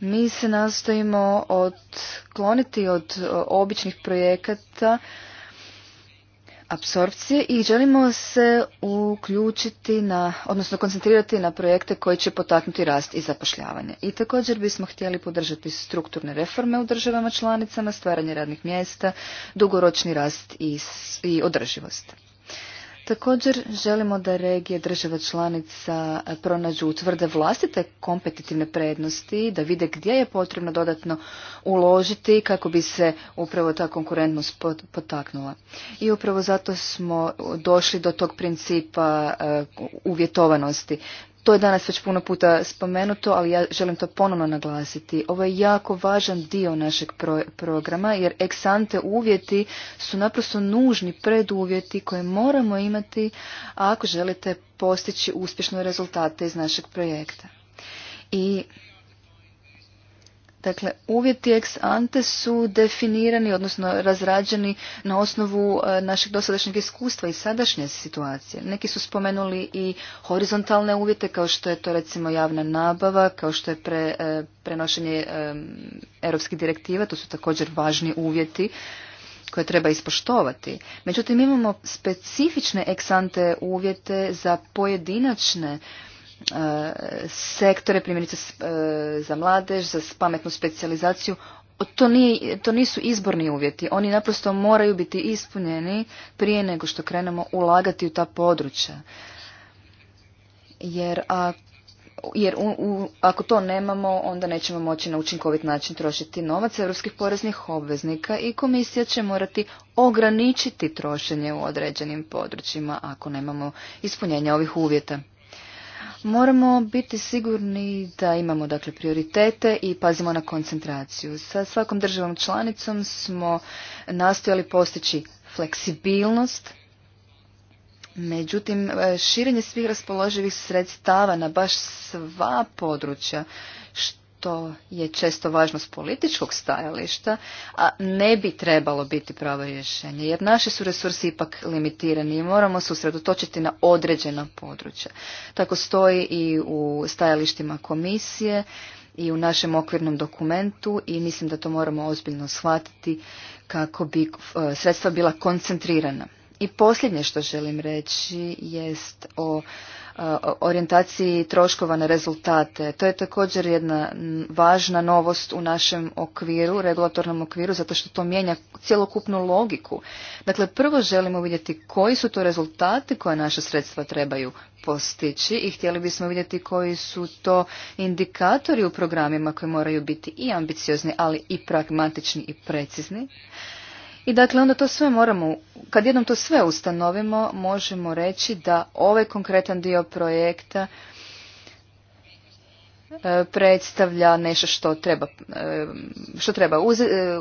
mi se nastojimo odkloniti od e, običnih projekata apsorpcije i želimo se uključiti na, odnosno koncentrirati na projekte koji će potaknuti rast i zapošljavanje. I također bismo htjeli podržati strukturne reforme u državama članicama, stvaranje radnih mjesta, dugoročni rast i, i održivost. Također želimo da regije država članica pronađu utvrde vlastite kompetitivne prednosti, da vide gdje je potrebno dodatno uložiti kako bi se upravo ta konkurentnost potaknula. I upravo zato smo došli do tog principa e, uvjetovanosti. To je danas već puno puta spomenuto, ali ja želim to ponovno naglasiti. Ovo je jako važan dio našeg programa jer eksante uvjeti su naprosto nužni preduvjeti koje moramo imati ako želite postići uspješne rezultate iz našeg projekta. I Dakle, uvjeti ex ante su definirani, odnosno razrađeni na osnovu e, našeg dosadašnjeg iskustva i sadašnje situacije. Neki su spomenuli i horizontalne uvjete, kao što je to recimo javna nabava, kao što je pre, e, prenošenje e, europskih direktiva, to su također važni uvjeti koje treba ispoštovati. Međutim, imamo specifične ex ante uvjete za pojedinačne sektore, primjerice e, za mladež, za pametnu specijalizaciju. To, nije, to nisu izborni uvjeti. Oni naprosto moraju biti ispunjeni prije nego što krenemo ulagati u ta područja. Jer, jer ako to nemamo, onda nećemo moći na učinkovit način trošiti novac europskih poreznih obveznika i komisija će morati ograničiti trošenje u određenim područjima ako nemamo ispunjenja ovih uvjeta. Moramo biti sigurni da imamo dakle prioritete i pazimo na koncentraciju. Sa svakom državom članicom smo nastojali postići fleksibilnost, međutim e, širenje svih raspoloživih sredstava na baš sva područja što to je često važnost političkog stajališta, a ne bi trebalo biti pravo rješenje, jer naši su resursi ipak limitirani i moramo se usredotočiti na određena područja. Tako stoji i u stajalištima komisije i u našem okvirnom dokumentu i mislim da to moramo ozbiljno shvatiti kako bi e, sredstva bila koncentrirana. I posljednje što želim reći jest o orijentaciji troškova na rezultate. To je također jedna važna novost u našem okviru, regulatornom okviru, zato što to mijenja cjelokupnu logiku. Dakle, prvo želimo vidjeti koji su to rezultati koje naše sredstva trebaju postići i htjeli bismo vidjeti koji su to indikatori u programima koji moraju biti i ambiciozni, ali i pragmatični i precizni. I dakle onda to sve moramo, kad jednom to sve ustanovimo, možemo reći da ovaj konkretan dio projekta e, predstavlja nešto što treba, e, što treba e,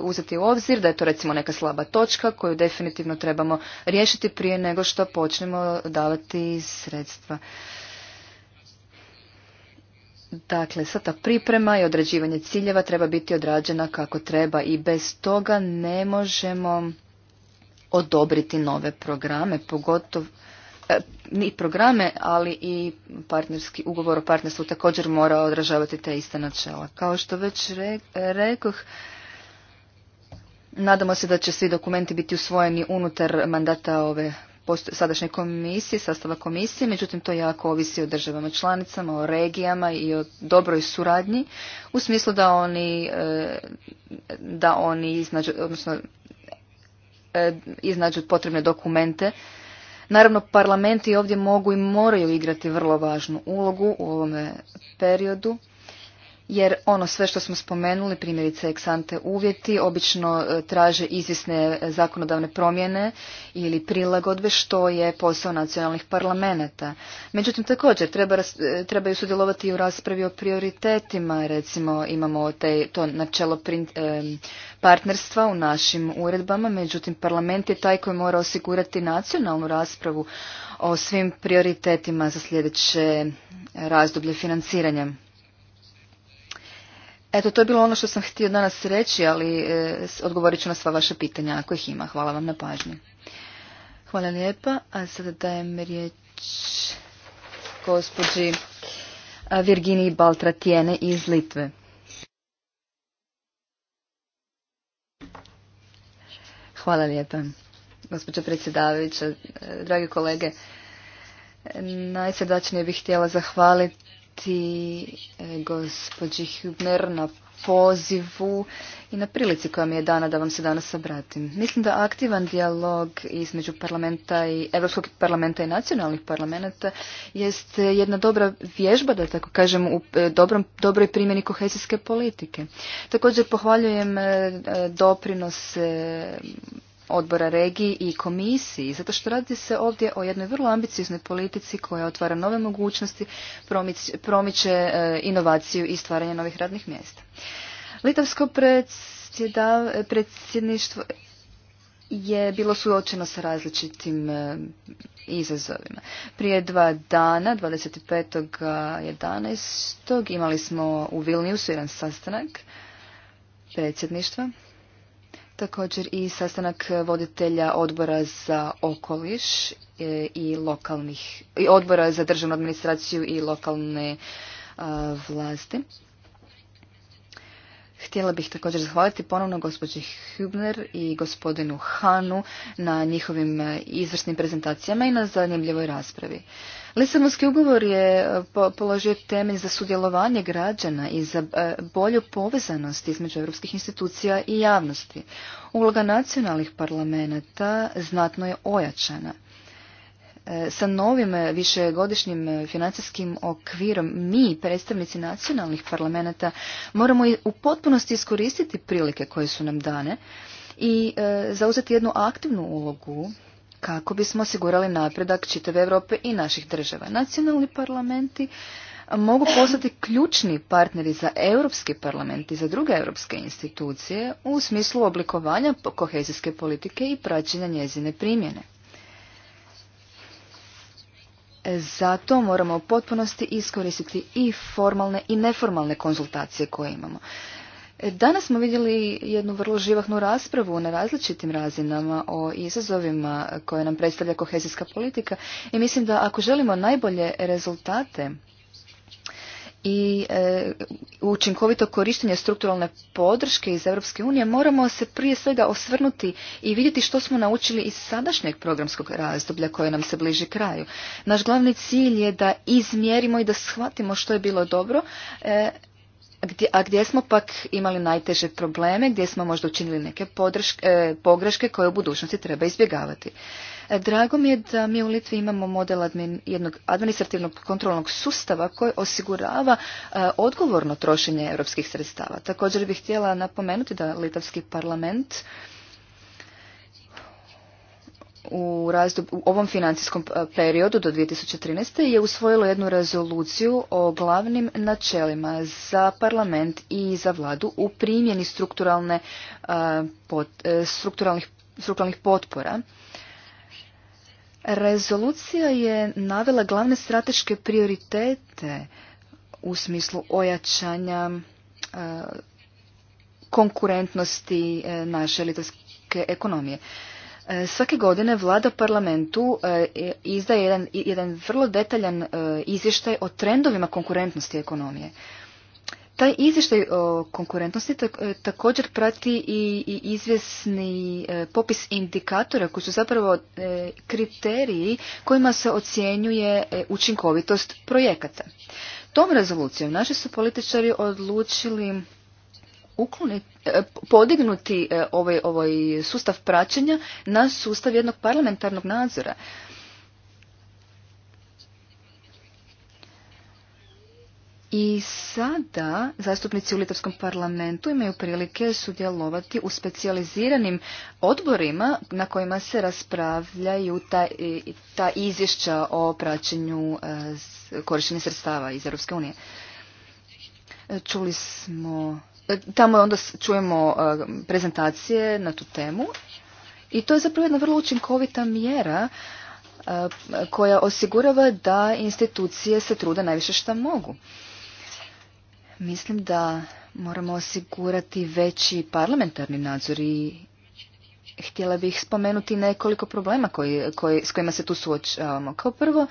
uzeti u obzir, da je to recimo neka slaba točka koju definitivno trebamo riješiti prije nego što počnemo davati sredstva. Dakle, sada priprema i određivanje ciljeva treba biti odrađena kako treba i bez toga ne možemo odobriti nove programe, pogotovo e, ni programe, ali i partnerski ugovor o partnerstvu također mora odražavati te iste načela. Kao što već re, rekoh, nadamo se da će svi dokumenti biti usvojeni unutar mandata ove sadašnje komisije, sastava komisije, međutim to jako ovisi o državama članicama, o regijama i o dobroj suradnji u smislu da oni, e, da oni iznađu, odnosno, e, iznađu potrebne dokumente. Naravno, parlamenti ovdje mogu i moraju igrati vrlo važnu ulogu u ovome periodu jer ono sve što smo spomenuli, primjerice eksante uvjeti, obično e, traže izvisne e, zakonodavne promjene ili prilagodbe što je posao nacionalnih parlamenta. Međutim, također treba, e, trebaju sudjelovati i u raspravi o prioritetima, recimo imamo te, to načelo partnerstva u našim uredbama, međutim parlament je taj koji mora osigurati nacionalnu raspravu o svim prioritetima za sljedeće razdoblje financiranja. Eto, to je bilo ono što sam htio danas reći, ali e, odgovorit ću na sva vaša pitanja ako ih ima. Hvala vam na pažnji. Hvala lijepa. A sada dajem riječ gospođi Virginiji Baltratijene iz Litve. Hvala lijepa, gospođo predsjedavajuća, e, dragi kolege. Najsredačnije bih htjela zahvaliti zahvaliti e, gospođi Hübner na pozivu i na prilici koja mi je dana da vam se danas obratim. Mislim da aktivan dijalog između parlamenta i Europskog parlamenta i nacionalnih parlamenta jest jedna dobra vježba, da tako kažem, u e, dobrom, dobroj primjeni kohezijske politike. Također pohvaljujem e, doprinos odbora regiji i komisiji, zato što radi se ovdje o jednoj vrlo ambicioznoj politici koja otvara nove mogućnosti, promiče, promiče inovaciju i stvaranje novih radnih mjesta. Litavsko predsjedništvo je bilo suočeno sa različitim e, izazovima. Prije dva dana, 25.11. imali smo u Vilniusu jedan sastanak predsjedništva također i sastanak voditelja odbora za okoliš e, i lokalnih i odbora za državnu administraciju i lokalne vlasti. Htjela bih također zahvaliti ponovno gospođi Hübner i gospodinu Hanu na njihovim e, izvrsnim prezentacijama i na zanimljivoj raspravi. Lisabonski ugovor je e, položio temelj za sudjelovanje građana i za e, bolju povezanost između europskih institucija i javnosti. Uloga nacionalnih parlamenta znatno je ojačana sa novim e, višegodišnjim e, financijskim okvirom mi, predstavnici nacionalnih parlamenta, moramo u potpunosti iskoristiti prilike koje su nam dane i e, zauzeti jednu aktivnu ulogu kako bismo osigurali napredak čitave Europe i naših država. Nacionalni parlamenti mogu postati ključni partneri za Europski parlament i za druge europske institucije u smislu oblikovanja kohezijske politike i praćenja njezine primjene. Zato moramo u potpunosti iskoristiti i formalne i neformalne konzultacije koje imamo. E, danas smo vidjeli jednu vrlo živahnu raspravu na različitim razinama o izazovima koje nam predstavlja kohezijska politika i mislim da ako želimo najbolje rezultate i e, učinkovito korištenje strukturalne podrške iz Europske unije moramo se prije svega osvrnuti i vidjeti što smo naučili iz sadašnjeg programskog razdoblja koje nam se bliži kraju. Naš glavni cilj je da izmjerimo i da shvatimo što je bilo dobro, e, a gdje smo pak imali najteže probleme, gdje smo možda učinili neke podrške, e, pogreške koje u budućnosti treba izbjegavati. Drago mi je da mi u Litvi imamo model jednog administrativnog kontrolnog sustava koji osigurava e, odgovorno trošenje europskih sredstava. Također bih htjela napomenuti da Litavski parlament u, u ovom financijskom e, periodu do 2013. je usvojilo jednu rezoluciju o glavnim načelima za parlament i za vladu u primjeni strukturalne, e, strukturalnih potpora Rezolucija je navela glavne strateške prioritete u smislu ojačanja e, konkurentnosti e, naše litarske ekonomije. E, svake godine vlada parlamentu izdaje jedan vrlo detaljan izvještaj o trendovima konkurentnosti ekonomije. Taj izvještaj o konkurentnosti e, također prati i izvjesni e, popis indikatora koji su zapravo e, kriteriji kojima se ocjenjuje učinkovitost projekata. Tom rezolucijom naši su političari odlučili ukloniti, podignuti ovaj, ovaj sustav praćenja na sustav jednog parlamentarnog nadzora. I sada zastupnici u Litavskom parlamentu imaju prilike sudjelovati u specijaliziranim odborima na kojima se raspravljaju ta, ta izvješća o praćenju e, korištenja sredstava iz Europske unije. E, čuli smo, e, tamo onda čujemo prezentacije na tu temu i to je zapravo jedna vrlo učinkovita mjera koja osigurava da institucije se trude najviše što mogu. Mislim da moramo osigurati veći parlamentarni nadzor i htjela bih spomenuti nekoliko problema s kojima se tu suočavamo. Kao prvo,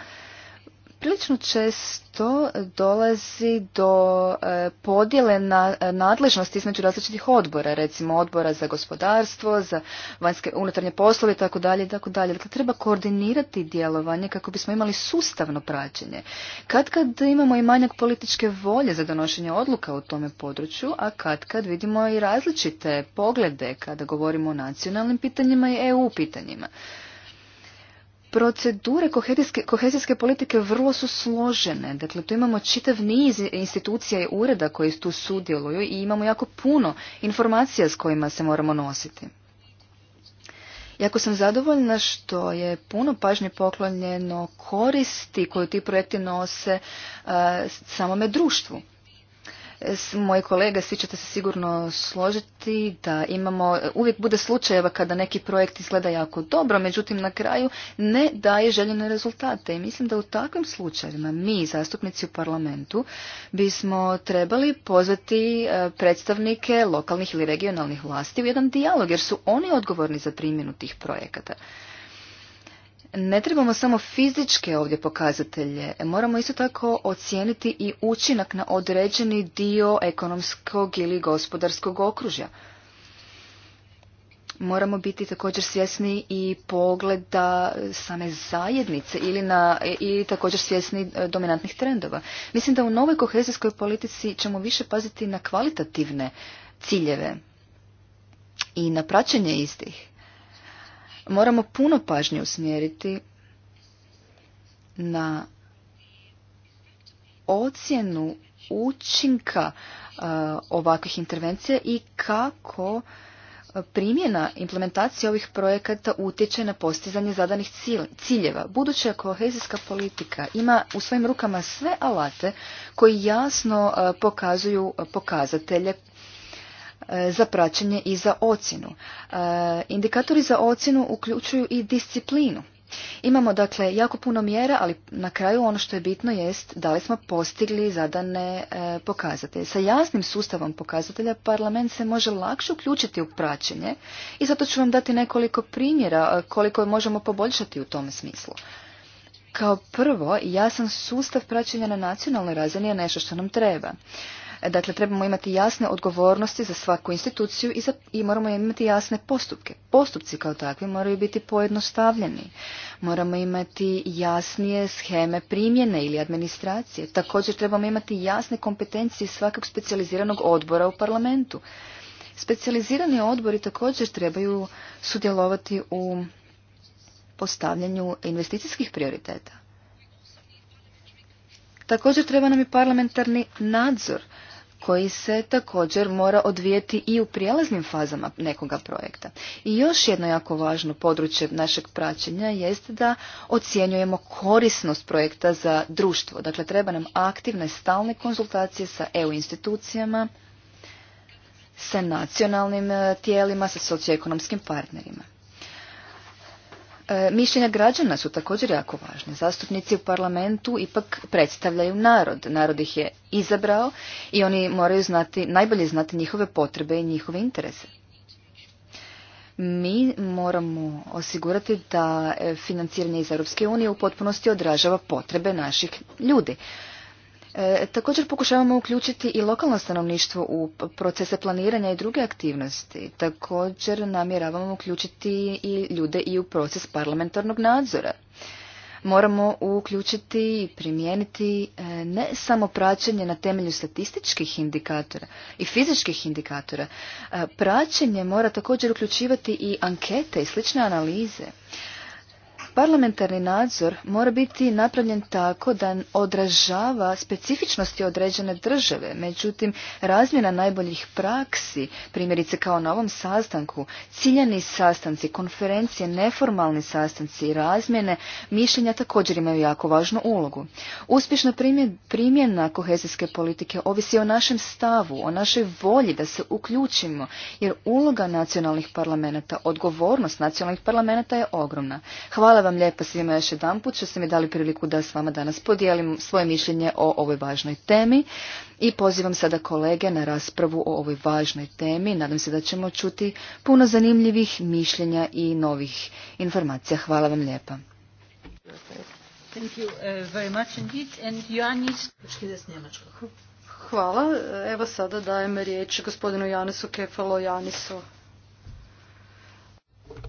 Prilično često dolazi do e, podjele na e, nadležnosti između različitih odbora, recimo odbora za gospodarstvo, za vanjske unutarnje poslove i tako dalje i tako dalje. Dakle, treba koordinirati djelovanje kako bismo imali sustavno praćenje. Kad kad imamo i manjak političke volje za donošenje odluka u tome području, a kad kad vidimo i različite poglede kada govorimo o nacionalnim pitanjima i EU pitanjima procedure kohezijske, politike vrlo su složene. Dakle, tu imamo čitav niz institucija i ureda koji tu sudjeluju i imamo jako puno informacija s kojima se moramo nositi. Jako sam zadovoljna što je puno pažnje poklonjeno koristi koju ti projekti nose samome društvu moji kolege, svi ćete se sigurno složiti da imamo, uvijek bude slučajeva kada neki projekt izgleda jako dobro, međutim na kraju ne daje željene rezultate i mislim da u takvim slučajevima mi, zastupnici u parlamentu, bismo trebali pozvati e, predstavnike lokalnih ili regionalnih vlasti u jedan dijalog jer su oni odgovorni za primjenu tih projekata ne trebamo samo fizičke ovdje pokazatelje, moramo isto tako ocijeniti i učinak na određeni dio ekonomskog ili gospodarskog okružja. Moramo biti također svjesni i pogleda same zajednice ili na, i također svjesni e, dominantnih trendova. Mislim da u novoj kohezijskoj politici ćemo više paziti na kvalitativne ciljeve i na praćenje istih moramo puno pažnje usmjeriti na ocjenu učinka e, ovakvih intervencija i kako primjena implementacije ovih projekata utječe na postizanje zadanih ciljeva. Buduća kohezijska politika ima u svojim rukama sve alate koji jasno e, pokazuju pokazatelje E, za praćenje i za ocjenu. E, indikatori za ocjenu uključuju i disciplinu. Imamo dakle jako puno mjera, ali na kraju ono što je bitno jest da li smo postigli zadane e, pokazatelje. Sa jasnim sustavom pokazatelja parlament se može lakše uključiti u praćenje i zato ću vam dati nekoliko primjera koliko možemo poboljšati u tom smislu. Kao prvo, jasan sustav praćenja na nacionalnoj razini je nešto što nam treba. Dakle, trebamo imati jasne odgovornosti za svaku instituciju i, moramo imati jasne postupke. Postupci kao takvi moraju biti pojednostavljeni. Moramo imati jasnije scheme primjene ili administracije. Također trebamo imati jasne kompetencije svakog specijaliziranog odbora u parlamentu. Specijalizirani odbori također trebaju sudjelovati u postavljanju investicijskih prioriteta. Također treba nam i parlamentarni nadzor koji se također mora odvijeti i u prijelaznim fazama nekoga projekta. I još jedno jako važno područje našeg praćenja jest da ocjenjujemo korisnost projekta za društvo. Dakle, treba nam aktivne stalne konzultacije sa EU institucijama, sa nacionalnim e, tijelima, sa socioekonomskim partnerima. E, mišljenja građana su također jako važne. Zastupnici u parlamentu ipak predstavljaju narod. Narod ih je izabrao i oni moraju znati, najbolje znati njihove potrebe i njihove interese. Mi moramo osigurati da financiranje iz Europske unije u potpunosti odražava potrebe naših ljudi. E, također pokušavamo uključiti i lokalno stanovništvo u procese planiranja i druge aktivnosti. Također namjeravamo uključiti i ljude i u proces parlamentarnog nadzora. Moramo uključiti i primijeniti e, ne samo praćenje na temelju statističkih indikatora i fizičkih indikatora. E, praćenje mora također uključivati i ankete i slične analize. Parlamentarni nadzor mora biti napravljen tako da odražava specifičnosti određene države, međutim razmjena najboljih praksi, primjerice kao na ovom sastanku, ciljani sastanci, konferencije, neformalni sastanci i razmjene mišljenja također imaju jako važnu ulogu. Uspješna primjena kohezijske politike ovisi o našem stavu, o našoj volji da se uključimo, jer uloga nacionalnih parlamenta, odgovornost nacionalnih parlamenta je ogromna. Hvala vam lijepo svima još jedan put što ste mi dali priliku da s vama danas podijelim svoje mišljenje o ovoj važnoj temi i pozivam sada kolege na raspravu o ovoj važnoj temi. Nadam se da ćemo čuti puno zanimljivih mišljenja i novih informacija. Hvala vam lijepa. Uh, Hvala. Evo sada dajem riječ gospodinu Janisu Kefalo Janisu.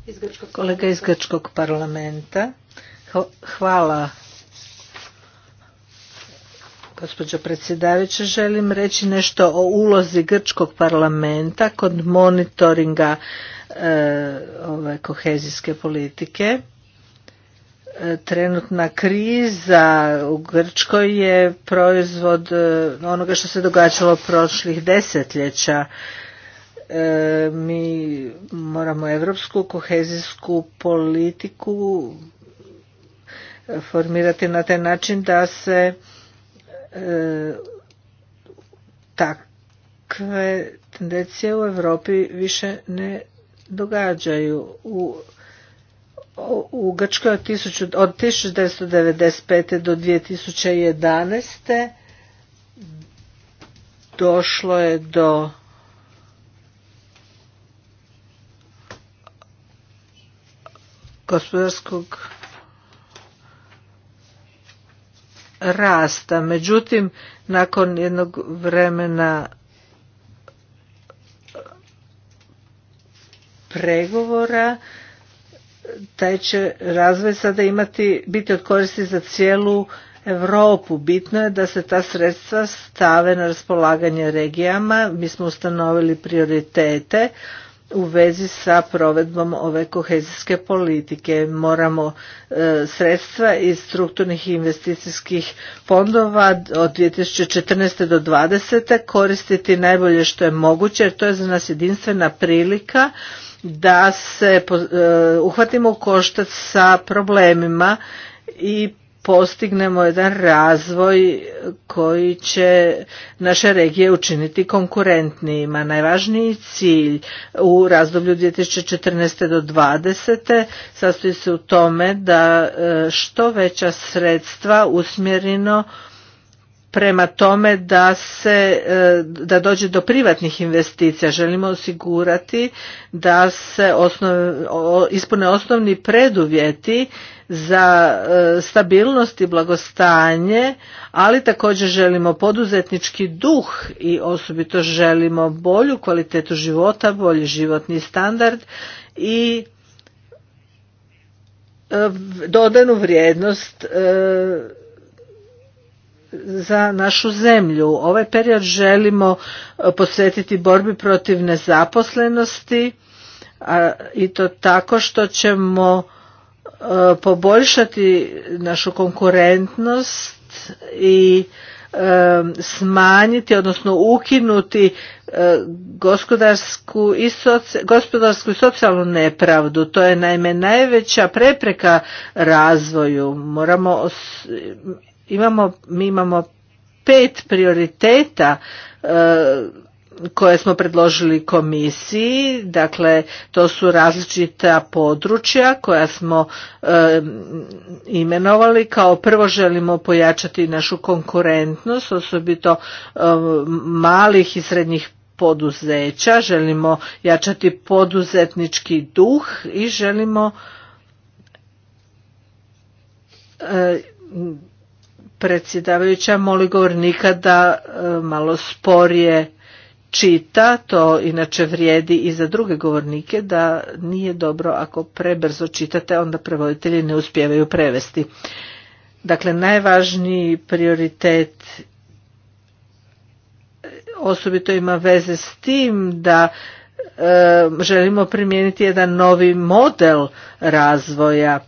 Iz Kolega iz Grčkog parlamenta. Hvala Gospođo predsjedavajuća, želim reći nešto o ulozi Grčkog parlamenta kod monitoringa e, ove kohezijske politike. E, trenutna kriza u Grčkoj je proizvod e, onoga što se događalo prošlih desetljeća. E, mi moramo europsku kohezijsku politiku formirati na taj način da se e, takve tendencije u Europi više ne događaju u u Grčkoj od, od 1995. do 2011. došlo je do gospodarskog rasta. Međutim, nakon jednog vremena pregovora taj će razvoj sada imati biti od koristi za cijelu Europu. Bitno je da se ta sredstva stave na raspolaganje regijama. Mi smo ustanovili prioritete u vezi sa provedbom ove kohezijske politike. Moramo e, sredstva iz strukturnih i investicijskih fondova od 2014. do 2020. koristiti najbolje što je moguće jer to je za nas jedinstvena prilika da se e, uhvatimo u koštac sa problemima i postignemo jedan razvoj koji će naše regije učiniti konkurentnijima. Najvažniji cilj u razdoblju 2014. do 2020. sastoji se u tome da e, što veća sredstva usmjereno prema tome da se e, da dođe do privatnih investicija želimo osigurati da se ispune osnovni preduvjeti za e, stabilnost i blagostanje ali također želimo poduzetnički duh i osobito želimo bolju kvalitetu života bolji životni standard i e, dodanu vrijednost za našu zemlju. Ovaj period želimo e, posvetiti borbi protiv nezaposlenosti i to tako što ćemo e, poboljšati našu konkurentnost i e, smanjiti, odnosno ukinuti gospodarsku i, gospodarsku socijalnu nepravdu. To je naime najveća prepreka razvoju. Moramo imamo, mi imamo pet prioriteta e, koje smo predložili komisiji, dakle to su različita područja koja smo e, imenovali. Kao prvo želimo pojačati našu konkurentnost, osobito e, malih i srednjih poduzeća, želimo jačati poduzetnički duh i želimo predsjedavajuća moli govornika da e, malo sporije čita, to inače vrijedi i za druge govornike, da nije dobro ako prebrzo čitate, onda prevoditelji ne uspijevaju prevesti. Dakle, najvažniji prioritet e, osobito ima veze s tim da e, želimo primijeniti jedan novi model razvoja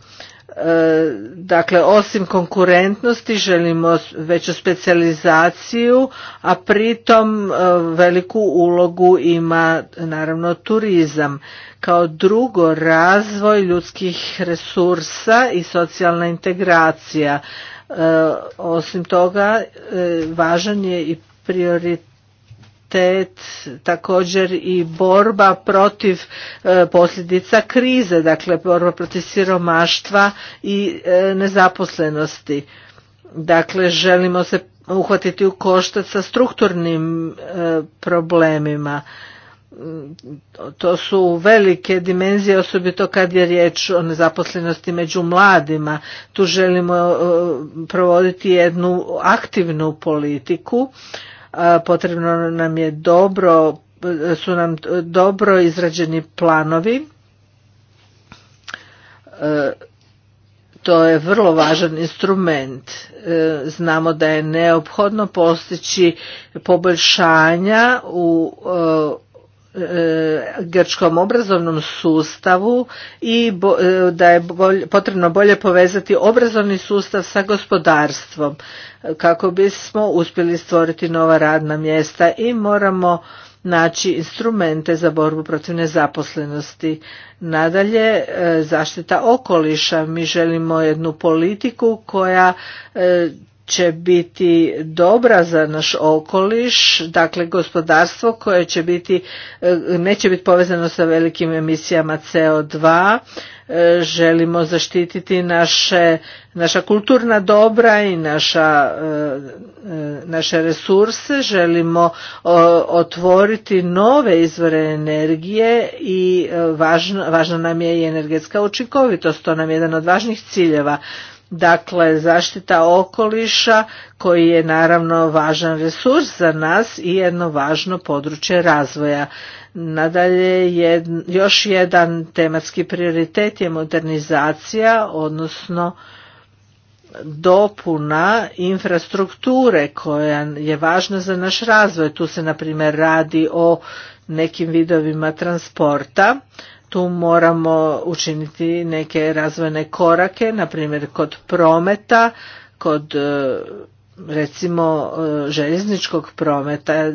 dakle osim konkurentnosti želimo veću specijalizaciju a pritom e, veliku ulogu ima naravno turizam kao drugo razvoj ljudskih resursa i socijalna integracija e, osim toga e, važan je i prioritet također i borba protiv e, posljedica krize, dakle borba protiv siromaštva i e, nezaposlenosti. Dakle, želimo se uhvatiti u koštac sa strukturnim e, problemima. To su velike dimenzije, osobito kad je riječ o nezaposlenosti među mladima. Tu želimo provoditi jednu aktivnu politiku potrebno nam je dobro, su nam dobro izrađeni planovi. To je vrlo važan instrument. Znamo da je neophodno postići poboljšanja u E, grčkom obrazovnom sustavu i e, da je potrebno bolje povezati obrazovni sustav sa gospodarstvom kako bismo uspjeli stvoriti nova radna mjesta i moramo naći instrumente za borbu protiv nezaposlenosti. Nadalje, e, zaštita okoliša. Mi želimo jednu politiku koja će biti dobra za naš okoliš, dakle gospodarstvo koje će biti, e, neće biti povezano sa velikim emisijama CO2, e, želimo zaštititi naše, naša kulturna dobra i naša, e, naše resurse, želimo otvoriti nove izvore energije i važna, važna nam je i energetska učinkovitost, to nam je jedan od važnih ciljeva Dakle, zaštita okoliša koji je naravno važan resurs za nas i jedno važno područje razvoja. Nadalje, još jedan tematski prioritet je modernizacija, odnosno dopuna infrastrukture koja je važna za naš razvoj. Tu se, na primjer, radi o nekim vidovima transporta, tu moramo učiniti neke razvojne korake, na primjer kod prometa, kod e, recimo e, željezničkog prometa.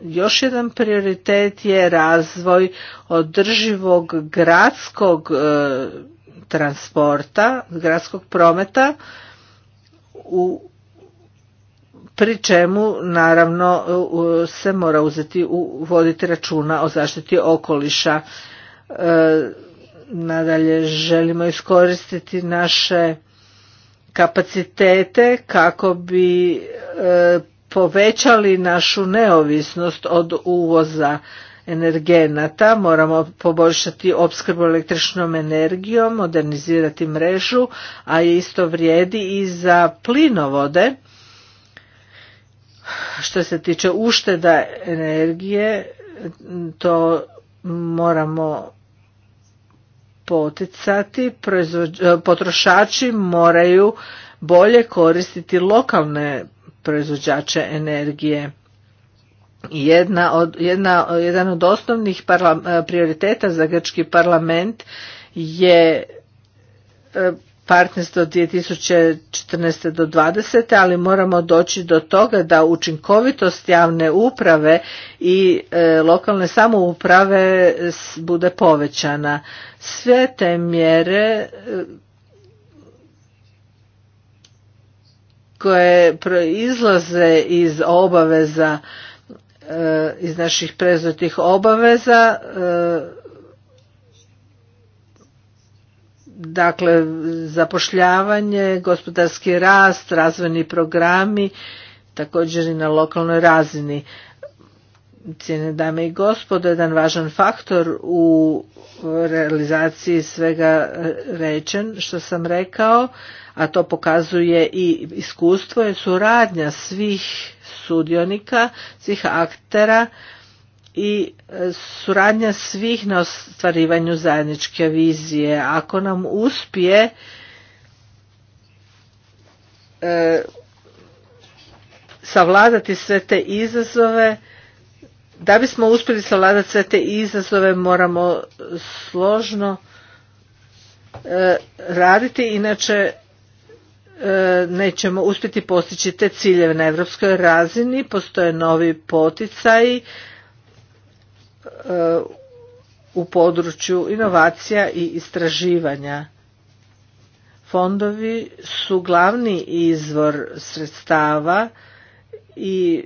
Još jedan prioritet je razvoj održivog gradskog e, transporta, gradskog prometa u pri čemu naravno se mora uzeti voditi računa o zaštiti okoliša E, nadalje želimo iskoristiti naše kapacitete kako bi e, povećali našu neovisnost od uvoza energenata, moramo poboljšati opskrbu električnom energijom, modernizirati mrežu, a isto vrijedi i za plinovode. Što se tiče ušteda energije, to moramo poticati, e, potrošači moraju bolje koristiti lokalne proizvođače energije. Jedna od, jedna, jedan od osnovnih e, prioriteta za grčki parlament je e, partnerstvo 2014. do 2020. ali moramo doći do toga da učinkovitost javne uprave i e, lokalne samouprave bude povećana. Sve te mjere e, koje proizlaze iz obaveza e, iz naših preuzetih obaveza dakle zapošljavanje, gospodarski rast, razvojni programi, također i na lokalnoj razini. Cijene dame i gospodo, jedan važan faktor u realizaciji svega e, rečen što sam rekao, a to pokazuje i iskustvo je suradnja svih sudionika, svih aktera i e, suradnja svih na ostvarivanju zajedničke vizije. Ako nam uspije e, savladati sve te izazove, da bismo uspjeli savladati sve te izazove moramo složno e, raditi, inače nećemo uspjeti postići te ciljeve na europskoj razini, postoje novi poticaji, u području inovacija i istraživanja. Fondovi su glavni izvor sredstava i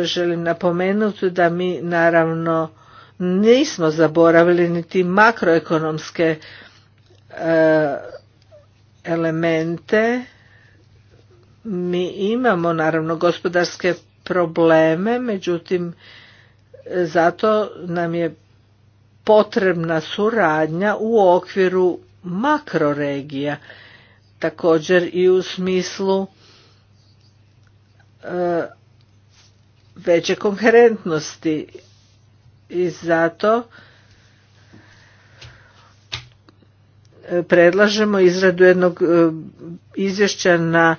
e, želim napomenuti da mi naravno nismo zaboravili niti makroekonomske e, elemente. Mi imamo naravno gospodarske probleme, međutim zato nam je potrebna suradnja u okviru makroregija, također i u smislu e, veće konkurentnosti i zato e, predlažemo izradu jednog e, izvješća na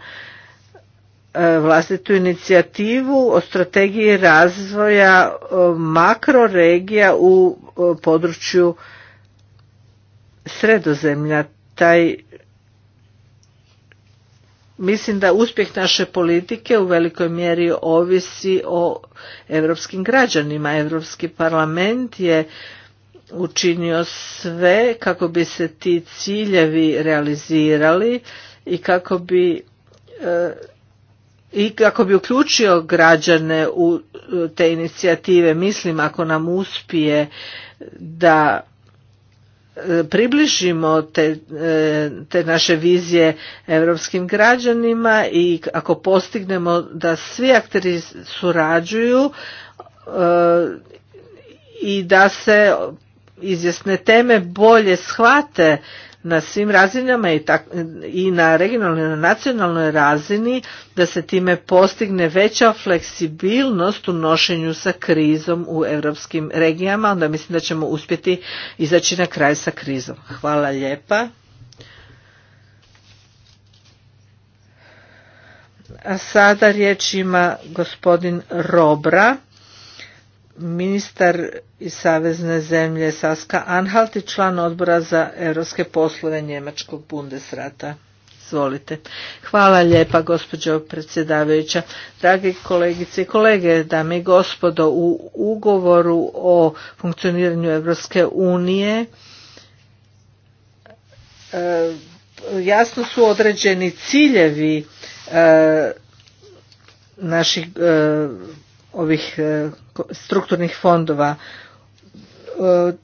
E, vlastitu inicijativu o strategiji razvoja e, makroregija u e, području sredozemlja. Taj Mislim da uspjeh naše politike u velikoj mjeri ovisi o europskim građanima. Europski parlament je učinio sve kako bi se ti ciljevi realizirali i kako bi i kako bi uključio građane u e, te inicijative mislim ako nam uspije da e, približimo te, e, te naše vizije europskim građanima i ako postignemo da svi akteri surađuju i da se izvjesne teme bolje shvate na svim razinama i, i na regionalnoj i na nacionalnoj razini da se time postigne veća fleksibilnost u nošenju sa krizom u europskim regijama, onda mislim da ćemo uspjeti izaći na kraj sa krizom. Hvala lijepa. A sada riječ ima gospodin Robra ministar iz Savezne zemlje Saska Anhalt i član odbora za europske poslove Njemačkog Bundesrata. Izvolite. Hvala lijepa gospođo predsjedavajuća. Dragi kolegice i kolege, dame i gospodo, u ugovoru o funkcioniranju Europske unije e, jasno su određeni ciljevi e, naših e, ovih strukturnih fondova. E,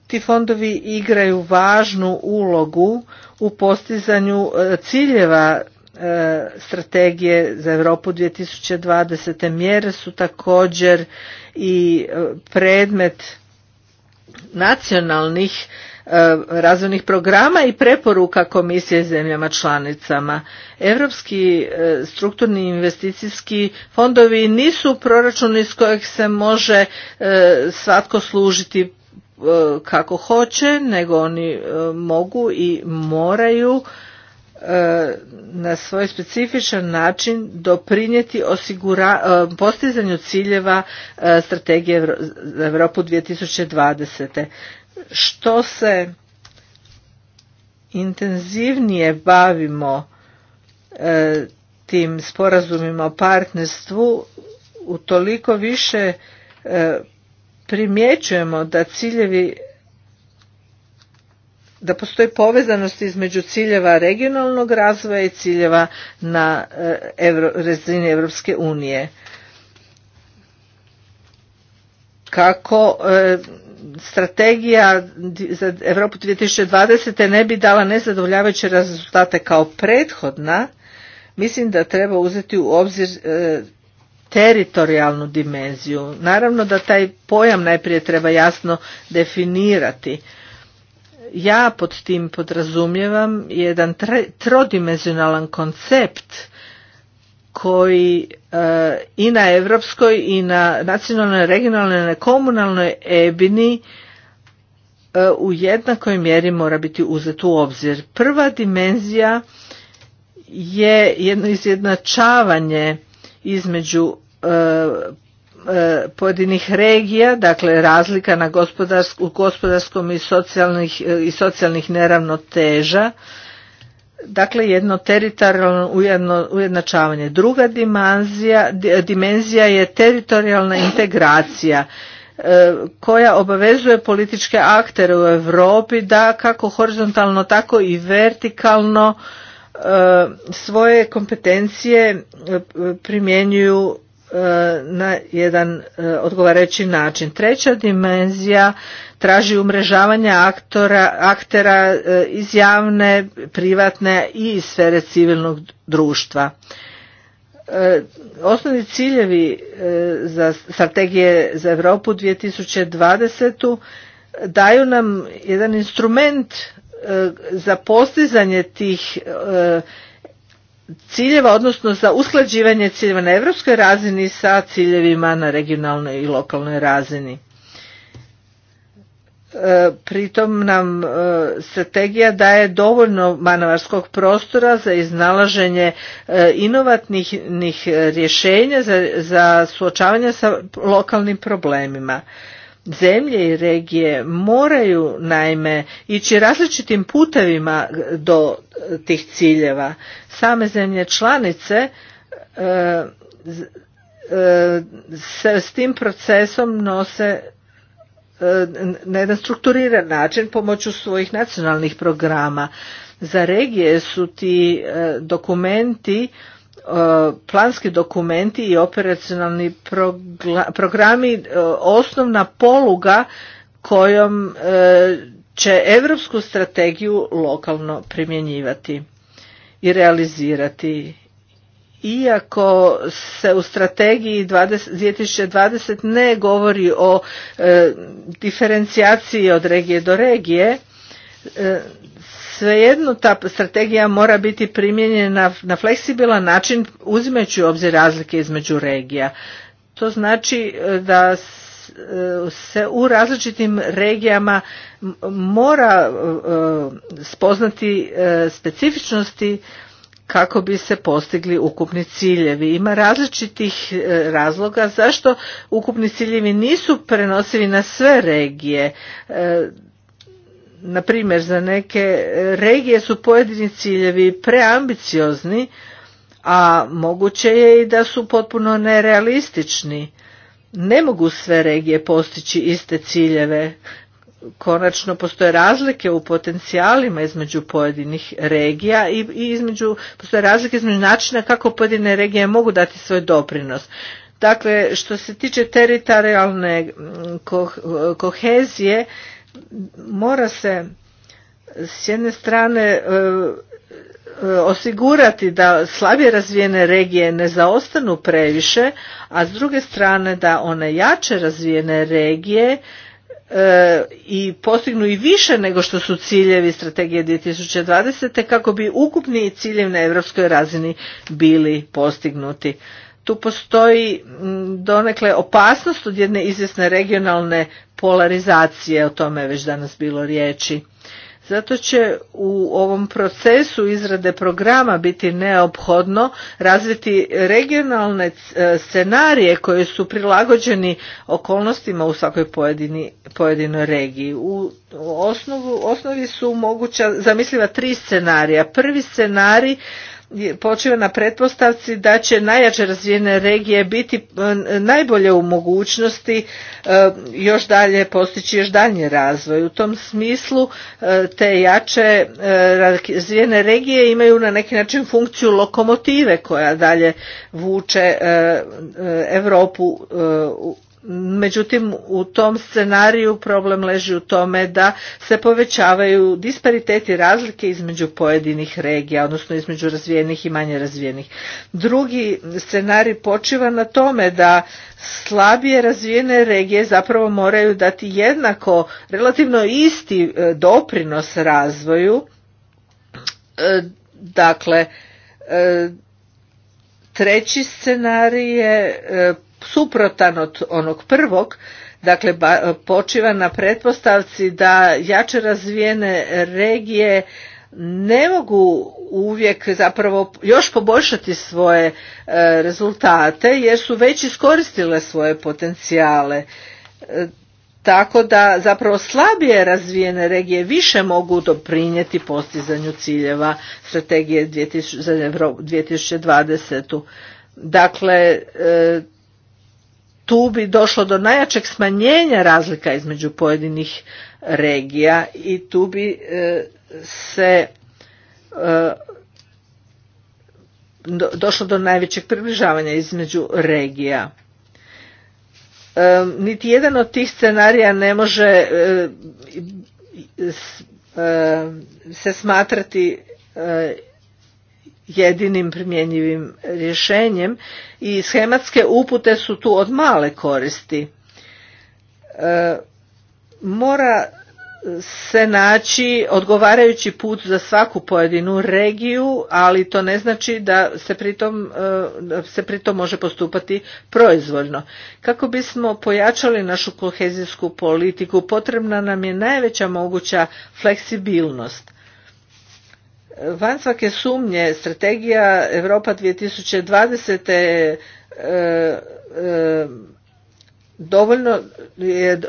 ti fondovi igraju važnu ulogu u postizanju e, ciljeva e, strategije za Europu 2020. mjere su također i predmet nacionalnih E, razvojnih programa i preporuka komisije zemljama članicama. Europski e, strukturni investicijski fondovi nisu proračun iz kojeg se može e, svatko služiti kako hoće, nego oni mogu i moraju na svoj specifičan način doprinijeti postizanju ciljeva strategije za Europu 2020 što se intenzivnije bavimo e, tim sporazumima o partnerstvu utoliko više e, primjećujemo da ciljevi da postoji povezanost između ciljeva regionalnog razvoja i ciljeva na e, evro, razini Europske unije. Kako strategija za Europu 2020. ne bi dala nezadovoljavajuće rezultate kao prethodna, mislim da treba uzeti u obzir e, teritorijalnu dimenziju. Naravno da taj pojam najprije treba jasno definirati. Ja pod tim podrazumijevam jedan trodimenzionalan koncept koji e, i na europskoj i na nacionalnoj, regionalnoj, na komunalnoj ebini e, u jednakoj mjeri mora biti uzet u obzir. Prva dimenzija je jedno izjednačavanje između e, pojedinih regija, dakle razlika na gospodarsk, u gospodarskom i socijalnih, i socijalnih neravnoteža dakle jedno teritorijalno ujednačavanje. Druga dimenzija, dimenzija je teritorijalna integracija e, koja obavezuje političke aktere u Europi da kako horizontalno tako i vertikalno e, svoje kompetencije e, primjenjuju E, na jedan e, odgovarajući način. Treća dimenzija traži umrežavanje aktora, aktera e, iz javne, privatne i iz sfere civilnog društva. Osnovni ciljevi za strategije za Europu 2020. daju nam jedan instrument za postizanje tih ciljeva, odnosno za usklađivanje ciljeva na europskoj razini sa ciljevima na regionalnoj i lokalnoj razini. E, pritom nam e, strategija daje dovoljno manovarskog prostora za iznalaženje e, inovatnih rješenja za suočavanje sa lokalnim problemima zemlje i regije moraju naime ići različitim putevima do e, tih ciljeva. Same zemlje članice e, e, se s tim procesom nose na jedan strukturiran način pomoću svojih nacionalnih programa. Za regije su ti dokumenti planski dokumenti i operacionalni programi e, osnovna poluga kojom e, će europsku strategiju lokalno primjenjivati i realizirati iako se u strategiji 2020 ne govori o e, diferencijaciji od regije do regije svejedno ta strategija mora biti primijenjena na fleksibilan način uzimajući u obzir razlike između regija. To znači e, da e, se u različitim regijama mora e, spoznati specifičnosti kako bi se postigli ukupni ciljevi. Ima različitih razloga zašto ukupni ciljevi nisu prenosivi na sve regije na primjer za neke e, regije su pojedini ciljevi preambiciozni a moguće je i da su potpuno nerealistični ne mogu sve regije postići iste ciljeve konačno postoje razlike u potencijalima između pojedinih regija i, između postoje razlike između načina kako pojedine regije mogu dati svoj doprinos dakle što se tiče teritorijalne kohezije mora se s jedne strane e, e, osigurati da slabije razvijene regije ne zaostanu previše, a s druge strane da one jače razvijene regije e, i postignu i više nego što su ciljevi strategije 2020. kako bi ukupni ciljevi na europskoj razini bili postignuti. Tu postoji donekle opasnost od jedne izvjesne regionalne polarizacije, o tome je već danas bilo riječi. Zato će u ovom procesu izrade programa biti neophodno razviti regionalne e, scenarije koji su prilagođeni okolnostima u svakoj pojedini, pojedinoj regiji. U osnovi su moguća zamisliva tri scenarija. Prvi scenarij počiva na pretpostavci da će najjače razvijene regije biti e, najbolje u mogućnosti e, još dalje postići još daljnji razvoj. U tom smislu e, te jače razvijene regije imaju na neki način funkciju lokomotive koja dalje vuče Europu Međutim, u tom scenariju problem leži u tome da se povećavaju dispariteti razlike između pojedinih regija, odnosno između razvijenih i manje razvijenih. Drugi scenarij počiva na tome da slabije razvijene regije zapravo moraju dati jednako, relativno isti e, doprinos razvoju. E, dakle, e, treći scenarij je suprotan od onog prvog, dakle počiva na pretpostavci da jače razvijene regije ne mogu uvijek zapravo još poboljšati svoje e, rezultate jer su već iskoristile svoje potencijale e, tako da zapravo slabije razvijene regije više mogu doprinijeti postizanju ciljeva strategije za 2020. Dakle, e, tu bi došlo do najjačeg smanjenja razlika između pojedinih regija i tu bi e, se e, došlo do najvećeg približavanja između regija. E, niti jedan od tih scenarija ne može se smatrati jedinim primjenjivim rješenjem i schematske upute su tu od male koristi. E, mora se naći odgovarajući put za svaku pojedinu regiju, ali to ne znači da se pritom, e, se pritom može postupati proizvoljno. Kako bismo pojačali našu kohezijsku politiku, potrebna nam je najveća moguća fleksibilnost. Van svake sumnje strategija Europa 2020. E, e, dovoljno je, e,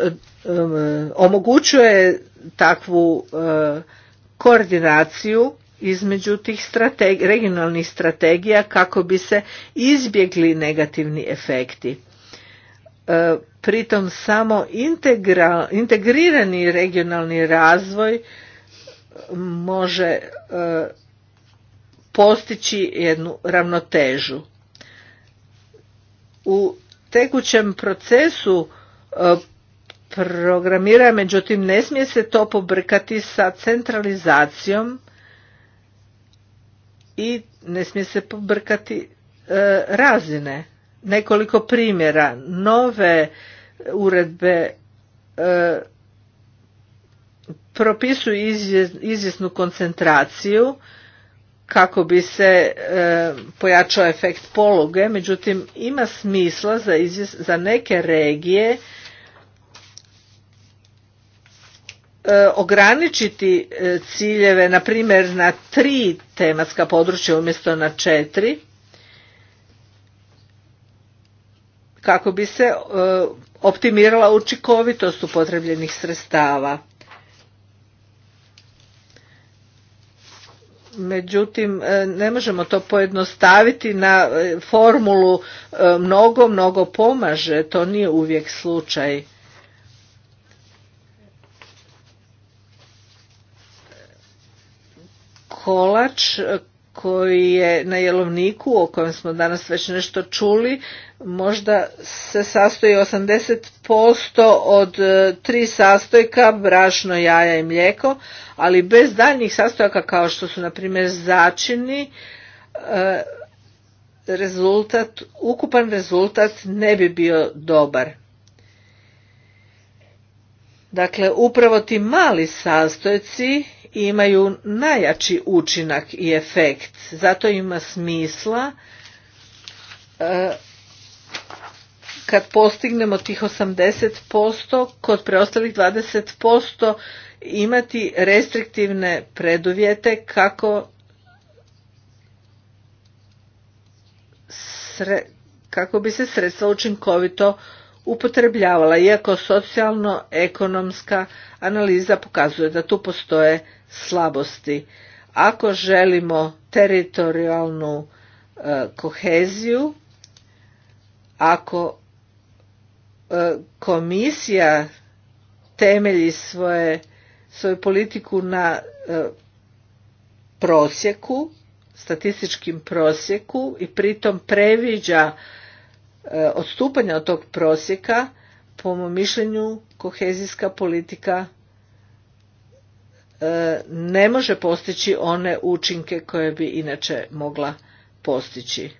omogućuje takvu e, koordinaciju između tih regionalnih strategija kako bi se izbjegli negativni efekti. Pritom samo integrirani regionalni razvoj može e, postići jednu ravnotežu. U tekućem procesu e, programira, međutim ne smije se to pobrkati sa centralizacijom i ne smije se pobrkati e, razine. Nekoliko primjera, nove uredbe propisuju izvjesnu koncentraciju kako bi se e, pojačao efekt poluge, međutim ima smisla za, za neke regije e, ograničiti e, ciljeve, na primjer na tri tematska područja umjesto na četiri, kako bi se e, optimirala učinkovitost upotrebljenih sredstava. Međutim, e, ne možemo to pojednostaviti na e, formulu e, mnogo, mnogo pomaže. To nije uvijek slučaj. Kolač koji je na jelovniku o kojem smo danas već nešto čuli možda se sastoji 80% od e, tri sastojka brašno, jaja i mlijeko ali bez daljnjih sastojaka kao što su na primjer začini e, rezultat ukupan rezultat ne bi bio dobar dakle upravo ti mali sastojci imaju najjači učinak i efekt. Zato ima smisla e, kad postignemo tih 80%, kod preostalih 20% imati restriktivne preduvjete kako kako bi se sredstva učinkovito upotrebljavala, iako socijalno-ekonomska analiza pokazuje da tu postoje slabosti. Ako želimo teritorijalnu e, koheziju, ako e, komisija temelji svoje, svoju politiku na e, prosjeku, statističkim prosjeku i pritom previđa odstupanje od tog prosjeka, po mom mišljenju kohezijska politika E, ne može postići one učinke koje bi inače mogla postići.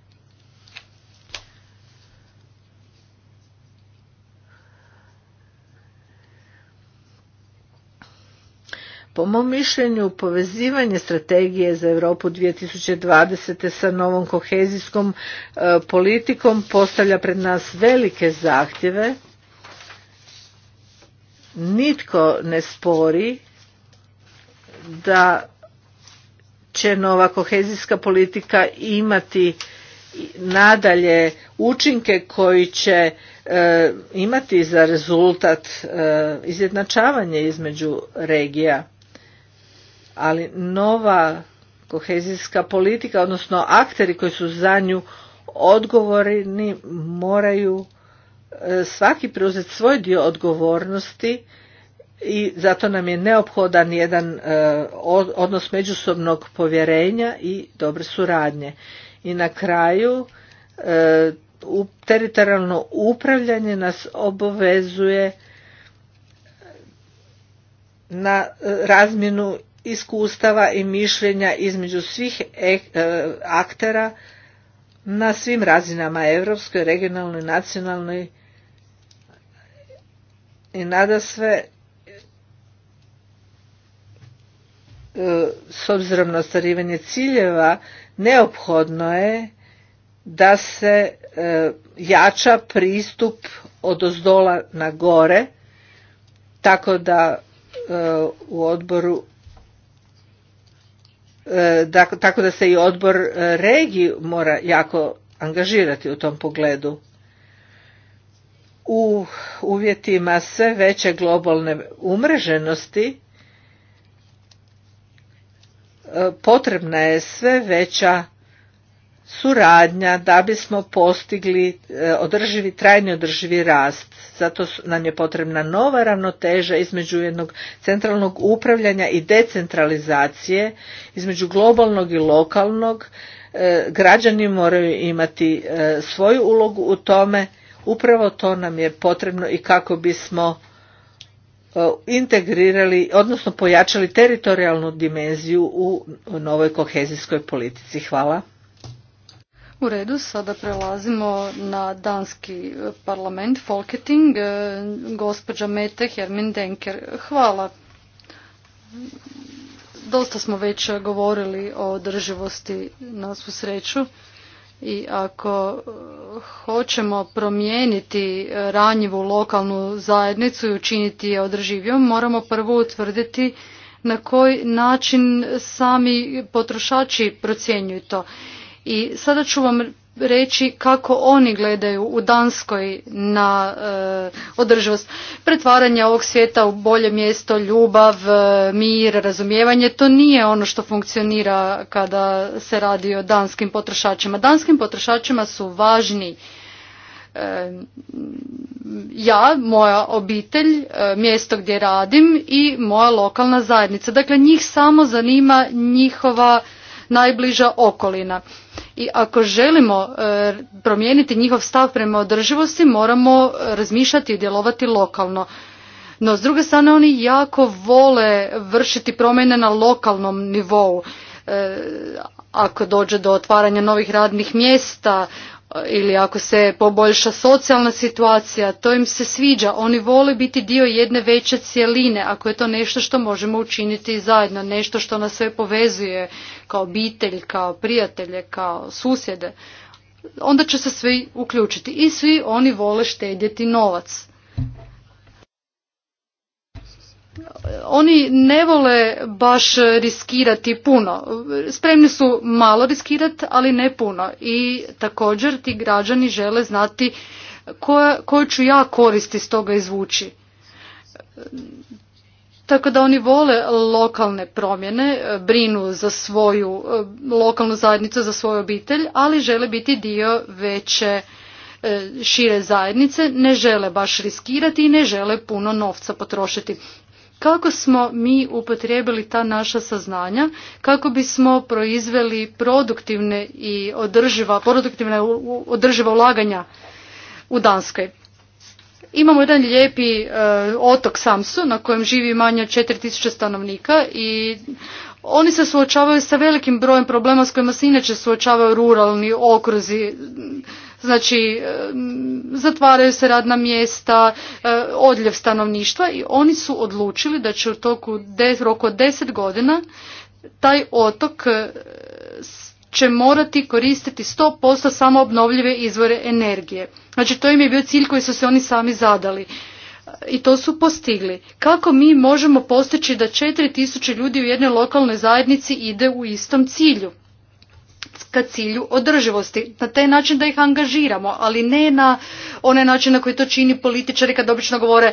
Po mom mišljenju povezivanje strategije za Europu 2020 sa novom kohezijskom e, politikom postavlja pred nas velike zahtjeve. Nitko ne spori da će nova kohezijska politika imati nadalje učinke koji će e, imati za rezultat e, izjednačavanje između regija ali nova kohezijska politika odnosno akteri koji su za nju odgovorni moraju e, svaki preuzeti svoj dio odgovornosti i zato nam je neophodan jedan e, odnos međusobnog povjerenja i dobre suradnje. I na kraju e, teritorijalno upravljanje nas obavezuje na e, razmjenu iskustava i mišljenja između svih aktera na svim razinama europskoj, regionalnoj, nacionalnoj i nada sve s obzirom na ostvarivanje ciljeva neophodno je da se e, jača pristup od ozdola na gore tako da e, u odboru e, tako da se i odbor regiju mora jako angažirati u tom pogledu u uvjetima sve veće globalne umreženosti E, potrebna je sve veća suradnja da bismo postigli e, održivi, trajni održivi rast. Zato nam je potrebna nova ravnoteža između jednog centralnog upravljanja i decentralizacije, između globalnog i lokalnog. E, građani moraju imati svoju ulogu u tome. Upravo to nam je potrebno i kako bismo E, integrirali, odnosno pojačali teritorijalnu dimenziju u novoj kohezijskoj politici. Hvala. U redu, sada prelazimo na danski parlament, Folketing, e, gospođa Mete Hermin Denker. Hvala. Dosta smo već govorili o drživosti na svu sreću i ako uh, hoćemo promijeniti ranjivu lokalnu zajednicu i učiniti je održivijom, moramo prvo utvrditi na koji način sami potrošači procjenjuju to. I sada ću vam reći kako oni gledaju u Danskoj na e, održivost. pretvaranja ovog svijeta u bolje mjesto, ljubav, e, mir, razumijevanje, to nije ono što funkcionira kada se radi o danskim potrošačima. Danskim potrošačima su važni e, ja, moja obitelj, mjesto gdje radim i moja lokalna zajednica. Dakle, njih samo zanima njihova najbliža okolina i ako želimo e, promijeniti njihov stav prema održivosti moramo razmišljati i djelovati lokalno. No s druge strane oni jako vole vršiti promjene na lokalnom nivou. E, ako dođe do otvaranja novih radnih mjesta e, ili ako se poboljša socijalna situacija, to im se sviđa. Oni vole biti dio jedne veće cjeline, ako je to nešto što možemo učiniti zajedno, nešto što nas sve povezuje kao obitelj, kao prijatelje, kao susjede, onda će se svi uključiti i svi oni vole štedjeti novac. Oni ne vole baš riskirati puno. Spremni su malo riskirati, ali ne puno. I također ti građani žele znati koju ću ja koristi iz toga izvući tako da oni vole lokalne promjene, e, brinu za svoju e, lokalnu zajednicu, za svoju obitelj, ali žele biti dio veće e, šire zajednice, ne žele baš riskirati i ne žele puno novca potrošiti. Kako smo mi upotrijebili ta naša saznanja, kako bismo proizveli produktivne i održiva, produktivne održiva ulaganja u Danskoj. Imamo jedan lijepi e, otok Samsu na kojem živi manje od 4000 stanovnika i oni se suočavaju sa velikim brojem problema s kojima se inače suočavaju ruralni okruzi. Znači, e, zatvaraju se radna mjesta, e, odljev stanovništva i oni su odlučili da će u toku roku od 10 godina taj otok će morati koristiti 100% samo obnovljive izvore energije. Znači to im je bio cilj koji su se oni sami zadali. I to su postigli. Kako mi možemo postići da 4000 ljudi u jednoj lokalnoj zajednici ide u istom cilju? ka cilju održivosti. Na taj način da ih angažiramo, ali ne na onaj način na koji to čini političari kad obično govore e,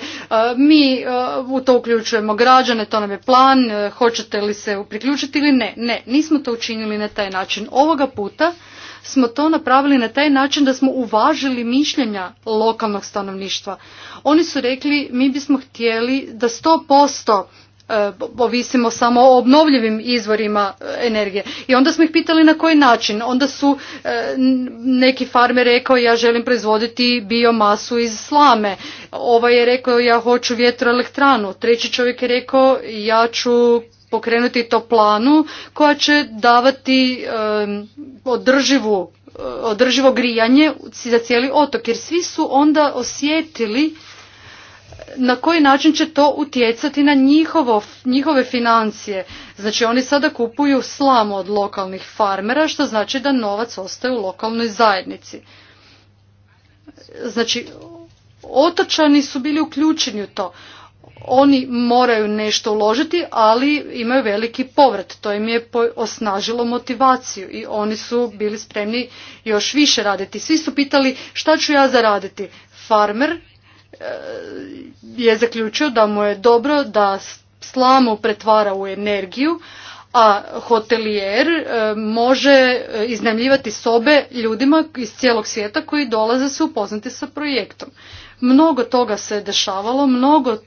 mi e, u to uključujemo građane, to nam je plan, e, hoćete li se priključiti ili ne. Ne, nismo to učinili na taj način. Ovoga puta smo to napravili na taj način da smo uvažili mišljenja lokalnog stanovništva. Oni su rekli mi bismo htjeli da posto E, ovisimo samo o obnovljivim izvorima e, energije. I onda smo ih pitali na koji način. Onda su e, neki farme rekao ja želim proizvoditi biomasu iz slame. Ovaj je rekao ja hoću vjetroelektranu. Treći čovjek je rekao ja ću pokrenuti to planu koja će davati održivu održivo grijanje za cijeli otok jer svi su onda osjetili na koji način će to utjecati na njihovo, njihove financije. Znači oni sada kupuju slamu od lokalnih farmera, što znači da novac ostaje u lokalnoj zajednici. Znači, otočani su bili uključeni u to. Oni moraju nešto uložiti, ali imaju veliki povrat. To im je osnažilo motivaciju i oni su bili spremni još više raditi. Svi su pitali šta ću ja zaraditi. Farmer Eh, je zaključio da mu je dobro da slamu pretvara u energiju, a hotelijer eh, može eh, iznajmljivati sobe ljudima iz cijelog svijeta koji dolaze se upoznati sa projektom. Mnogo toga se dešavalo, mnogo,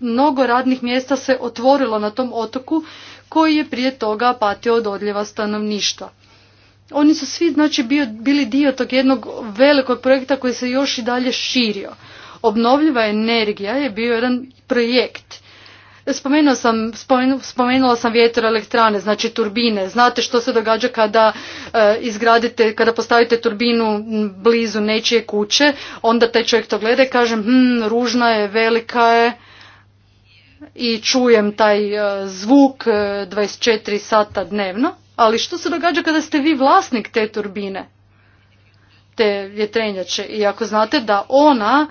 mnogo radnih mjesta se otvorilo na tom otoku koji je prije toga patio od odljeva stanovništva. Oni su svi znači bili dio tog jednog velikog projekta koji se još i dalje širio obnovljiva energija je bio jedan projekt Spomenuo sam, spomenula sam vjetroelektrane, znači turbine. Znate što se događa kada e, izgradite, kada postavite turbinu blizu nečije kuće, onda taj čovjek to gleda i kaže, hm, ružna je, velika je i čujem taj e, zvuk 24 e, sata dnevno. Ali što se događa kada ste vi vlasnik te turbine? te vjetrenjače i ako znate da ona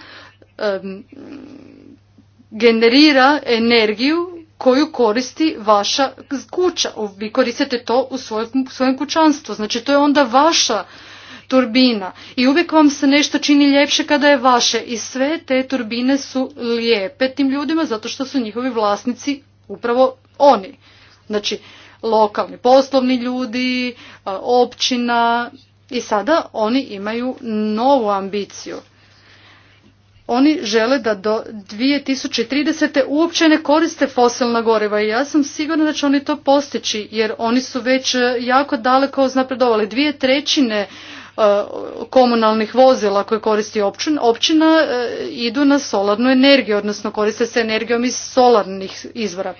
generira energiju koju koristi vaša kuća. Vi koristite to u svojom, svojem kućanstvu. Znači to je onda vaša turbina. I uvijek vam se nešto čini ljepše kada je vaše. I sve te turbine su lijepe tim ljudima zato što su njihovi vlasnici upravo oni. Znači lokalni poslovni ljudi, općina i sada oni imaju novu ambiciju oni žele da do 2030. uopće ne koriste fosilna goriva i ja sam sigurna da će oni to postići jer oni su već e, jako daleko uznapredovali. Dvije trećine e, komunalnih vozila koje koristi općina, općina e, idu na solarnu energiju, odnosno koriste se energijom iz solarnih izvora.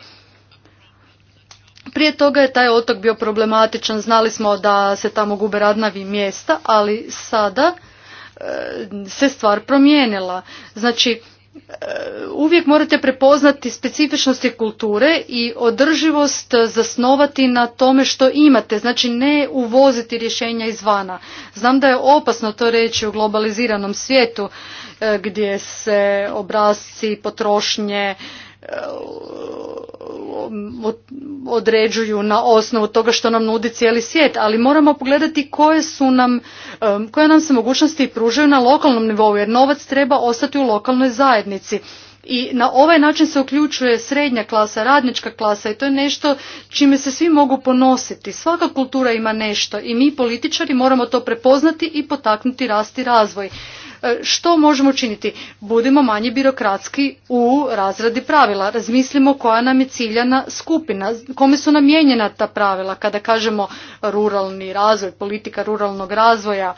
Prije toga je taj otok bio problematičan, znali smo da se tamo gube radna mjesta, ali sada E, se stvar promijenila. Znači, e, uvijek morate prepoznati specifičnosti kulture i održivost zasnovati na tome što imate, znači ne uvoziti rješenja izvana. Znam da je opasno to reći u globaliziranom svijetu e, gdje se obrazci potrošnje određuju na osnovu toga što nam nudi cijeli svijet, ali moramo pogledati koje su nam, koje nam se mogućnosti pružaju na lokalnom nivou, jer novac treba ostati u lokalnoj zajednici. I na ovaj način se uključuje srednja klasa, radnička klasa i to je nešto čime se svi mogu ponositi. Svaka kultura ima nešto i mi političari moramo to prepoznati i potaknuti rast i razvoj. E, što možemo učiniti? Budimo manje birokratski u razradi pravila. Razmislimo koja nam je ciljana skupina, kome su namijenjena ta pravila. Kada kažemo ruralni razvoj, politika ruralnog razvoja,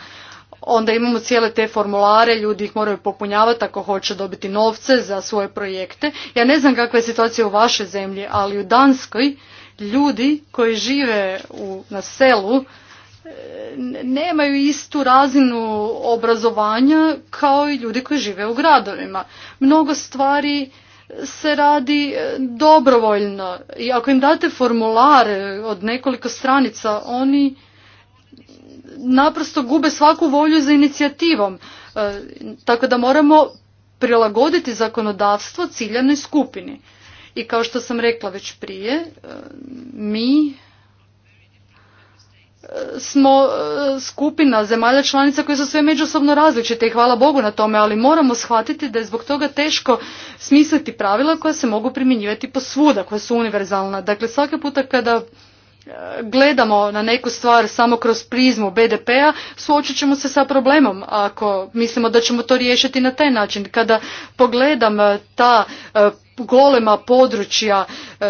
onda imamo cijele te formulare, ljudi ih moraju popunjavati ako hoće dobiti novce za svoje projekte. Ja ne znam kakva je situacija u vašoj zemlji, ali u Danskoj ljudi koji žive na selu nemaju istu razinu obrazovanja kao i ljudi koji žive u gradovima. Mnogo stvari se radi e, dobrovoljno i ako im date formular e, od nekoliko stranica, oni naprosto gube svaku volju za inicijativom. E, tako da moramo prilagoditi zakonodavstvo ciljanoj skupini. I kao što sam rekla već prije, mi smo e, skupina zemalja članica koje su sve međusobno različite i hvala Bogu na tome, ali moramo shvatiti da je zbog toga teško smisliti pravila koja se mogu primjenjivati svuda, koja su univerzalna. Dakle, svaki puta kada e, gledamo na neku stvar samo kroz prizmu BDP-a, suočit ćemo se sa problemom ako mislimo da ćemo to riješiti na taj način. Kada pogledam e, ta golema područja e,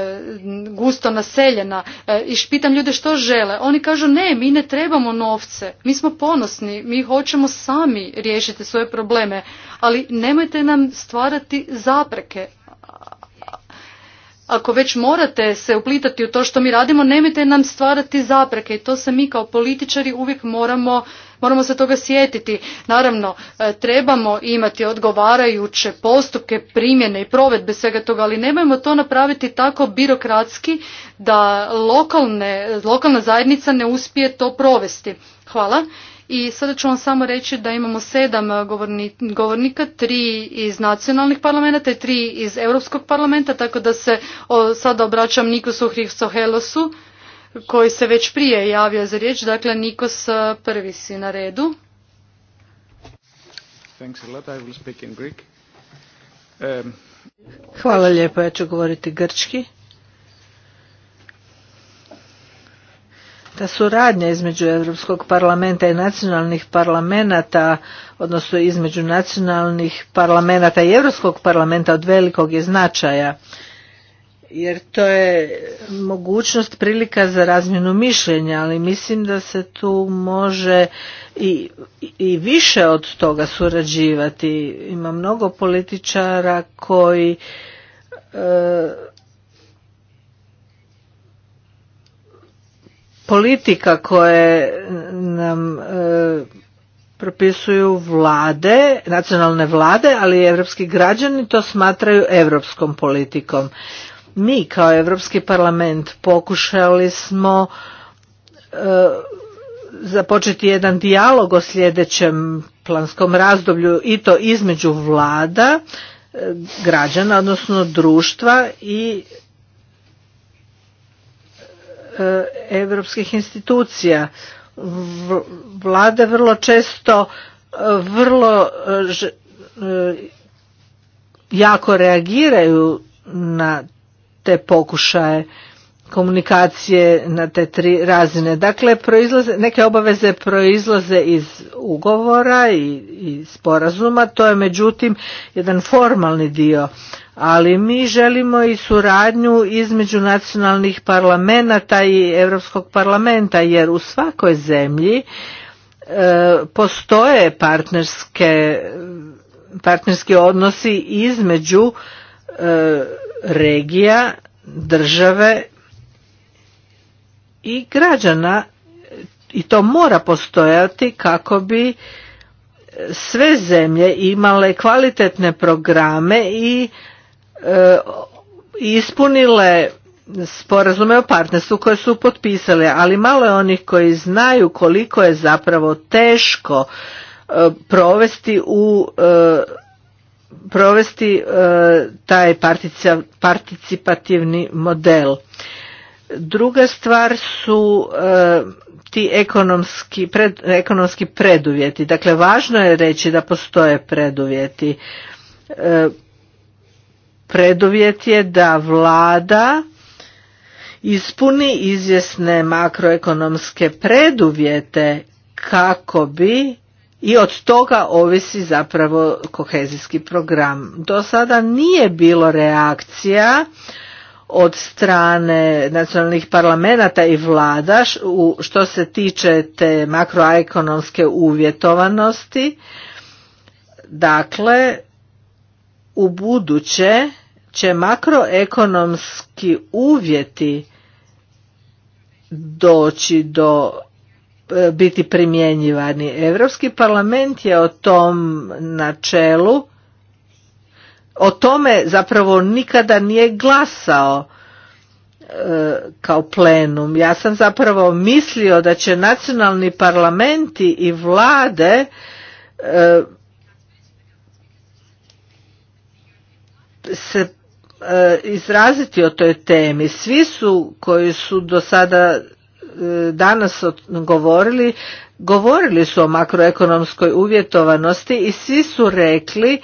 gusto naseljena e, i pitam ljude što žele oni kažu ne mi ne trebamo novce mi smo ponosni mi hoćemo sami riješiti svoje probleme ali nemojte nam stvarati zapreke ako već morate se uplitati u to što mi radimo nemojte nam stvarati zapreke i to se mi kao političari uvijek moramo Moramo se toga sjetiti. Naravno, e, trebamo imati odgovarajuće postupke primjene i provedbe svega toga, ali nemojmo to napraviti tako birokratski da lokalne, lokalna zajednica ne uspije to provesti. Hvala. I sada ću vam samo reći da imamo sedam e, govornika, tri iz nacionalnih parlamenta i tri iz Europskog parlamenta, tako da se sada obraćam Nikosu Hrihsohelosu koji se već prije javio za riječ, dakle Nikos eh, prvi si na redu. Um, Hvala lijepo, ja ću govoriti grčki. Ta suradnja između Europskog parlamenta i nacionalnih parlamenta, odnosno između nacionalnih parlamenta i Europskog parlamenta od velikog je značaja jer to je mogućnost prilika za razmjenu mišljenja, ali mislim da se tu može i, i više od toga surađivati. Ima mnogo političara koji e, politika koje nam e, propisuju vlade, nacionalne vlade, ali i evropski građani to smatraju evropskom politikom mi kao Europski parlament pokušali smo e, započeti jedan dijalog o sljedećem planskom razdoblju i to između vlada, e, građana, odnosno društva i europskih institucija. Vlade vrlo često e, vrlo jako reagiraju na te pokušaje komunikacije na te tri razine. Dakle, proizlaze, neke obaveze proizlaze iz ugovora i, i sporazuma, to je međutim jedan formalni dio, ali mi želimo i suradnju između nacionalnih parlamenta i Europskog parlamenta, jer u svakoj zemlji e, postoje partnerske, partnerski odnosi između e, regija, države i građana i to mora postojati kako bi sve zemlje imale kvalitetne programe i e, ispunile sporazume o partnerstvu koje su potpisale, ali malo je onih koji znaju koliko je zapravo teško e, provesti u e, provesti e, taj participativni model. Druga stvar su e, ti ekonomski, ekonomski preduvjeti. Dakle, važno je reći da postoje preduvjeti. E, preduvjet je da vlada ispuni izvjesne makroekonomske preduvjete kako bi i od toga ovisi zapravo kohezijski program. Do sada nije bilo reakcija od strane nacionalnih parlamenta i vlada što se tiče te makroekonomske uvjetovanosti. Dakle, u buduće će makroekonomski uvjeti doći do biti primjenjivani. Europski parlament je o tom načelu, o tome zapravo nikada nije glasao e, kao plenum. Ja sam zapravo mislio da će nacionalni parlamenti i vlade e, se e, izraziti o toj temi. Svi su koji su do sada danas govorili, govorili su o makroekonomskoj uvjetovanosti i svi su rekli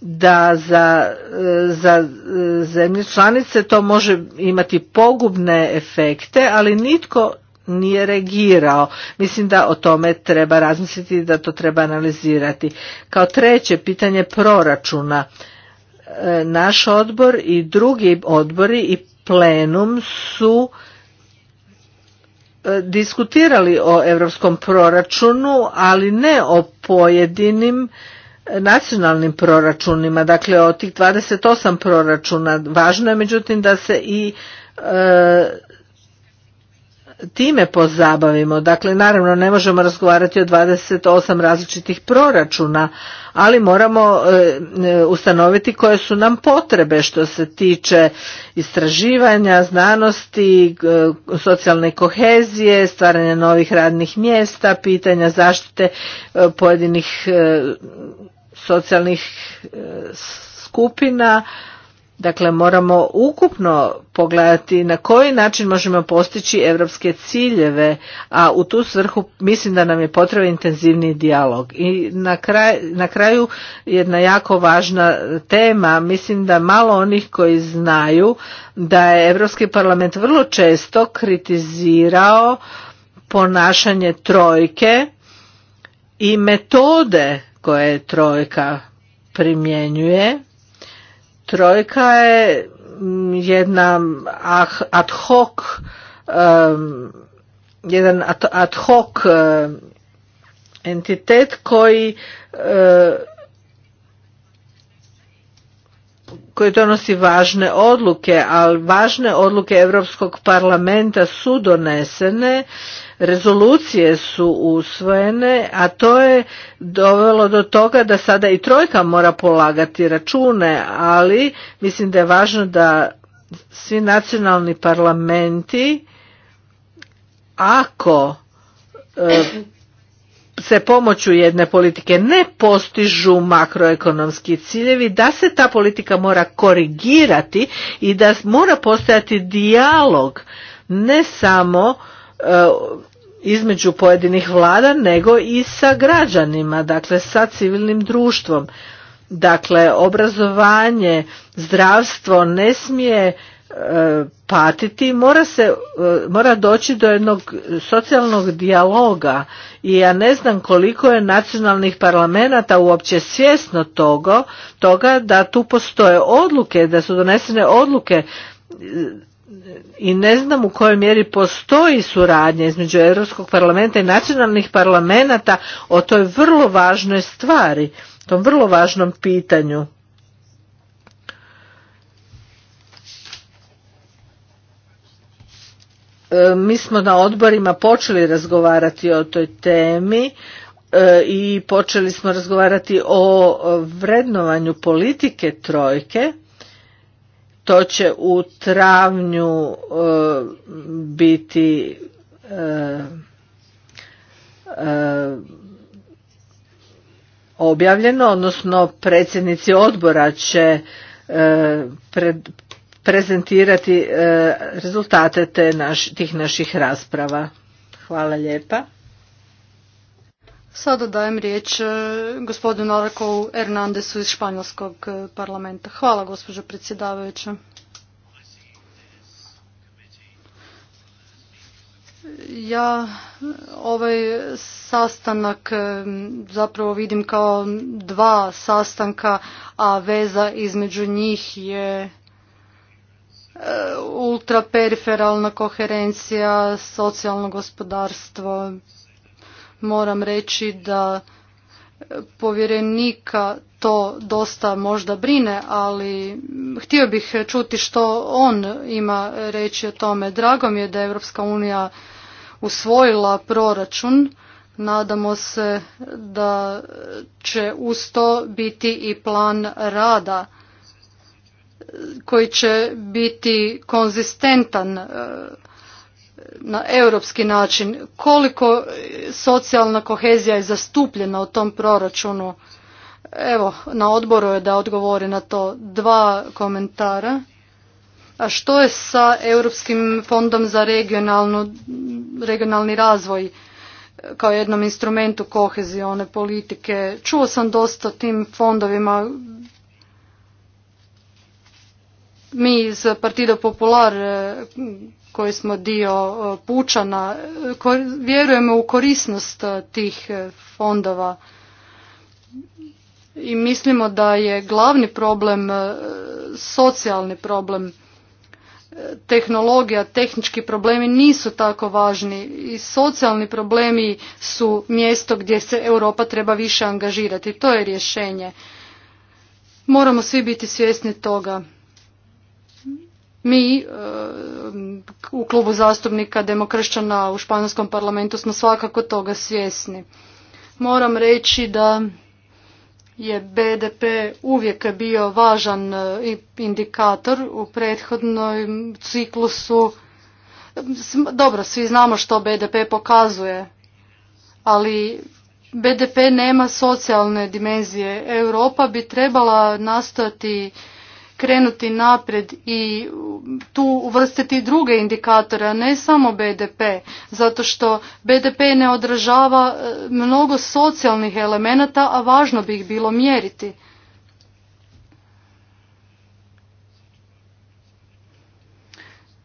da za, za zemlje članice to može imati pogubne efekte, ali nitko nije regirao. Mislim da o tome treba razmisliti i da to treba analizirati. Kao treće pitanje proračuna. E, naš odbor i drugi odbori i plenum su E, diskutirali o europskom proračunu, ali ne o pojedinim e, nacionalnim proračunima, dakle o tih 28 proračuna. Važno je međutim da se i e, time pozabavimo. Dakle, naravno ne možemo razgovarati o 28 različitih proračuna, ali moramo e, e, ustanoviti koje su nam potrebe što se tiče istraživanja, znanosti, socijalne kohezije, stvaranja novih radnih mjesta, pitanja zaštite e, pojedinih socijalnih skupina Dakle, moramo ukupno pogledati na koji način možemo postići europske ciljeve, a u tu svrhu mislim da nam je potreban intenzivni dijalog. I na, na kraju jedna jako važna tema, mislim da malo onih koji znaju da je Europski parlament vrlo često kritizirao ponašanje trojke i metode koje trojka primjenjuje Trojka je mm, jedna ah, ad hoc jedan ad hoc entitet koji eh, koji donosi važne odluke, ali važne odluke Europskog parlamenta su donesene rezolucije su usvojene, a to je dovelo do toga da sada i trojka mora polagati račune, ali mislim da je važno da svi nacionalni parlamenti ako e, se pomoću jedne politike ne postižu makroekonomski ciljevi, da se ta politika mora korigirati i da mora postojati dijalog ne samo e, između pojedinih vlada nego i sa građanima, dakle sa civilnim društvom. Dakle, obrazovanje, zdravstvo ne smije e, patiti, mora, se, e, mora doći do jednog socijalnog dijaloga i ja ne znam koliko je nacionalnih parlamenta uopće svjesno toga, toga da tu postoje odluke, da su donesene odluke i ne znam u kojoj mjeri postoji suradnja između Europskog parlamenta i nacionalnih parlamenta o toj vrlo važnoj stvari, tom vrlo važnom pitanju. E, mi smo na odborima počeli razgovarati o toj temi e, i počeli smo razgovarati o vrednovanju politike trojke to će u travnju eh, biti eh, eh, objavljeno, odnosno predsjednici odbora će prezentirati rezultate tih naših rasprava. Hvala lijepa. Sada dajem riječ e, gospodinu Arakovu Hernandesu iz Španjolskog e, parlamenta. Hvala gospođo predsjedavajuća. Ja ovaj sastanak e, zapravo vidim kao dva sastanka, a veza između njih je ultraperiferalna koherencija, socijalno gospodarstvo, moram reći da povjerenika to dosta možda brine, ali htio bih čuti što on ima reći o tome. Drago mi je da je Europska unija usvojila proračun. Nadamo se da će uz to biti i plan rada koji će biti konzistentan na europski način koliko socijalna kohezija je zastupljena u tom proračunu evo na odboru je da odgovori na to dva komentara a što je sa europskim fondom za regionalni razvoj kao jednom instrumentu kohezione politike čuo sam dosta tim fondovima mi iz Partido Popular koji smo dio e, pučana, e, vjerujemo u korisnost e, tih fondova i mislimo da je glavni problem socijalni problem. Tehnologija, tehnički problemi nisu tako važni i socijalni problemi su mjesto gdje se Europa treba više angažirati. To je rješenje. Moramo svi biti svjesni toga. Mi e, u klubu zastupnika Demokršćana u Španjolskom parlamentu smo svakako toga svjesni. Moram reći da je BDP uvijek bio važan e, indikator u prethodnoj ciklusu. Dobro, svi znamo što BDP pokazuje, ali BDP nema socijalne dimenzije. Europa bi trebala nastojati krenuti naprijed i tu uvrstiti druge indikatore, a ne samo BDP, zato što BDP ne odražava e, mnogo socijalnih elemenata, a važno bi ih bilo mjeriti.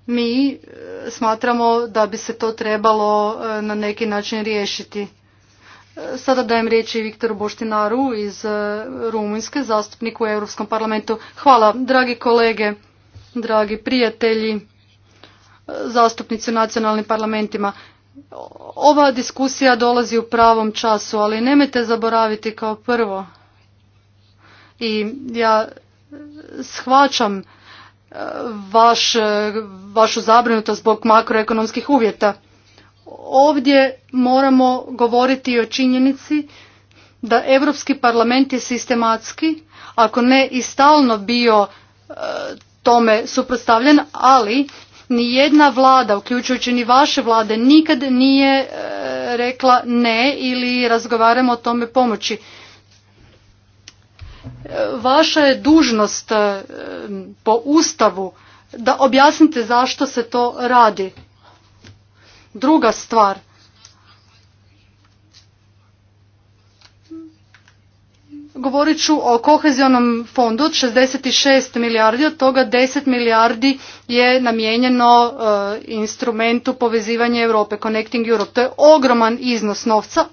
Mi e, smatramo da bi se to trebalo e, na neki način riješiti. Sada dajem riječi Viktoru Boštinaru iz e, Rumunjske, zastupniku u Europskom parlamentu. Hvala, dragi kolege, dragi prijatelji, e, zastupnici u nacionalnim parlamentima. Ova diskusija dolazi u pravom času, ali nemojte zaboraviti kao prvo. I ja shvaćam e, vašu zabrinutost zbog makroekonomskih uvjeta ovdje moramo govoriti o činjenici da Europski parlament je sistematski, ako ne i stalno bio e, tome suprotstavljen, ali ni jedna vlada, uključujući ni vaše vlade, nikad nije e, rekla ne ili razgovaramo o tome pomoći. E, vaša je dužnost po Ustavu da objasnite zašto se to radi. Druga stvar, govorit ću o kohezionom fondu od 66 milijardi, od toga 10 milijardi je namijenjeno e, instrumentu povezivanja Europe, Connecting Europe. To je ogroman iznos novca,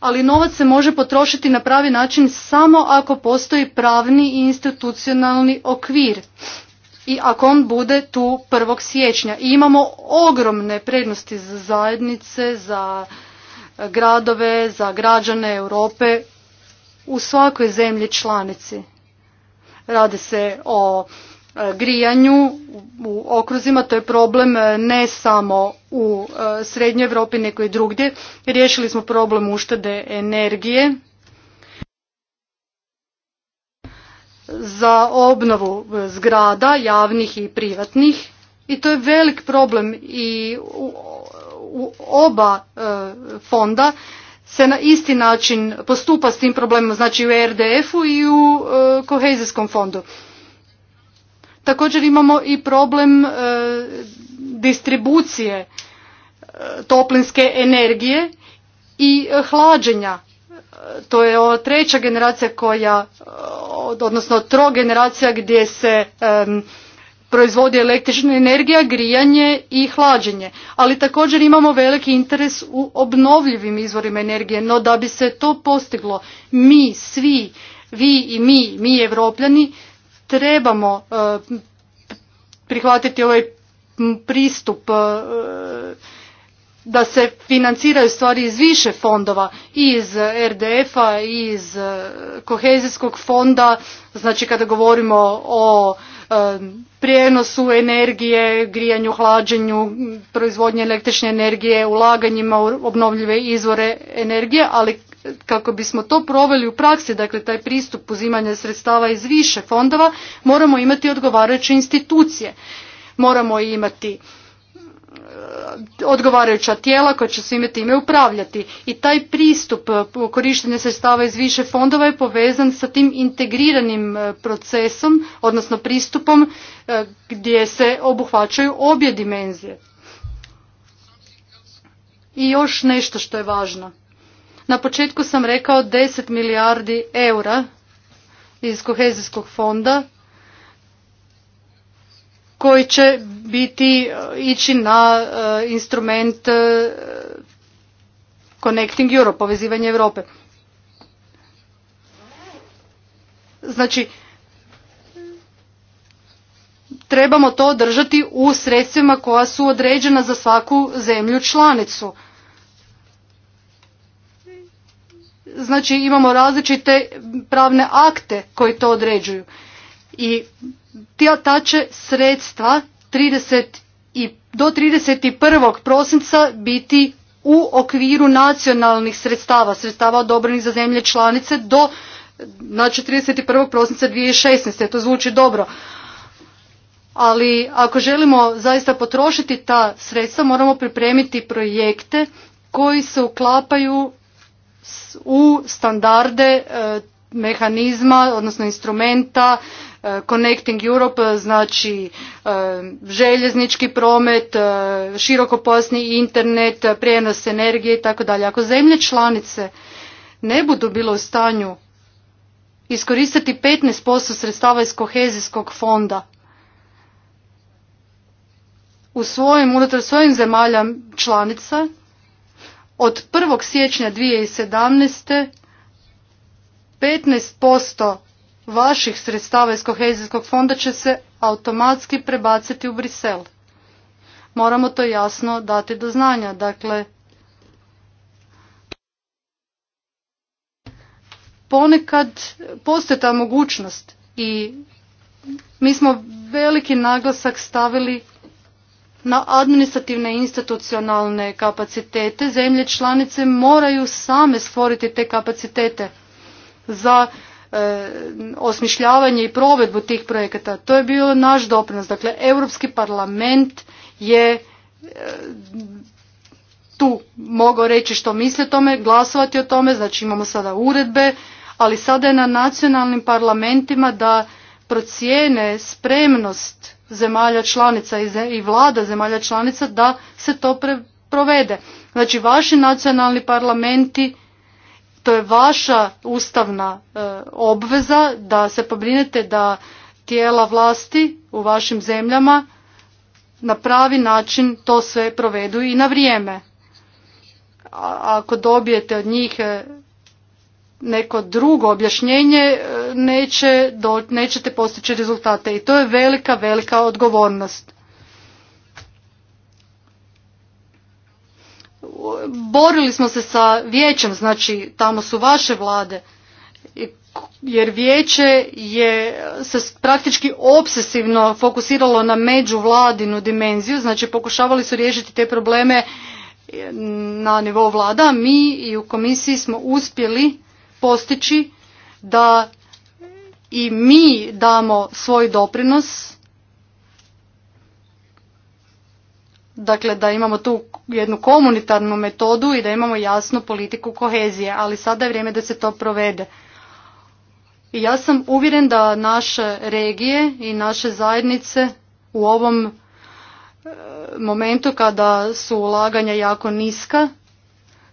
ali novac se može potrošiti na pravi način samo ako postoji pravni i institucionalni okvir i ako on bude tu 1. siječnja. I imamo ogromne prednosti za zajednice, za e, gradove, za građane Europe u svakoj zemlji članici. Radi se o e, grijanju u okruzima, to je problem e, ne samo u Srednjoj Europi, nego i drugdje. Riješili smo problem uštede energije za obnovu e, zgrada javnih i privatnih i to je velik problem i u, oba e, fonda se na isti način postupa s tim problemom, znači u RDF-u i u e, kohezijskom fondu. Također imamo i problem distribucije toplinske energije i hlađenja to je treća generacija koja, odnosno trogeneracija gdje se proizvodi električna energija, grijanje i hlađenje. Ali također imamo veliki interes u obnovljivim izvorima energije, no da bi se to postiglo, mi svi, vi i mi, mi evropljani, trebamo prihvatiti ovaj pristup uh, da se financiraju stvari iz više fondova, i iz eh, RDF-a, i iz eh, kohezijskog fonda, znači kada govorimo o eh, prijenosu energije, grijanju, hlađenju, proizvodnje električne energije, ulaganjima u obnovljive izvore energije, ali kako bismo to proveli u praksi, dakle taj pristup uzimanja sredstava iz više fondova, moramo imati odgovarajuće institucije. Moramo imati E, odgovarajuća tijela koja će svime time upravljati. I taj pristup e, korištenja sredstava iz više fondova je povezan sa tim integriranim e, procesom, odnosno pristupom gdje se obuhvaćaju obje dimenzije. I još nešto što je važno. Na početku sam rekao 10 milijardi eura iz kohezijskog fonda koji će biti eh, ići na eh, instrument eh, Connecting Europe, povezivanje Europe. Znači, trebamo to držati u sredstvima koja su određena za svaku zemlju članicu. Znači, imamo različite pravne akte koji to određuju. I ta će sredstva 30 i, do 31. prosinca biti u okviru nacionalnih sredstava, sredstava odobrenih za zemlje članice do znači 31. prosinca 2016. To zvuči dobro. Ali ako želimo zaista potrošiti ta sredstva, moramo pripremiti projekte koji se uklapaju u standarde e, mehanizma, odnosno instrumenta Connecting Europe e, znači e, željeznički promet, e, širokopojasni internet, prijenos energije i tako dalje. Ako zemlje članice ne budu bilo u stanju iskoristiti 15% sredstava iz kohezijskog fonda u svojim, unutar svojim zemalja članica od 1. siječnja 2017. 15% vaših sredstava iz kohezijskog fonda će se automatski prebaciti u Brisel. Moramo to jasno dati do znanja. Dakle, ponekad postoje ta mogućnost i mi smo veliki naglasak stavili na administrativne institucionalne kapacitete. Zemlje članice moraju same stvoriti te kapacitete za E, osmišljavanje i provedbu tih projekata. To je bio naš doprinos. Dakle, Europski parlament je e, tu mogao reći što misli o tome, glasovati o tome, znači imamo sada uredbe, ali sada je na nacionalnim parlamentima da procijene spremnost zemalja članica i vlada zemalja članica da se to provede. Znači vaši nacionalni parlamenti to je vaša ustavna e, obveza da se pobrinete da tijela vlasti u vašim zemljama na pravi način to sve provedu i na vrijeme. A ako dobijete od njih e, neko drugo objašnjenje, e, neće do, nećete postići rezultate i to je velika, velika odgovornost. borili smo se sa vijećem, znači tamo su vaše vlade, jer vijeće je se praktički obsesivno fokusiralo na međuvladinu dimenziju, znači pokušavali su riješiti te probleme e, na nivou vlada. Mi i u komisiji smo uspjeli postići da i mi damo svoj doprinos Dakle, da imamo tu jednu komunitarnu metodu i da imamo jasnu politiku kohezije, ali sada je vrijeme da se to provede. I ja sam uvjeren da naše regije i naše zajednice u ovom e, momentu kada su ulaganja jako niska,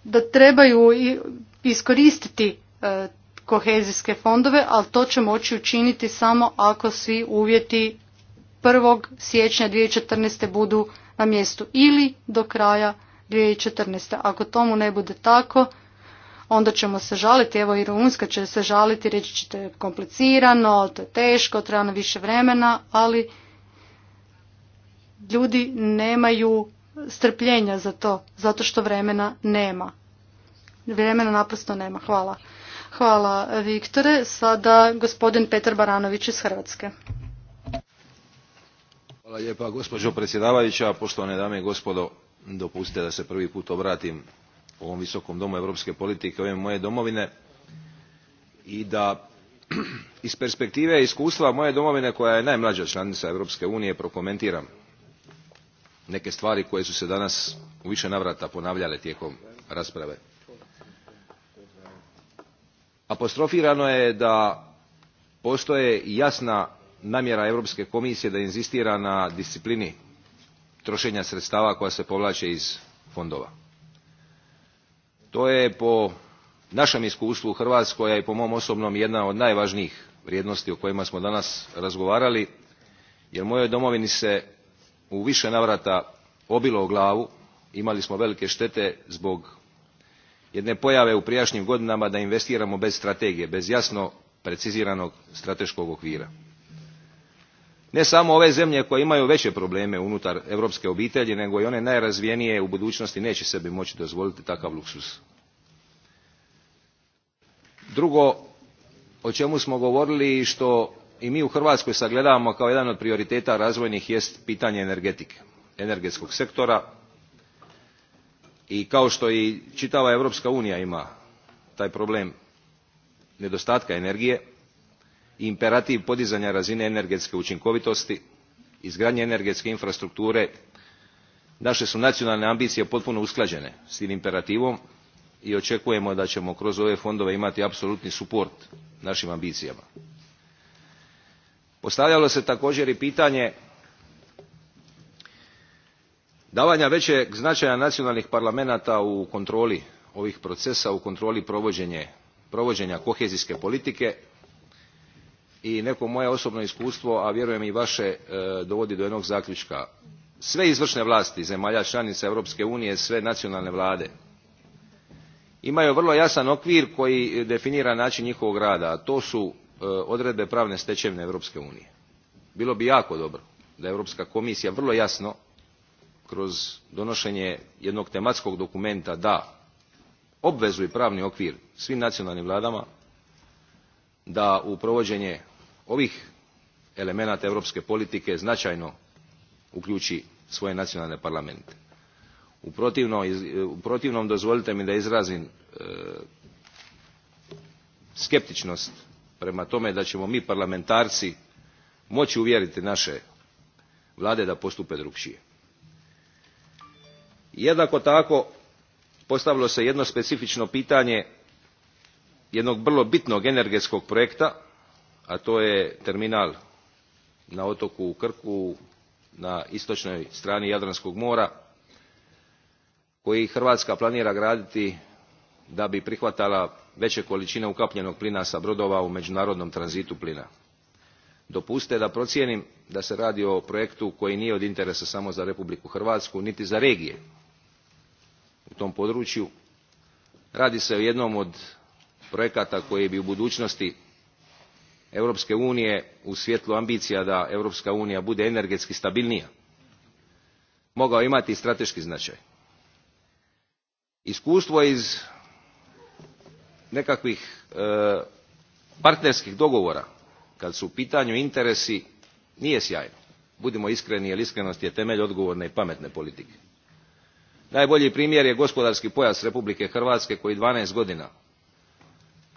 da trebaju iskoristiti e, kohezijske fondove, ali to će moći učiniti samo ako svi uvjeti 1. siječnja 2014. budu na mjestu ili do kraja 2014. Ako tomu ne bude tako, onda ćemo se žaliti, evo i Rumunska će se žaliti, reći ćete komplicirano, to je teško, treba na više vremena, ali ljudi nemaju strpljenja za to, zato što vremena nema. Vremena naprosto nema. Hvala. Hvala Viktore. Sada gospodin Petar Baranović iz Hrvatske. Hvala lijepa gospođo predsjedavajuća, poštovane dame i gospodo. Dopustite da se prvi put obratim ovom visokom domu europske politike ove moje domovine i da iz perspektive iskustva moje domovine koja je najmlađa članica Europske unije prokomentiram neke stvari koje su se danas u više navrata ponavljale tijekom rasprave. Apostrofirano je da postoje jasna namjera Europske komisije da inzistira na disciplini trošenja sredstava koja se povlače iz fondova. To je po našem iskustvu u Hrvatskoj, a i po mom osobnom jedna od najvažnijih vrijednosti o kojima smo danas razgovarali, jer mojoj domovini se u više navrata obilo o glavu, imali smo velike štete zbog jedne pojave u prijašnjim godinama da investiramo bez strategije, bez jasno preciziranog strateškog okvira ne samo ove zemlje koje imaju veće probleme unutar europske obitelji nego i one najrazvijenije u budućnosti neće sebi moći dozvoliti takav luksuz drugo o čemu smo govorili i što i mi u hrvatskoj sagledavamo kao jedan od prioriteta razvojnih jest pitanje energetike energetskog sektora i kao što i čitava europska unija ima taj problem nedostatka energije imperativ podizanja razine energetske učinkovitosti izgradnje energetske infrastrukture naše su nacionalne ambicije potpuno usklađene s tim imperativom i očekujemo da ćemo kroz ove fondove imati apsolutni suport našim ambicijama. Postavljalo se također i pitanje davanja većeg značaja nacionalnih parlamenata u kontroli ovih procesa, u kontroli provođenja kohezijske politike i neko moje osobno iskustvo, a vjerujem i vaše, e, dovodi do jednog zaključka. Sve izvršne vlasti zemalja članica Europske unije, sve nacionalne vlade, imaju vrlo jasan okvir koji definira način njihovog rada, a to su e, odredbe pravne stečevine Europske unije. Bilo bi jako dobro da Europska komisija vrlo jasno kroz donošenje jednog tematskog dokumenta da obvezu i pravni okvir svim nacionalnim vladama da u provođenje ovih elemenata europske politike značajno uključi svoje nacionalne parlamente. U, protivnom dozvolite mi da izrazim e, skeptičnost prema tome da ćemo mi parlamentarci moći uvjeriti naše vlade da postupe drukčije. Jednako tako postavilo se jedno specifično pitanje jednog vrlo bitnog energetskog projekta a to je terminal na otoku Krku na istočnoj strani Jadranskog mora koji Hrvatska planira graditi da bi prihvatala veće količine ukapljenog plina sa brodova u međunarodnom tranzitu plina. Dopuste da procijenim da se radi o projektu koji nije od interesa samo za Republiku Hrvatsku niti za regije u tom području. Radi se o jednom od projekata koji bi u budućnosti Europske unije u svjetlu ambicija da Europska unija bude energetski stabilnija mogao imati strateški značaj. Iskustvo iz nekakvih e, partnerskih dogovora kad su u pitanju interesi nije sjajno. Budimo iskreni jer iskrenost je temelj odgovorne i pametne politike. Najbolji primjer je gospodarski pojas Republike Hrvatske koji 12 godina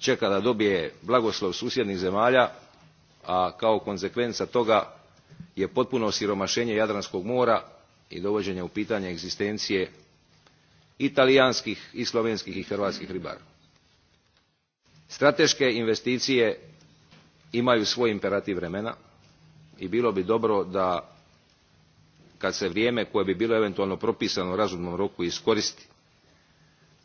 čeka da dobije blagoslov susjednih zemalja a kao konsekvenca toga je potpuno osiromašenje jadranskog mora i dovođenje u pitanje egzistencije i talijanskih i slovenskih i hrvatskih ribara strateške investicije imaju svoj imperativ vremena i bilo bi dobro da kad se vrijeme koje bi bilo eventualno propisano u razumnom roku iskoristi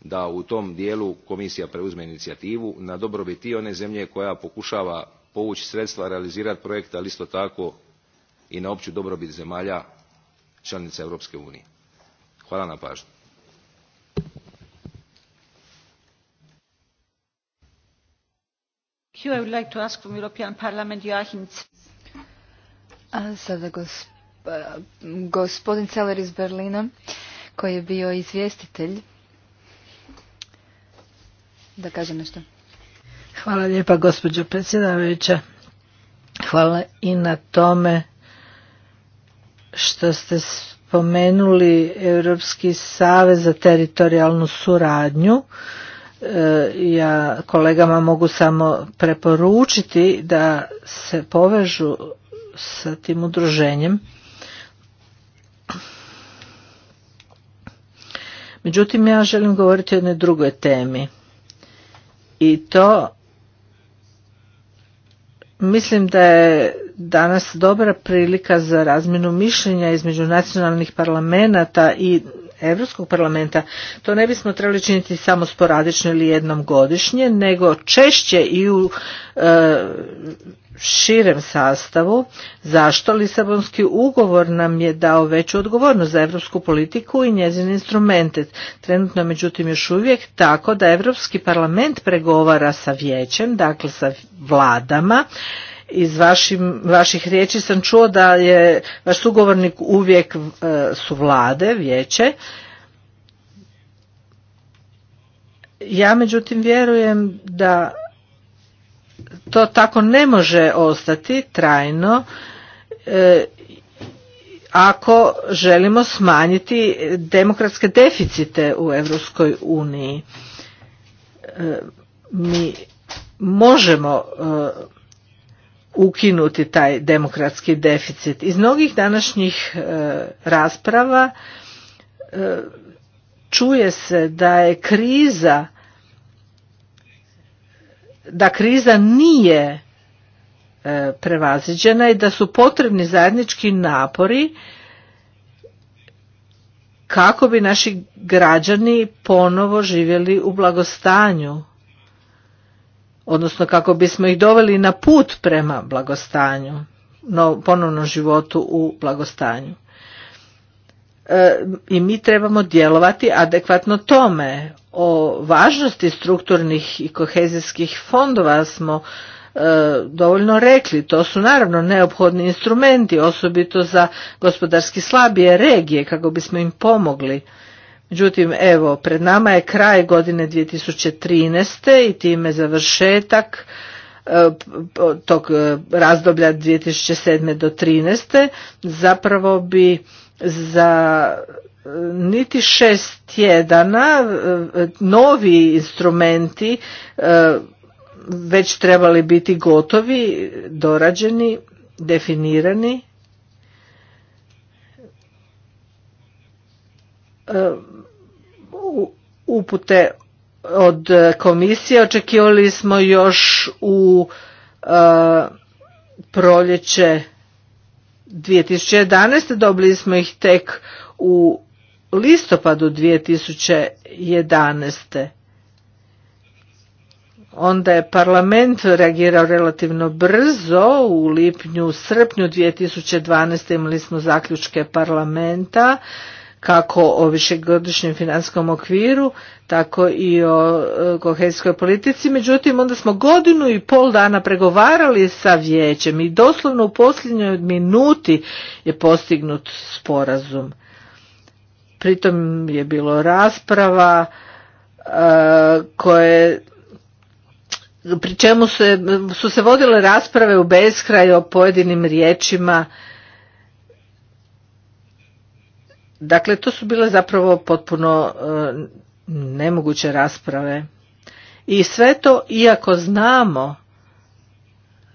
da u tom dijelu komisija preuzme inicijativu na dobrobit i one zemlje koja pokušava povući sredstva, realizirati projekte ali isto tako i na opću dobrobit zemalja članica Europske unije. Hvala na pažnju. gospodin Berlina koji je bio izvjestitelj da kažem nešto. Hvala lijepa gospođo predsjedavajuća. Hvala i na tome što ste spomenuli Europski savez za teritorijalnu suradnju. E, ja kolegama mogu samo preporučiti da se povežu sa tim udruženjem. Međutim, ja želim govoriti o jednoj drugoj temi i to mislim da je danas dobra prilika za razmjenu mišljenja između nacionalnih parlamenta i Europskog parlamenta, to ne bismo trebali činiti samo sporadično ili jednom godišnje, nego češće i u e, širem sastavu. Zašto Lisabonski ugovor nam je dao veću odgovornost za europsku politiku i njezine instrumente? Trenutno međutim još uvijek tako da Europski parlament pregovara sa vijećem, dakle sa vladama iz vašim, vaših riječi sam čuo da je vaš sugovornik uvijek e, su vlade, vijeće. Ja međutim vjerujem da to tako ne može ostati trajno e, ako želimo smanjiti demokratske deficite u Europskoj uniji. E, mi možemo e, ukinuti taj demokratski deficit. Iz mnogih današnjih rasprava čuje se da je kriza da kriza nije e, prevaziđena i da su potrebni zajednički napori kako bi naši građani ponovo živjeli u blagostanju odnosno kako bismo ih doveli na put prema blagostanju no ponovnom životu u blagostanju E, i mi trebamo djelovati adekvatno tome. O važnosti strukturnih i kohezijskih fondova smo e, dovoljno rekli. To su naravno neophodni instrumenti, osobito za gospodarski slabije regije, kako bismo im pomogli. Međutim, evo, pred nama je kraj godine 2013. i time završetak e, tog razdoblja 2007. do 2013. Zapravo bi za e, niti šest tjedana e, novi instrumenti e, već trebali biti gotovi, dorađeni, definirani. Upute od komisije očekivali smo još u proljeće 2011. dobili smo ih tek u listopadu 2011. Onda je parlament reagirao relativno brzo, u lipnju, srpnju 2012. imali smo zaključke parlamenta kako o višegodišnjem financijskom okviru, tako i o e, kohezijskoj politici. Međutim, onda smo godinu i pol dana pregovarali sa vijećem i doslovno u posljednjoj minuti je postignut sporazum. Pritom je bilo rasprava e, koje pri čemu se, su se vodile rasprave u beskraju o pojedinim riječima Dakle, to su bile zapravo potpuno e, nemoguće rasprave. I sve to, iako znamo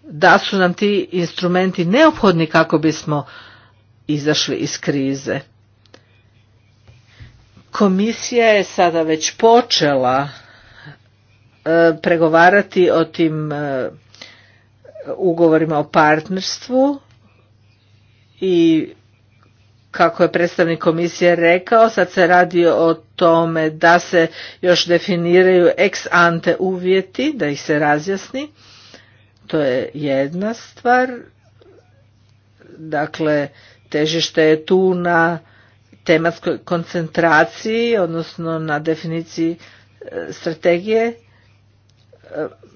da su nam ti instrumenti neophodni kako bismo izašli iz krize. Komisija je sada već počela e, pregovarati o tim e, ugovorima o partnerstvu i kako je predstavnik komisije rekao, sad se radi o tome da se još definiraju ex ante uvjeti, da ih se razjasni. To je jedna stvar. Dakle, težište je tu na tematskoj koncentraciji, odnosno na definiciji e, strategije. E,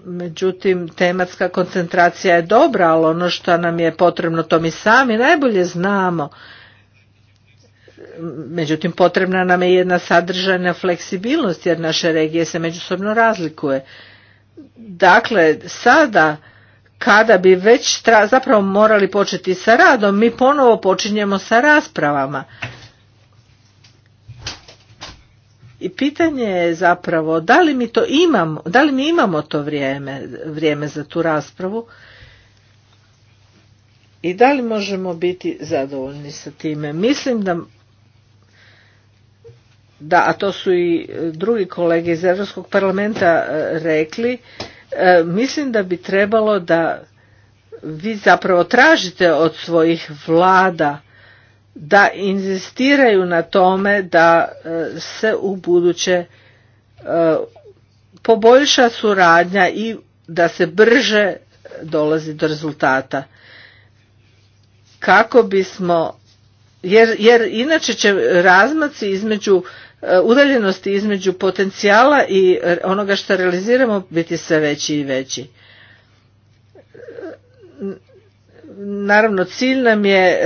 međutim, tematska koncentracija je dobra, ali ono što nam je potrebno, to mi sami najbolje znamo međutim potrebna nam je jedna sadržajna fleksibilnost jer naše regije se međusobno razlikuje. Dakle, sada kada bi već zapravo morali početi sa radom, mi ponovo počinjemo sa raspravama. I pitanje je zapravo da li mi to imamo, da li mi imamo to vrijeme, vrijeme za tu raspravu i da li možemo biti zadovoljni sa time. Mislim da da, a to su i e, drugi kolege iz Europskog parlamenta e, rekli, e, mislim da bi trebalo da vi zapravo tražite od svojih vlada da inzistiraju na tome da se u buduće poboljša suradnja i da se brže dolazi do rezultata. Kako bismo jer, jer inače će razmaci između E, udaljenosti između potencijala i e, onoga što realiziramo biti sve veći i veći. E, naravno, cilj nam je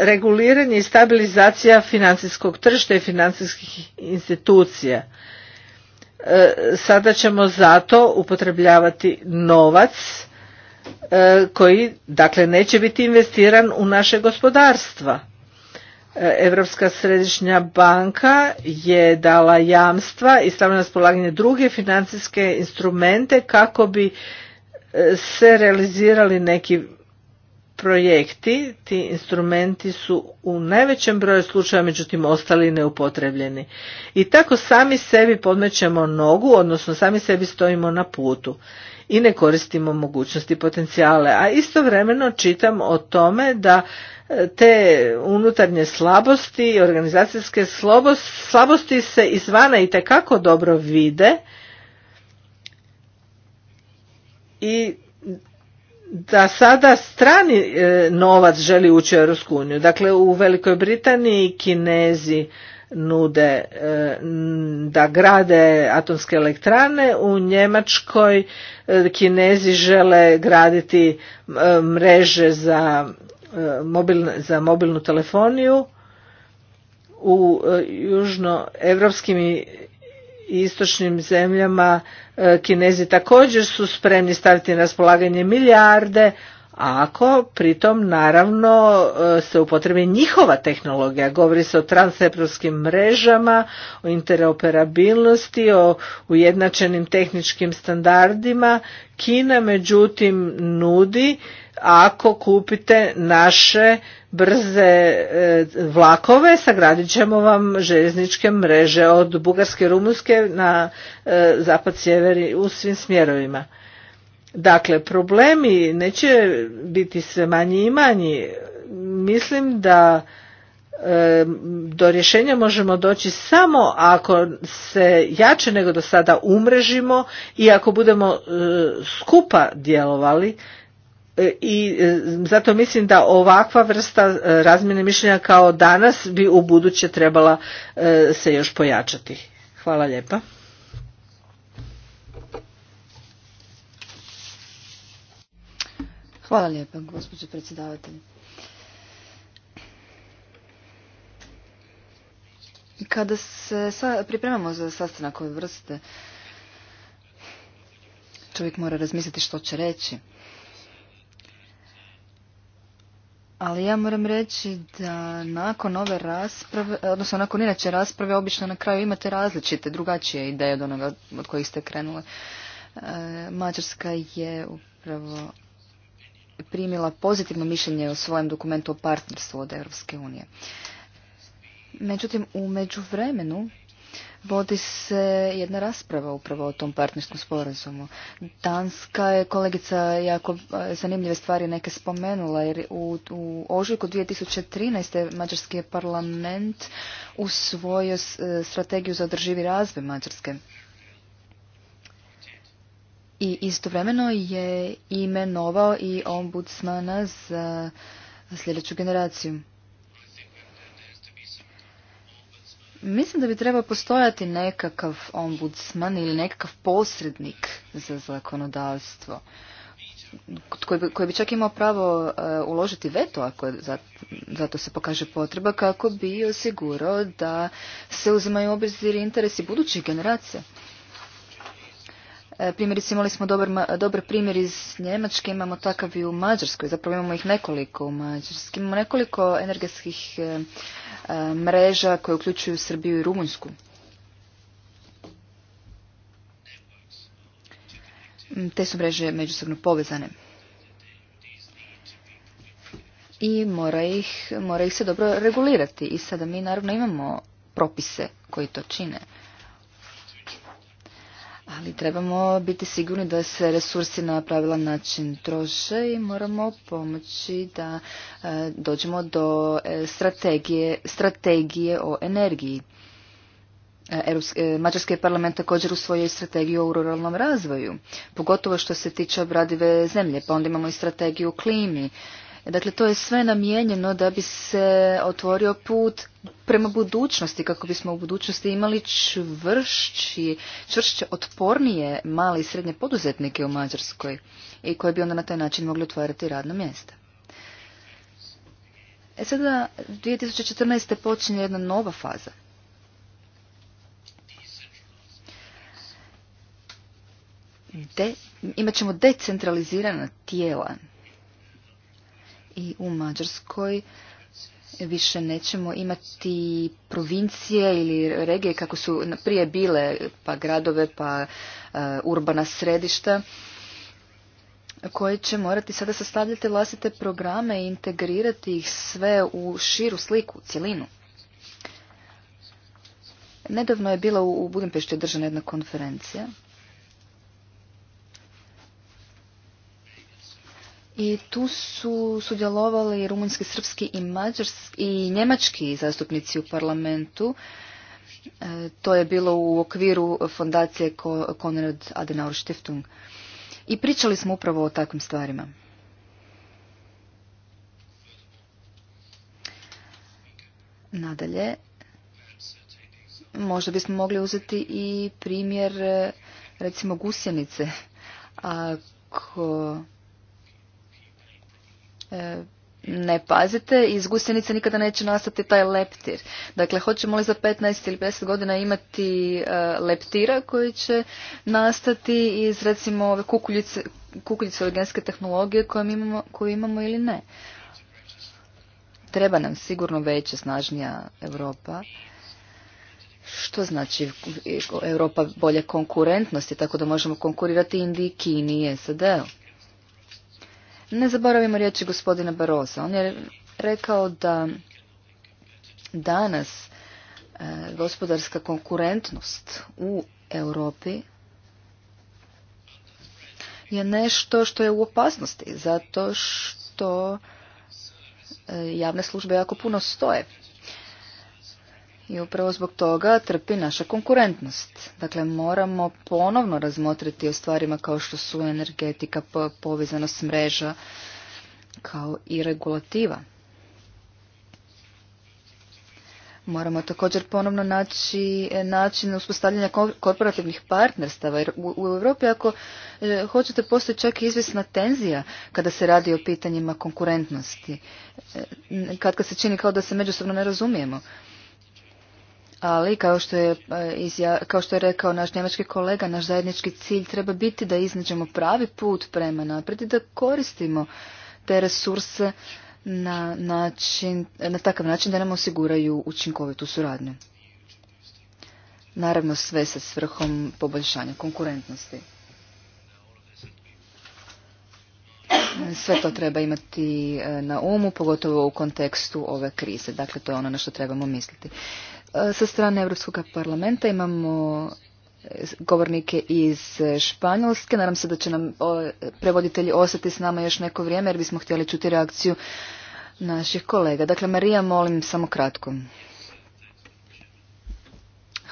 reguliranje i stabilizacija financijskog tržišta i financijskih institucija. Sada ćemo zato upotrebljavati novac koji dakle neće biti investiran u naše gospodarstva Europska središnja banka je dala jamstva i stavila na raspolaganje druge financijske instrumente kako bi e, se realizirali neki projekti. Ti instrumenti su u najvećem broju slučaja međutim ostali neupotrebljeni. I tako sami sebi podmećemo nogu, odnosno sami sebi stojimo na putu i ne koristimo mogućnosti i potencijale. A istovremeno čitam o tome da te unutarnje slabosti i organizacijske slabosti se izvana i kako dobro vide i da sada strani e, novac želi ući u Europsku uniju. Dakle, u Velikoj Britaniji Kinezi nude e, da grade atomske elektrane, u Njemačkoj e, Kinezi žele graditi mreže za E, za mobilnu telefoniju u e, južnoevropskim i istočnim zemljama e, Kinezi također su spremni staviti na raspolaganje milijarde, ako pritom naravno se upotrebi njihova tehnologija. Govori se o transeuropskim mrežama, o interoperabilnosti, o ujednačenim tehničkim standardima. Kina međutim nudi ako kupite naše brze e, vlakove, sagradit ćemo vam željezničke mreže od Bugarske i Rumunjske na e, zapad sjeveri u svim smjerovima. Dakle, problemi neće biti sve manji i manji. Mislim da e, do rješenja možemo doći samo ako se jače nego do sada umrežimo i ako budemo skupa djelovali E, i e, zato mislim da ovakva vrsta e, razmjene mišljenja kao danas bi u buduće trebala se još pojačati. Hvala lijepa. Hvala lijepa, gospođo predsjedavatelj. Kada se pripremamo za sastanak ove vrste, čovjek mora razmisliti što će reći. Ali ja moram reći da nakon ove rasprave, odnosno nakon inače rasprave, obično na kraju imate različite, drugačije ideje od onoga od kojih ste krenule. Mađarska je upravo primila pozitivno mišljenje o svojem dokumentu o partnerstvu od Europske unije. Međutim, u međuvremenu vodi se jedna rasprava upravo o tom partnerskom sporazumu. Danska je kolegica jako e, zanimljive stvari neke spomenula jer u, u ožujku 2013. Mađarski je parlament usvojio e, strategiju za održivi razvoj Mađarske. I istovremeno je imenovao i ombudsmana za sljedeću generaciju. Mislim da bi trebao postojati nekakav ombudsman ili nekakav posrednik za zakonodavstvo koji bi, koji bi čak imao pravo e, uložiti veto ako za, to se pokaže potreba kako bi osigurao da se uzimaju u obzir interesi budućih generacija. E, primjerice imali smo dobar, dobar primjer iz Njemačke, imamo takav i u Mađarskoj, zapravo imamo ih nekoliko u Mađarskoj. Imamo nekoliko energetskih e, e, mreža koje uključuju Srbiju i Rumunjsku. Mm, te su mreže međusobno povezane. I mora ih, mora ih se dobro regulirati. I sada mi naravno imamo propise koji to čine ali trebamo biti sigurni da se resursi na pravilan način troše i moramo pomoći da e, dođemo do e, strategije, o energiji. E, Mađarski parlament također usvojio i strategiju o ruralnom razvoju, pogotovo što se tiče obradive zemlje, pa onda imamo i strategiju klimi. Dakle, to je sve namijenjeno da bi se otvorio put prema budućnosti, kako bismo u budućnosti imali čvršći, čvršće otpornije male i srednje poduzetnike u Mađarskoj i koje bi onda na taj način mogli otvarati radna mjesta. E sada, 2014. počinje jedna nova faza. De, imat ćemo decentralizirana tijela i u Mađarskoj više nećemo imati provincije ili regije kako su prije bile, pa gradove, pa e, urbana središta koje će morati sada sastavljati vlastite programe i integrirati ih sve u širu sliku, cjelinu. Nedavno je bila u Budimpešti održana jedna konferencija I tu su sudjelovali rumunjski, srpski i mađarski i njemački zastupnici u parlamentu. E, to je bilo u okviru fondacije Konrad Adenauer Stiftung. I pričali smo upravo o takvim stvarima. Nadalje, možda bismo mogli uzeti i primjer recimo gusjenice. Ako E, ne pazite, iz gusjenice nikada neće nastati taj leptir. Dakle, hoćemo li za 15 ili 50 godina imati e, leptira koji će nastati iz recimo ove kukuljice, kukuljice tehnologije koju imamo, imamo ili ne? Treba nam sigurno veća, snažnija Europa. Što znači Europa bolje konkurentnosti, tako da možemo konkurirati Indiji, Kini i SAD-u? Ne zaboravimo riječi gospodina Barosa. On je rekao da danas e, gospodarska konkurentnost u Europi je nešto što je u opasnosti zato što e, javne službe jako puno stoje i upravo zbog toga trpi naša konkurentnost. Dakle, moramo ponovno razmotriti o stvarima kao što su energetika, povezanost mreža, kao i regulativa. Moramo također ponovno naći e, način uspostavljanja korporativnih partnerstava jer u, Europi ako e, hoćete postoji čak i izvjesna tenzija kada se radi o pitanjima konkurentnosti, e, kad se čini kao da se međusobno ne razumijemo ali kao što, je, e, kao što je rekao naš njemački kolega, naš zajednički cilj treba biti da iznađemo pravi put prema naprijed i da koristimo te resurse na, način, na takav način da nam osiguraju učinkovitu suradnju. Naravno sve sa svrhom poboljšanja konkurentnosti. Sve to treba imati e, na umu, pogotovo u kontekstu ove krize. Dakle, to je ono na što trebamo misliti. E, sa strane Europskog parlamenta imamo e, govornike iz Španjolske. Nadam se da će nam prevoditelji ostati s nama još neko vrijeme jer bismo htjeli čuti reakciju naših kolega. Dakle, Marija, molim samo kratko.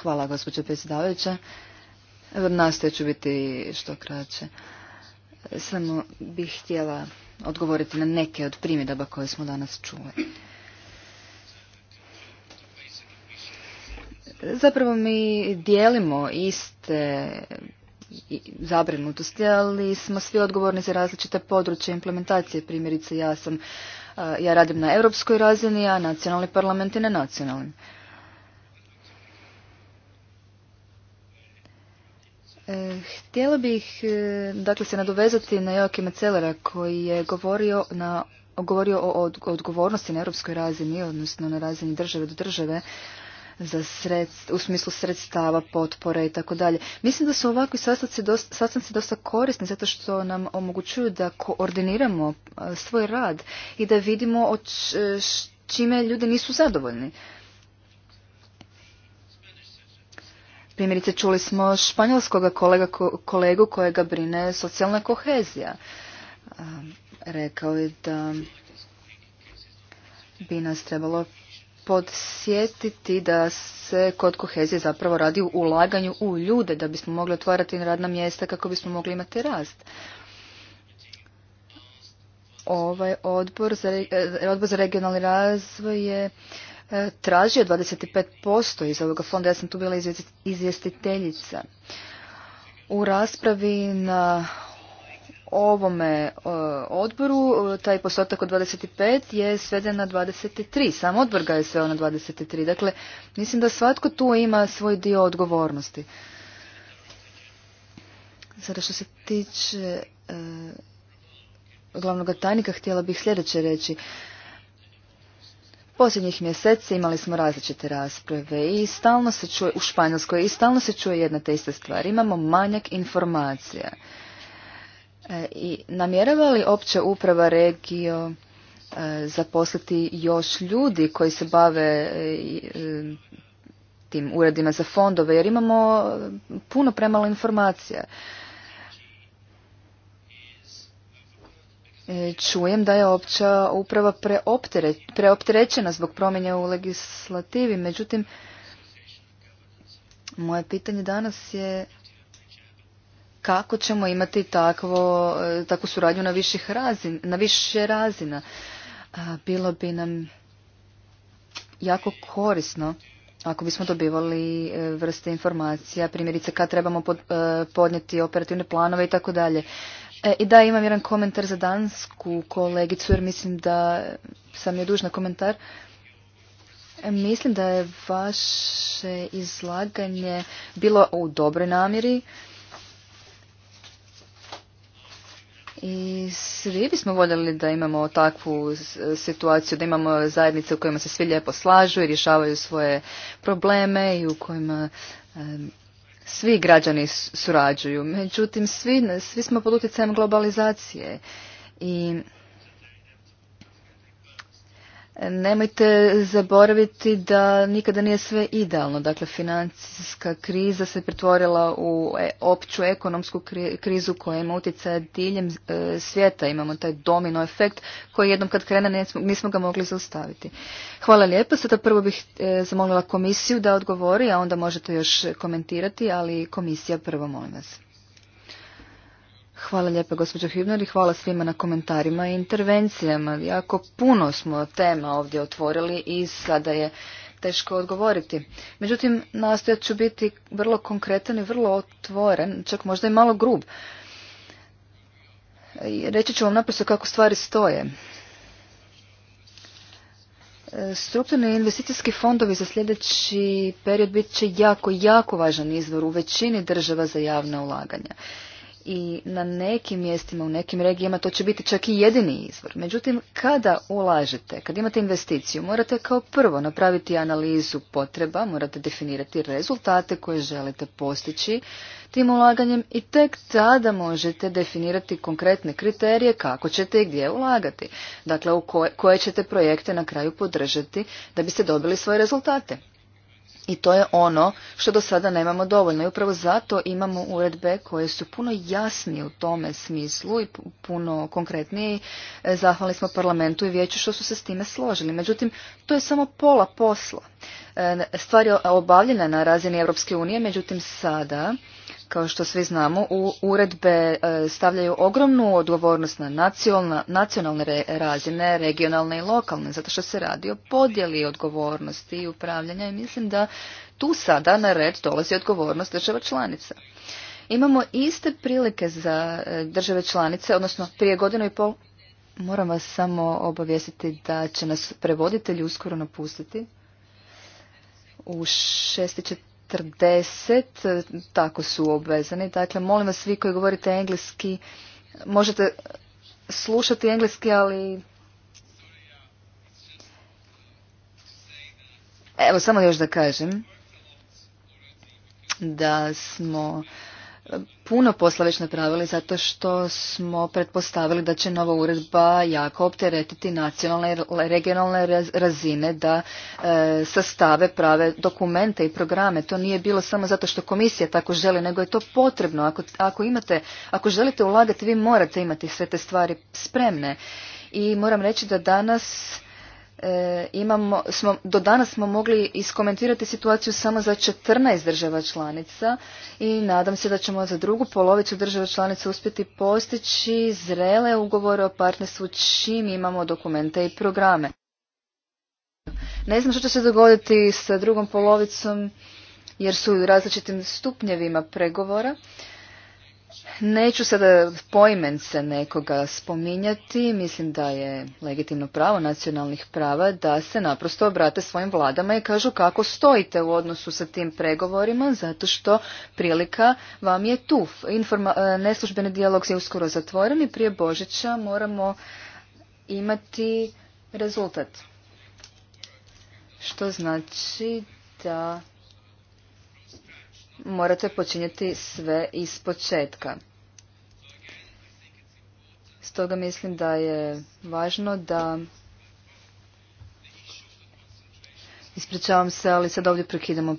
Hvala, gospođo predsjedavajuća. Nastoje ću biti što kraće. Samo bih htjela odgovoriti na neke od primjedaba koje smo danas čuli. Zapravo mi dijelimo iste zabrinutosti, ali smo svi odgovorni za različite područje implementacije. Primjerice, ja sam, ja radim na europskoj razini, a nacionalni parlament je na nacionalnim. E, htjela bih e, dakle se nadovezati na Joakima Celera koji je govorio na govorio o odgovornosti na europskoj razini, odnosno na razini države do države za u smislu sredstava, potpore i tako dalje. Mislim da su ovakvi sastanci dosta, sastanci dosta korisni zato što nam omogućuju da koordiniramo e, svoj rad i da vidimo od e, čime ljudi nisu zadovoljni. Primjerice čuli smo španjolskog kolega, kolegu kojega brine socijalna kohezija. E, rekao je da bi nas trebalo podsjetiti da se kod kohezije zapravo radi u ulaganju u ljude, da bismo mogli otvarati radna mjesta kako bismo mogli imati rast. Ovaj odbor za, e, odbor za regionalni razvoj je e, tražio 25% iz ovoga fonda. Ja sam tu bila izvjestiteljica. U raspravi na ovome e, odboru e, taj postotak od 25 je sveden na 23. Sam odbor ga je sveo na 23. Dakle, mislim da svatko tu ima svoj dio odgovornosti. Sada što se tiče e, glavnog tajnika, htjela bih sljedeće reći. Posljednjih mjeseci imali smo različite rasprave i stalno se čuje u Španjolskoj i stalno se čuje jedna te ista stvar. Imamo manjak informacija. E, I namjerava li opća uprava regio e, zaposliti još ljudi koji se bave e, tim uredima za fondove, jer imamo puno premalo informacija. Čujem da je opća uprava preopterećena zbog promjenja u legislativi, međutim, moje pitanje danas je kako ćemo imati takvo, e, takvu suradnju na, viših razin, na više razina. Bilo bi nam jako korisno ako bismo dobivali e, vrste informacija, primjerice kad trebamo e, podnijeti operativne planove i tako dalje. I da, imam jedan komentar za dansku kolegicu jer mislim da sam je dužna komentar. Mislim da je vaše izlaganje bilo u dobroj namjeri I svi bismo voljeli da imamo takvu situaciju, da imamo zajednice u kojima se svi lijepo slažu i rješavaju svoje probleme i u kojima svi građani surađuju. Međutim, svi, svi smo pod utjecajem globalizacije i Nemojte zaboraviti da nikada nije sve idealno. Dakle, financijska kriza se pretvorila u e, opću ekonomsku krizu koja ima utjecaja diljem e, svijeta. Imamo taj domino efekt koji jednom kad krene nismo ga mogli zaustaviti. Hvala lijepo. Sada prvo bih e, zamolila komisiju da odgovori, a onda možete još komentirati, ali komisija prvo, molim vas. Hvala lijepa gospođo Hibner i hvala svima na komentarima i intervencijama. Jako puno smo tema ovdje otvorili i sada je teško odgovoriti. Međutim, nastojat ću biti vrlo konkretan i vrlo otvoren, čak možda i malo grub. Reći ću vam naprosto kako stvari stoje. Strukturni investicijski fondovi za sljedeći period bit će jako, jako važan izvor u većini država za javna ulaganja i na nekim mjestima, u nekim regijama to će biti čak i jedini izvor. Međutim, kada ulažete, kad imate investiciju, morate kao prvo napraviti analizu potreba, morate definirati rezultate koje želite postići tim ulaganjem i tek tada možete definirati konkretne kriterije kako ćete i gdje ulagati. Dakle, u koje, koje ćete projekte na kraju podržati da biste dobili svoje rezultate. I to je ono što do sada nemamo dovoljno. I upravo zato imamo uredbe koje su puno jasnije u tome smislu i puno konkretnije. zahvali smo parlamentu i vijeću što su se s time složili. Međutim, to je samo pola posla. E, stvar je obavljena na razini Europske unije, međutim sada kao što svi znamo, u uredbe e, stavljaju ogromnu odgovornost na nacionalne razine, regionalne i lokalne, zato što se radi o podjeli odgovornosti i upravljanja i mislim da tu sada na red dolazi odgovornost država članica. Imamo iste prilike za e, države članice, odnosno prije godinu i pol. Moram vas samo obavijestiti da će nas prevoditelji uskoro napustiti. U 40, tako su obvezani. Dakle, molim vas svi koji govorite engleski, možete slušati engleski, ali... Evo, samo još da kažem da smo puno posla već napravili zato što smo pretpostavili da će nova uredba jako opteretiti nacionalne i regionalne razine da e, sastave prave dokumente i programe. To nije bilo samo zato što komisija tako želi, nego je to potrebno. Ako, ako, imate, ako želite ulagati, vi morate imati sve te stvari spremne. I moram reći da danas E, imamo, smo, do danas smo mogli iskomentirati situaciju samo za 14 država članica i nadam se da ćemo za drugu polovicu država članica uspjeti postići zrele ugovore o partnerstvu čim imamo dokumente i programe. Ne znam što će se dogoditi sa drugom polovicom jer su u različitim stupnjevima pregovora. Neću sada se nekoga spominjati, mislim da je legitimno pravo nacionalnih prava da se naprosto obrate svojim vladama i kažu kako stojite u odnosu sa tim pregovorima, zato što prilika vam je tu. E, neslužbeni dijalog se uskoro zatvoren i prije Božića moramo imati rezultat. Što znači da morate počinjeti sve iz početka. Stoga mislim da je važno da... Ispričavam se, ali sad ovdje prekidamo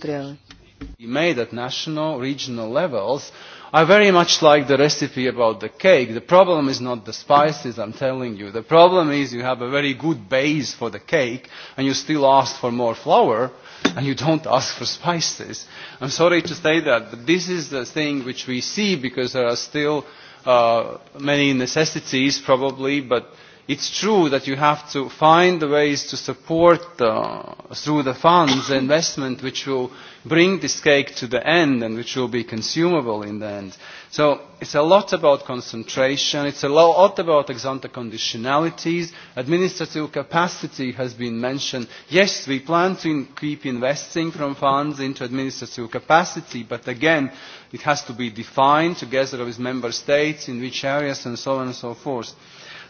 i made at national, regional levels I very much like the recipe about the cake. The problem is not the spices, I'm telling you. The problem is you have a very good base for the cake and you still ask for more flour and you don't ask for spices. I'm sorry to say that, but this is the thing which we see because there are still uh, many necessities probably, but It is true that you have to find the ways to support uh, through the funds the investment which will bring this cake to the end and which will be consumable in the end. So it is a lot about concentration, is a lot about ex ante conditionalities, administrative capacity has been mentioned. Yes, we plan to keep investing from funds into administrative capacity, but again, it has to be defined together with member states in which areas and so on and so forth.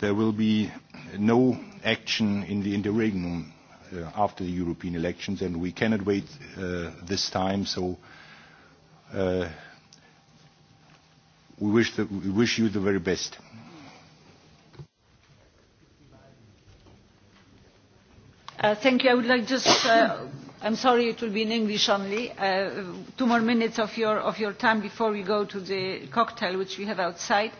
there will be no action in the interregnum uh, after the European elections, and we cannot wait uh, this time. So uh, we, wish we wish you the very best. thank you. I would like just, I'm sorry it will be in English only, two more minutes of your, of your time before we go to the cocktail which we have outside.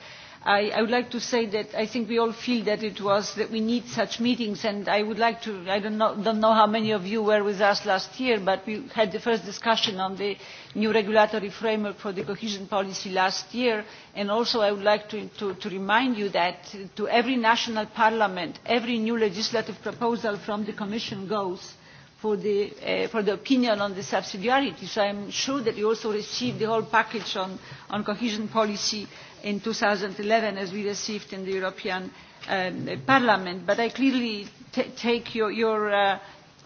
I, would like to say that I think we all feel that it was that we need such meetings and I would like to, I don't know, know how many of you were with us last year, but we had the first discussion on the new regulatory framework for the cohesion policy last year and also I would like to, to remind you that to every national parliament, every new legislative proposal from the Commission goes for the, uh, for the opinion on the subsidiarity. So I'm sure that you also received the whole package on, on cohesion policy in 2011 as we received in the European um, Parliament. But I clearly t take your, your, uh, uh,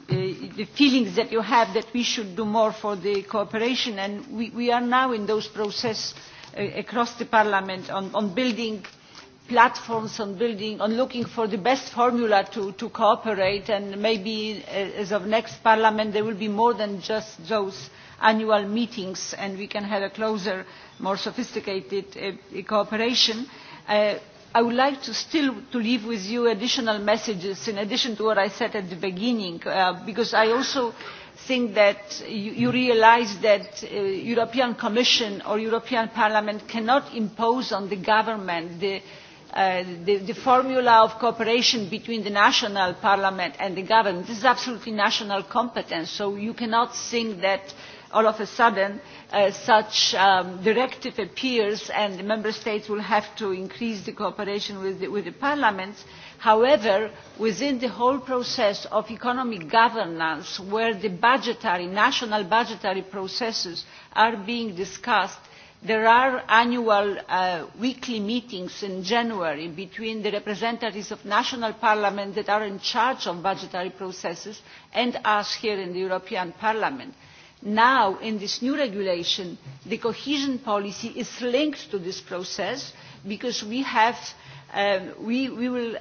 the feelings that you have that we should do more for the cooperation and we, we are now in those processes uh, across the parliament on, on building platforms on building on looking for the best formula to, to cooperate and maybe uh, as of next parliament there will be more than just those annual meetings and we can have a closer more sophisticated uh, cooperation. Uh, i would like to still to leave with you additional messages in addition to what I said at the beginning uh, because I also think that you, you realise that the uh, European Commission or European Parliament cannot impose on the government the Uh, the, the formula of cooperation between the national parliament and the government this is absolutely national competence so you cannot think that all of a sudden uh, such a um, directive appears and the member states will have to increase the cooperation with the, with the parliaments. however within the whole process of economic governance where the budgetary national budgetary processes are being discussed There are annual uh, weekly meetings in January between the representatives of national parliaments that are in charge of budgetary processes and us here in the European Parliament. Now, in this new regulation, the cohesion policy is linked to this process because we have um, we, will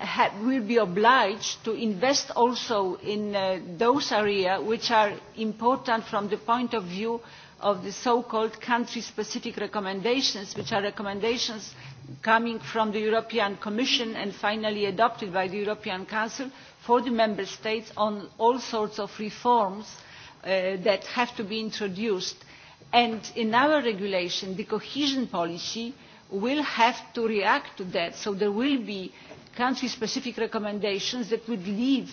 be obliged to invest also in uh, those areas which are important from the point of view of the so called country specific recommendations which are recommendations coming from the european commission and finally adopted by the european council for the member states on all sorts of reforms uh, that have to be introduced and in our regulation the cohesion policy will have to react to that so there will be country specific recommendations that would lead,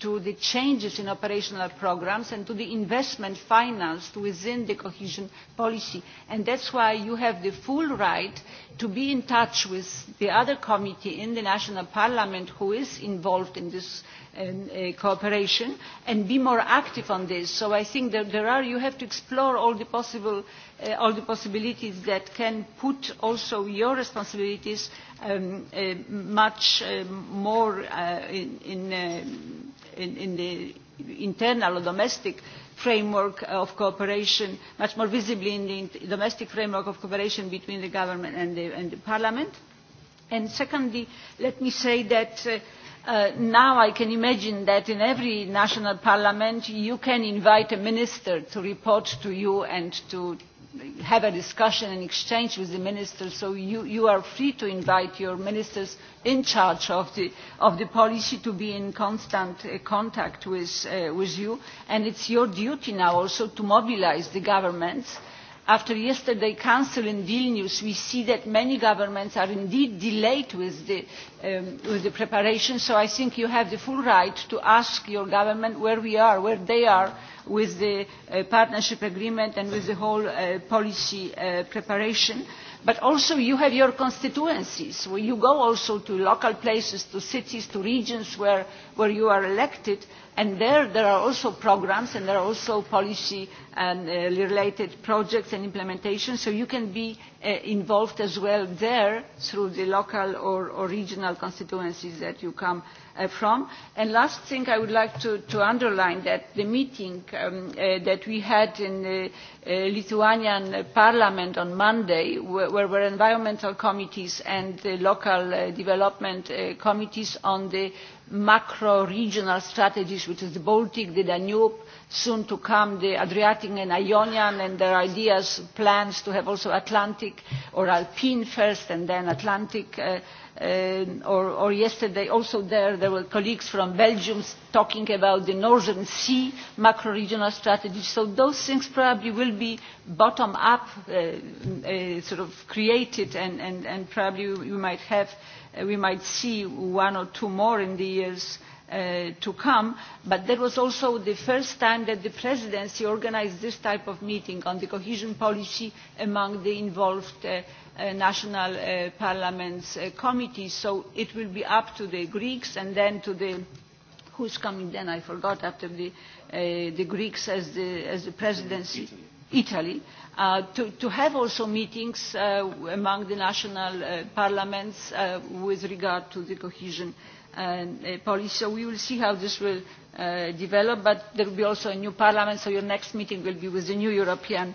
to the changes in operational programmes and to the investment financed within the cohesion policy and that is why you have the full right to be in touch with the other committee in the national parliament who is involved in this um, uh, cooperation and be more active on this. So I think that there are, you have to explore all the, possible, uh, all the possibilities that can put also your responsibilities um, uh, much more in, in, um, in, in the internal or domestic framework of cooperation much more visibly in the domestic framework of cooperation between the government and the, and the parliament. And secondly let me say that uh, Uh, now i can imagine that in every national parliament you can invite a minister to report to you and to, have a discussion and exchange with the ministers so you, you are free to invite your ministers in charge of the, of the policy to be in constant uh, contact with, uh, with you and it's your duty now also to mobilise the governments after yesterday's council in vilnius we see that many governments are indeed delayed with the, um, with the preparation so i think you have the full right to ask your government where we are where they are with the uh, partnership agreement and with the whole uh, policy uh, preparation but also you have your constituencies where you go also to local places to cities to regions where, you are elected and there there are also programmes and there are also policy and uh, related projects and implementation so you can be uh, involved as well there through the local or, or regional constituencies that you come Uh, from. And last thing I would like to, underline that the meeting um, uh, that we had in the uh, Lithuanian Parliament on Monday, where were environmental committees and the local development committees on the macro-regional strategies, which is the Baltic, the Danube, soon to come the Adriatic and Ionian, and their ideas, plans to have also Atlantic or Alpine first and then Atlantic Uh, or, yesterday also there there were colleagues from belgium talking about the northern sea macro regional strategy so those things probably will be bottom up uh, uh, sort of created and, and, probably we might have we might see one or two more in the years to come but that was also the first time that the presidency organized this type of meeting on the cohesion policy among the involved uh, Uh, national uh, parliaments uh, committees so it will be up to the greeks and then to the who is coming then i forgot after the, the greeks as the, presidency italy to, have also meetings among the national parliaments with regard to the cohesion policy so we will see how this will develop but there will be also a new parliament so your next meeting will be with the new european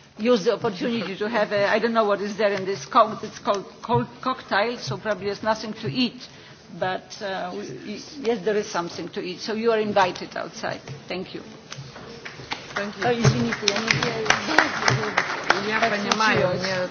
use the opportunity to have a, I don't know what is there in this coat, it's called cold cocktail, so probably there's nothing to eat. But uh, yes, there is something to eat. So you are invited outside. Thank you. Thank you. Oh,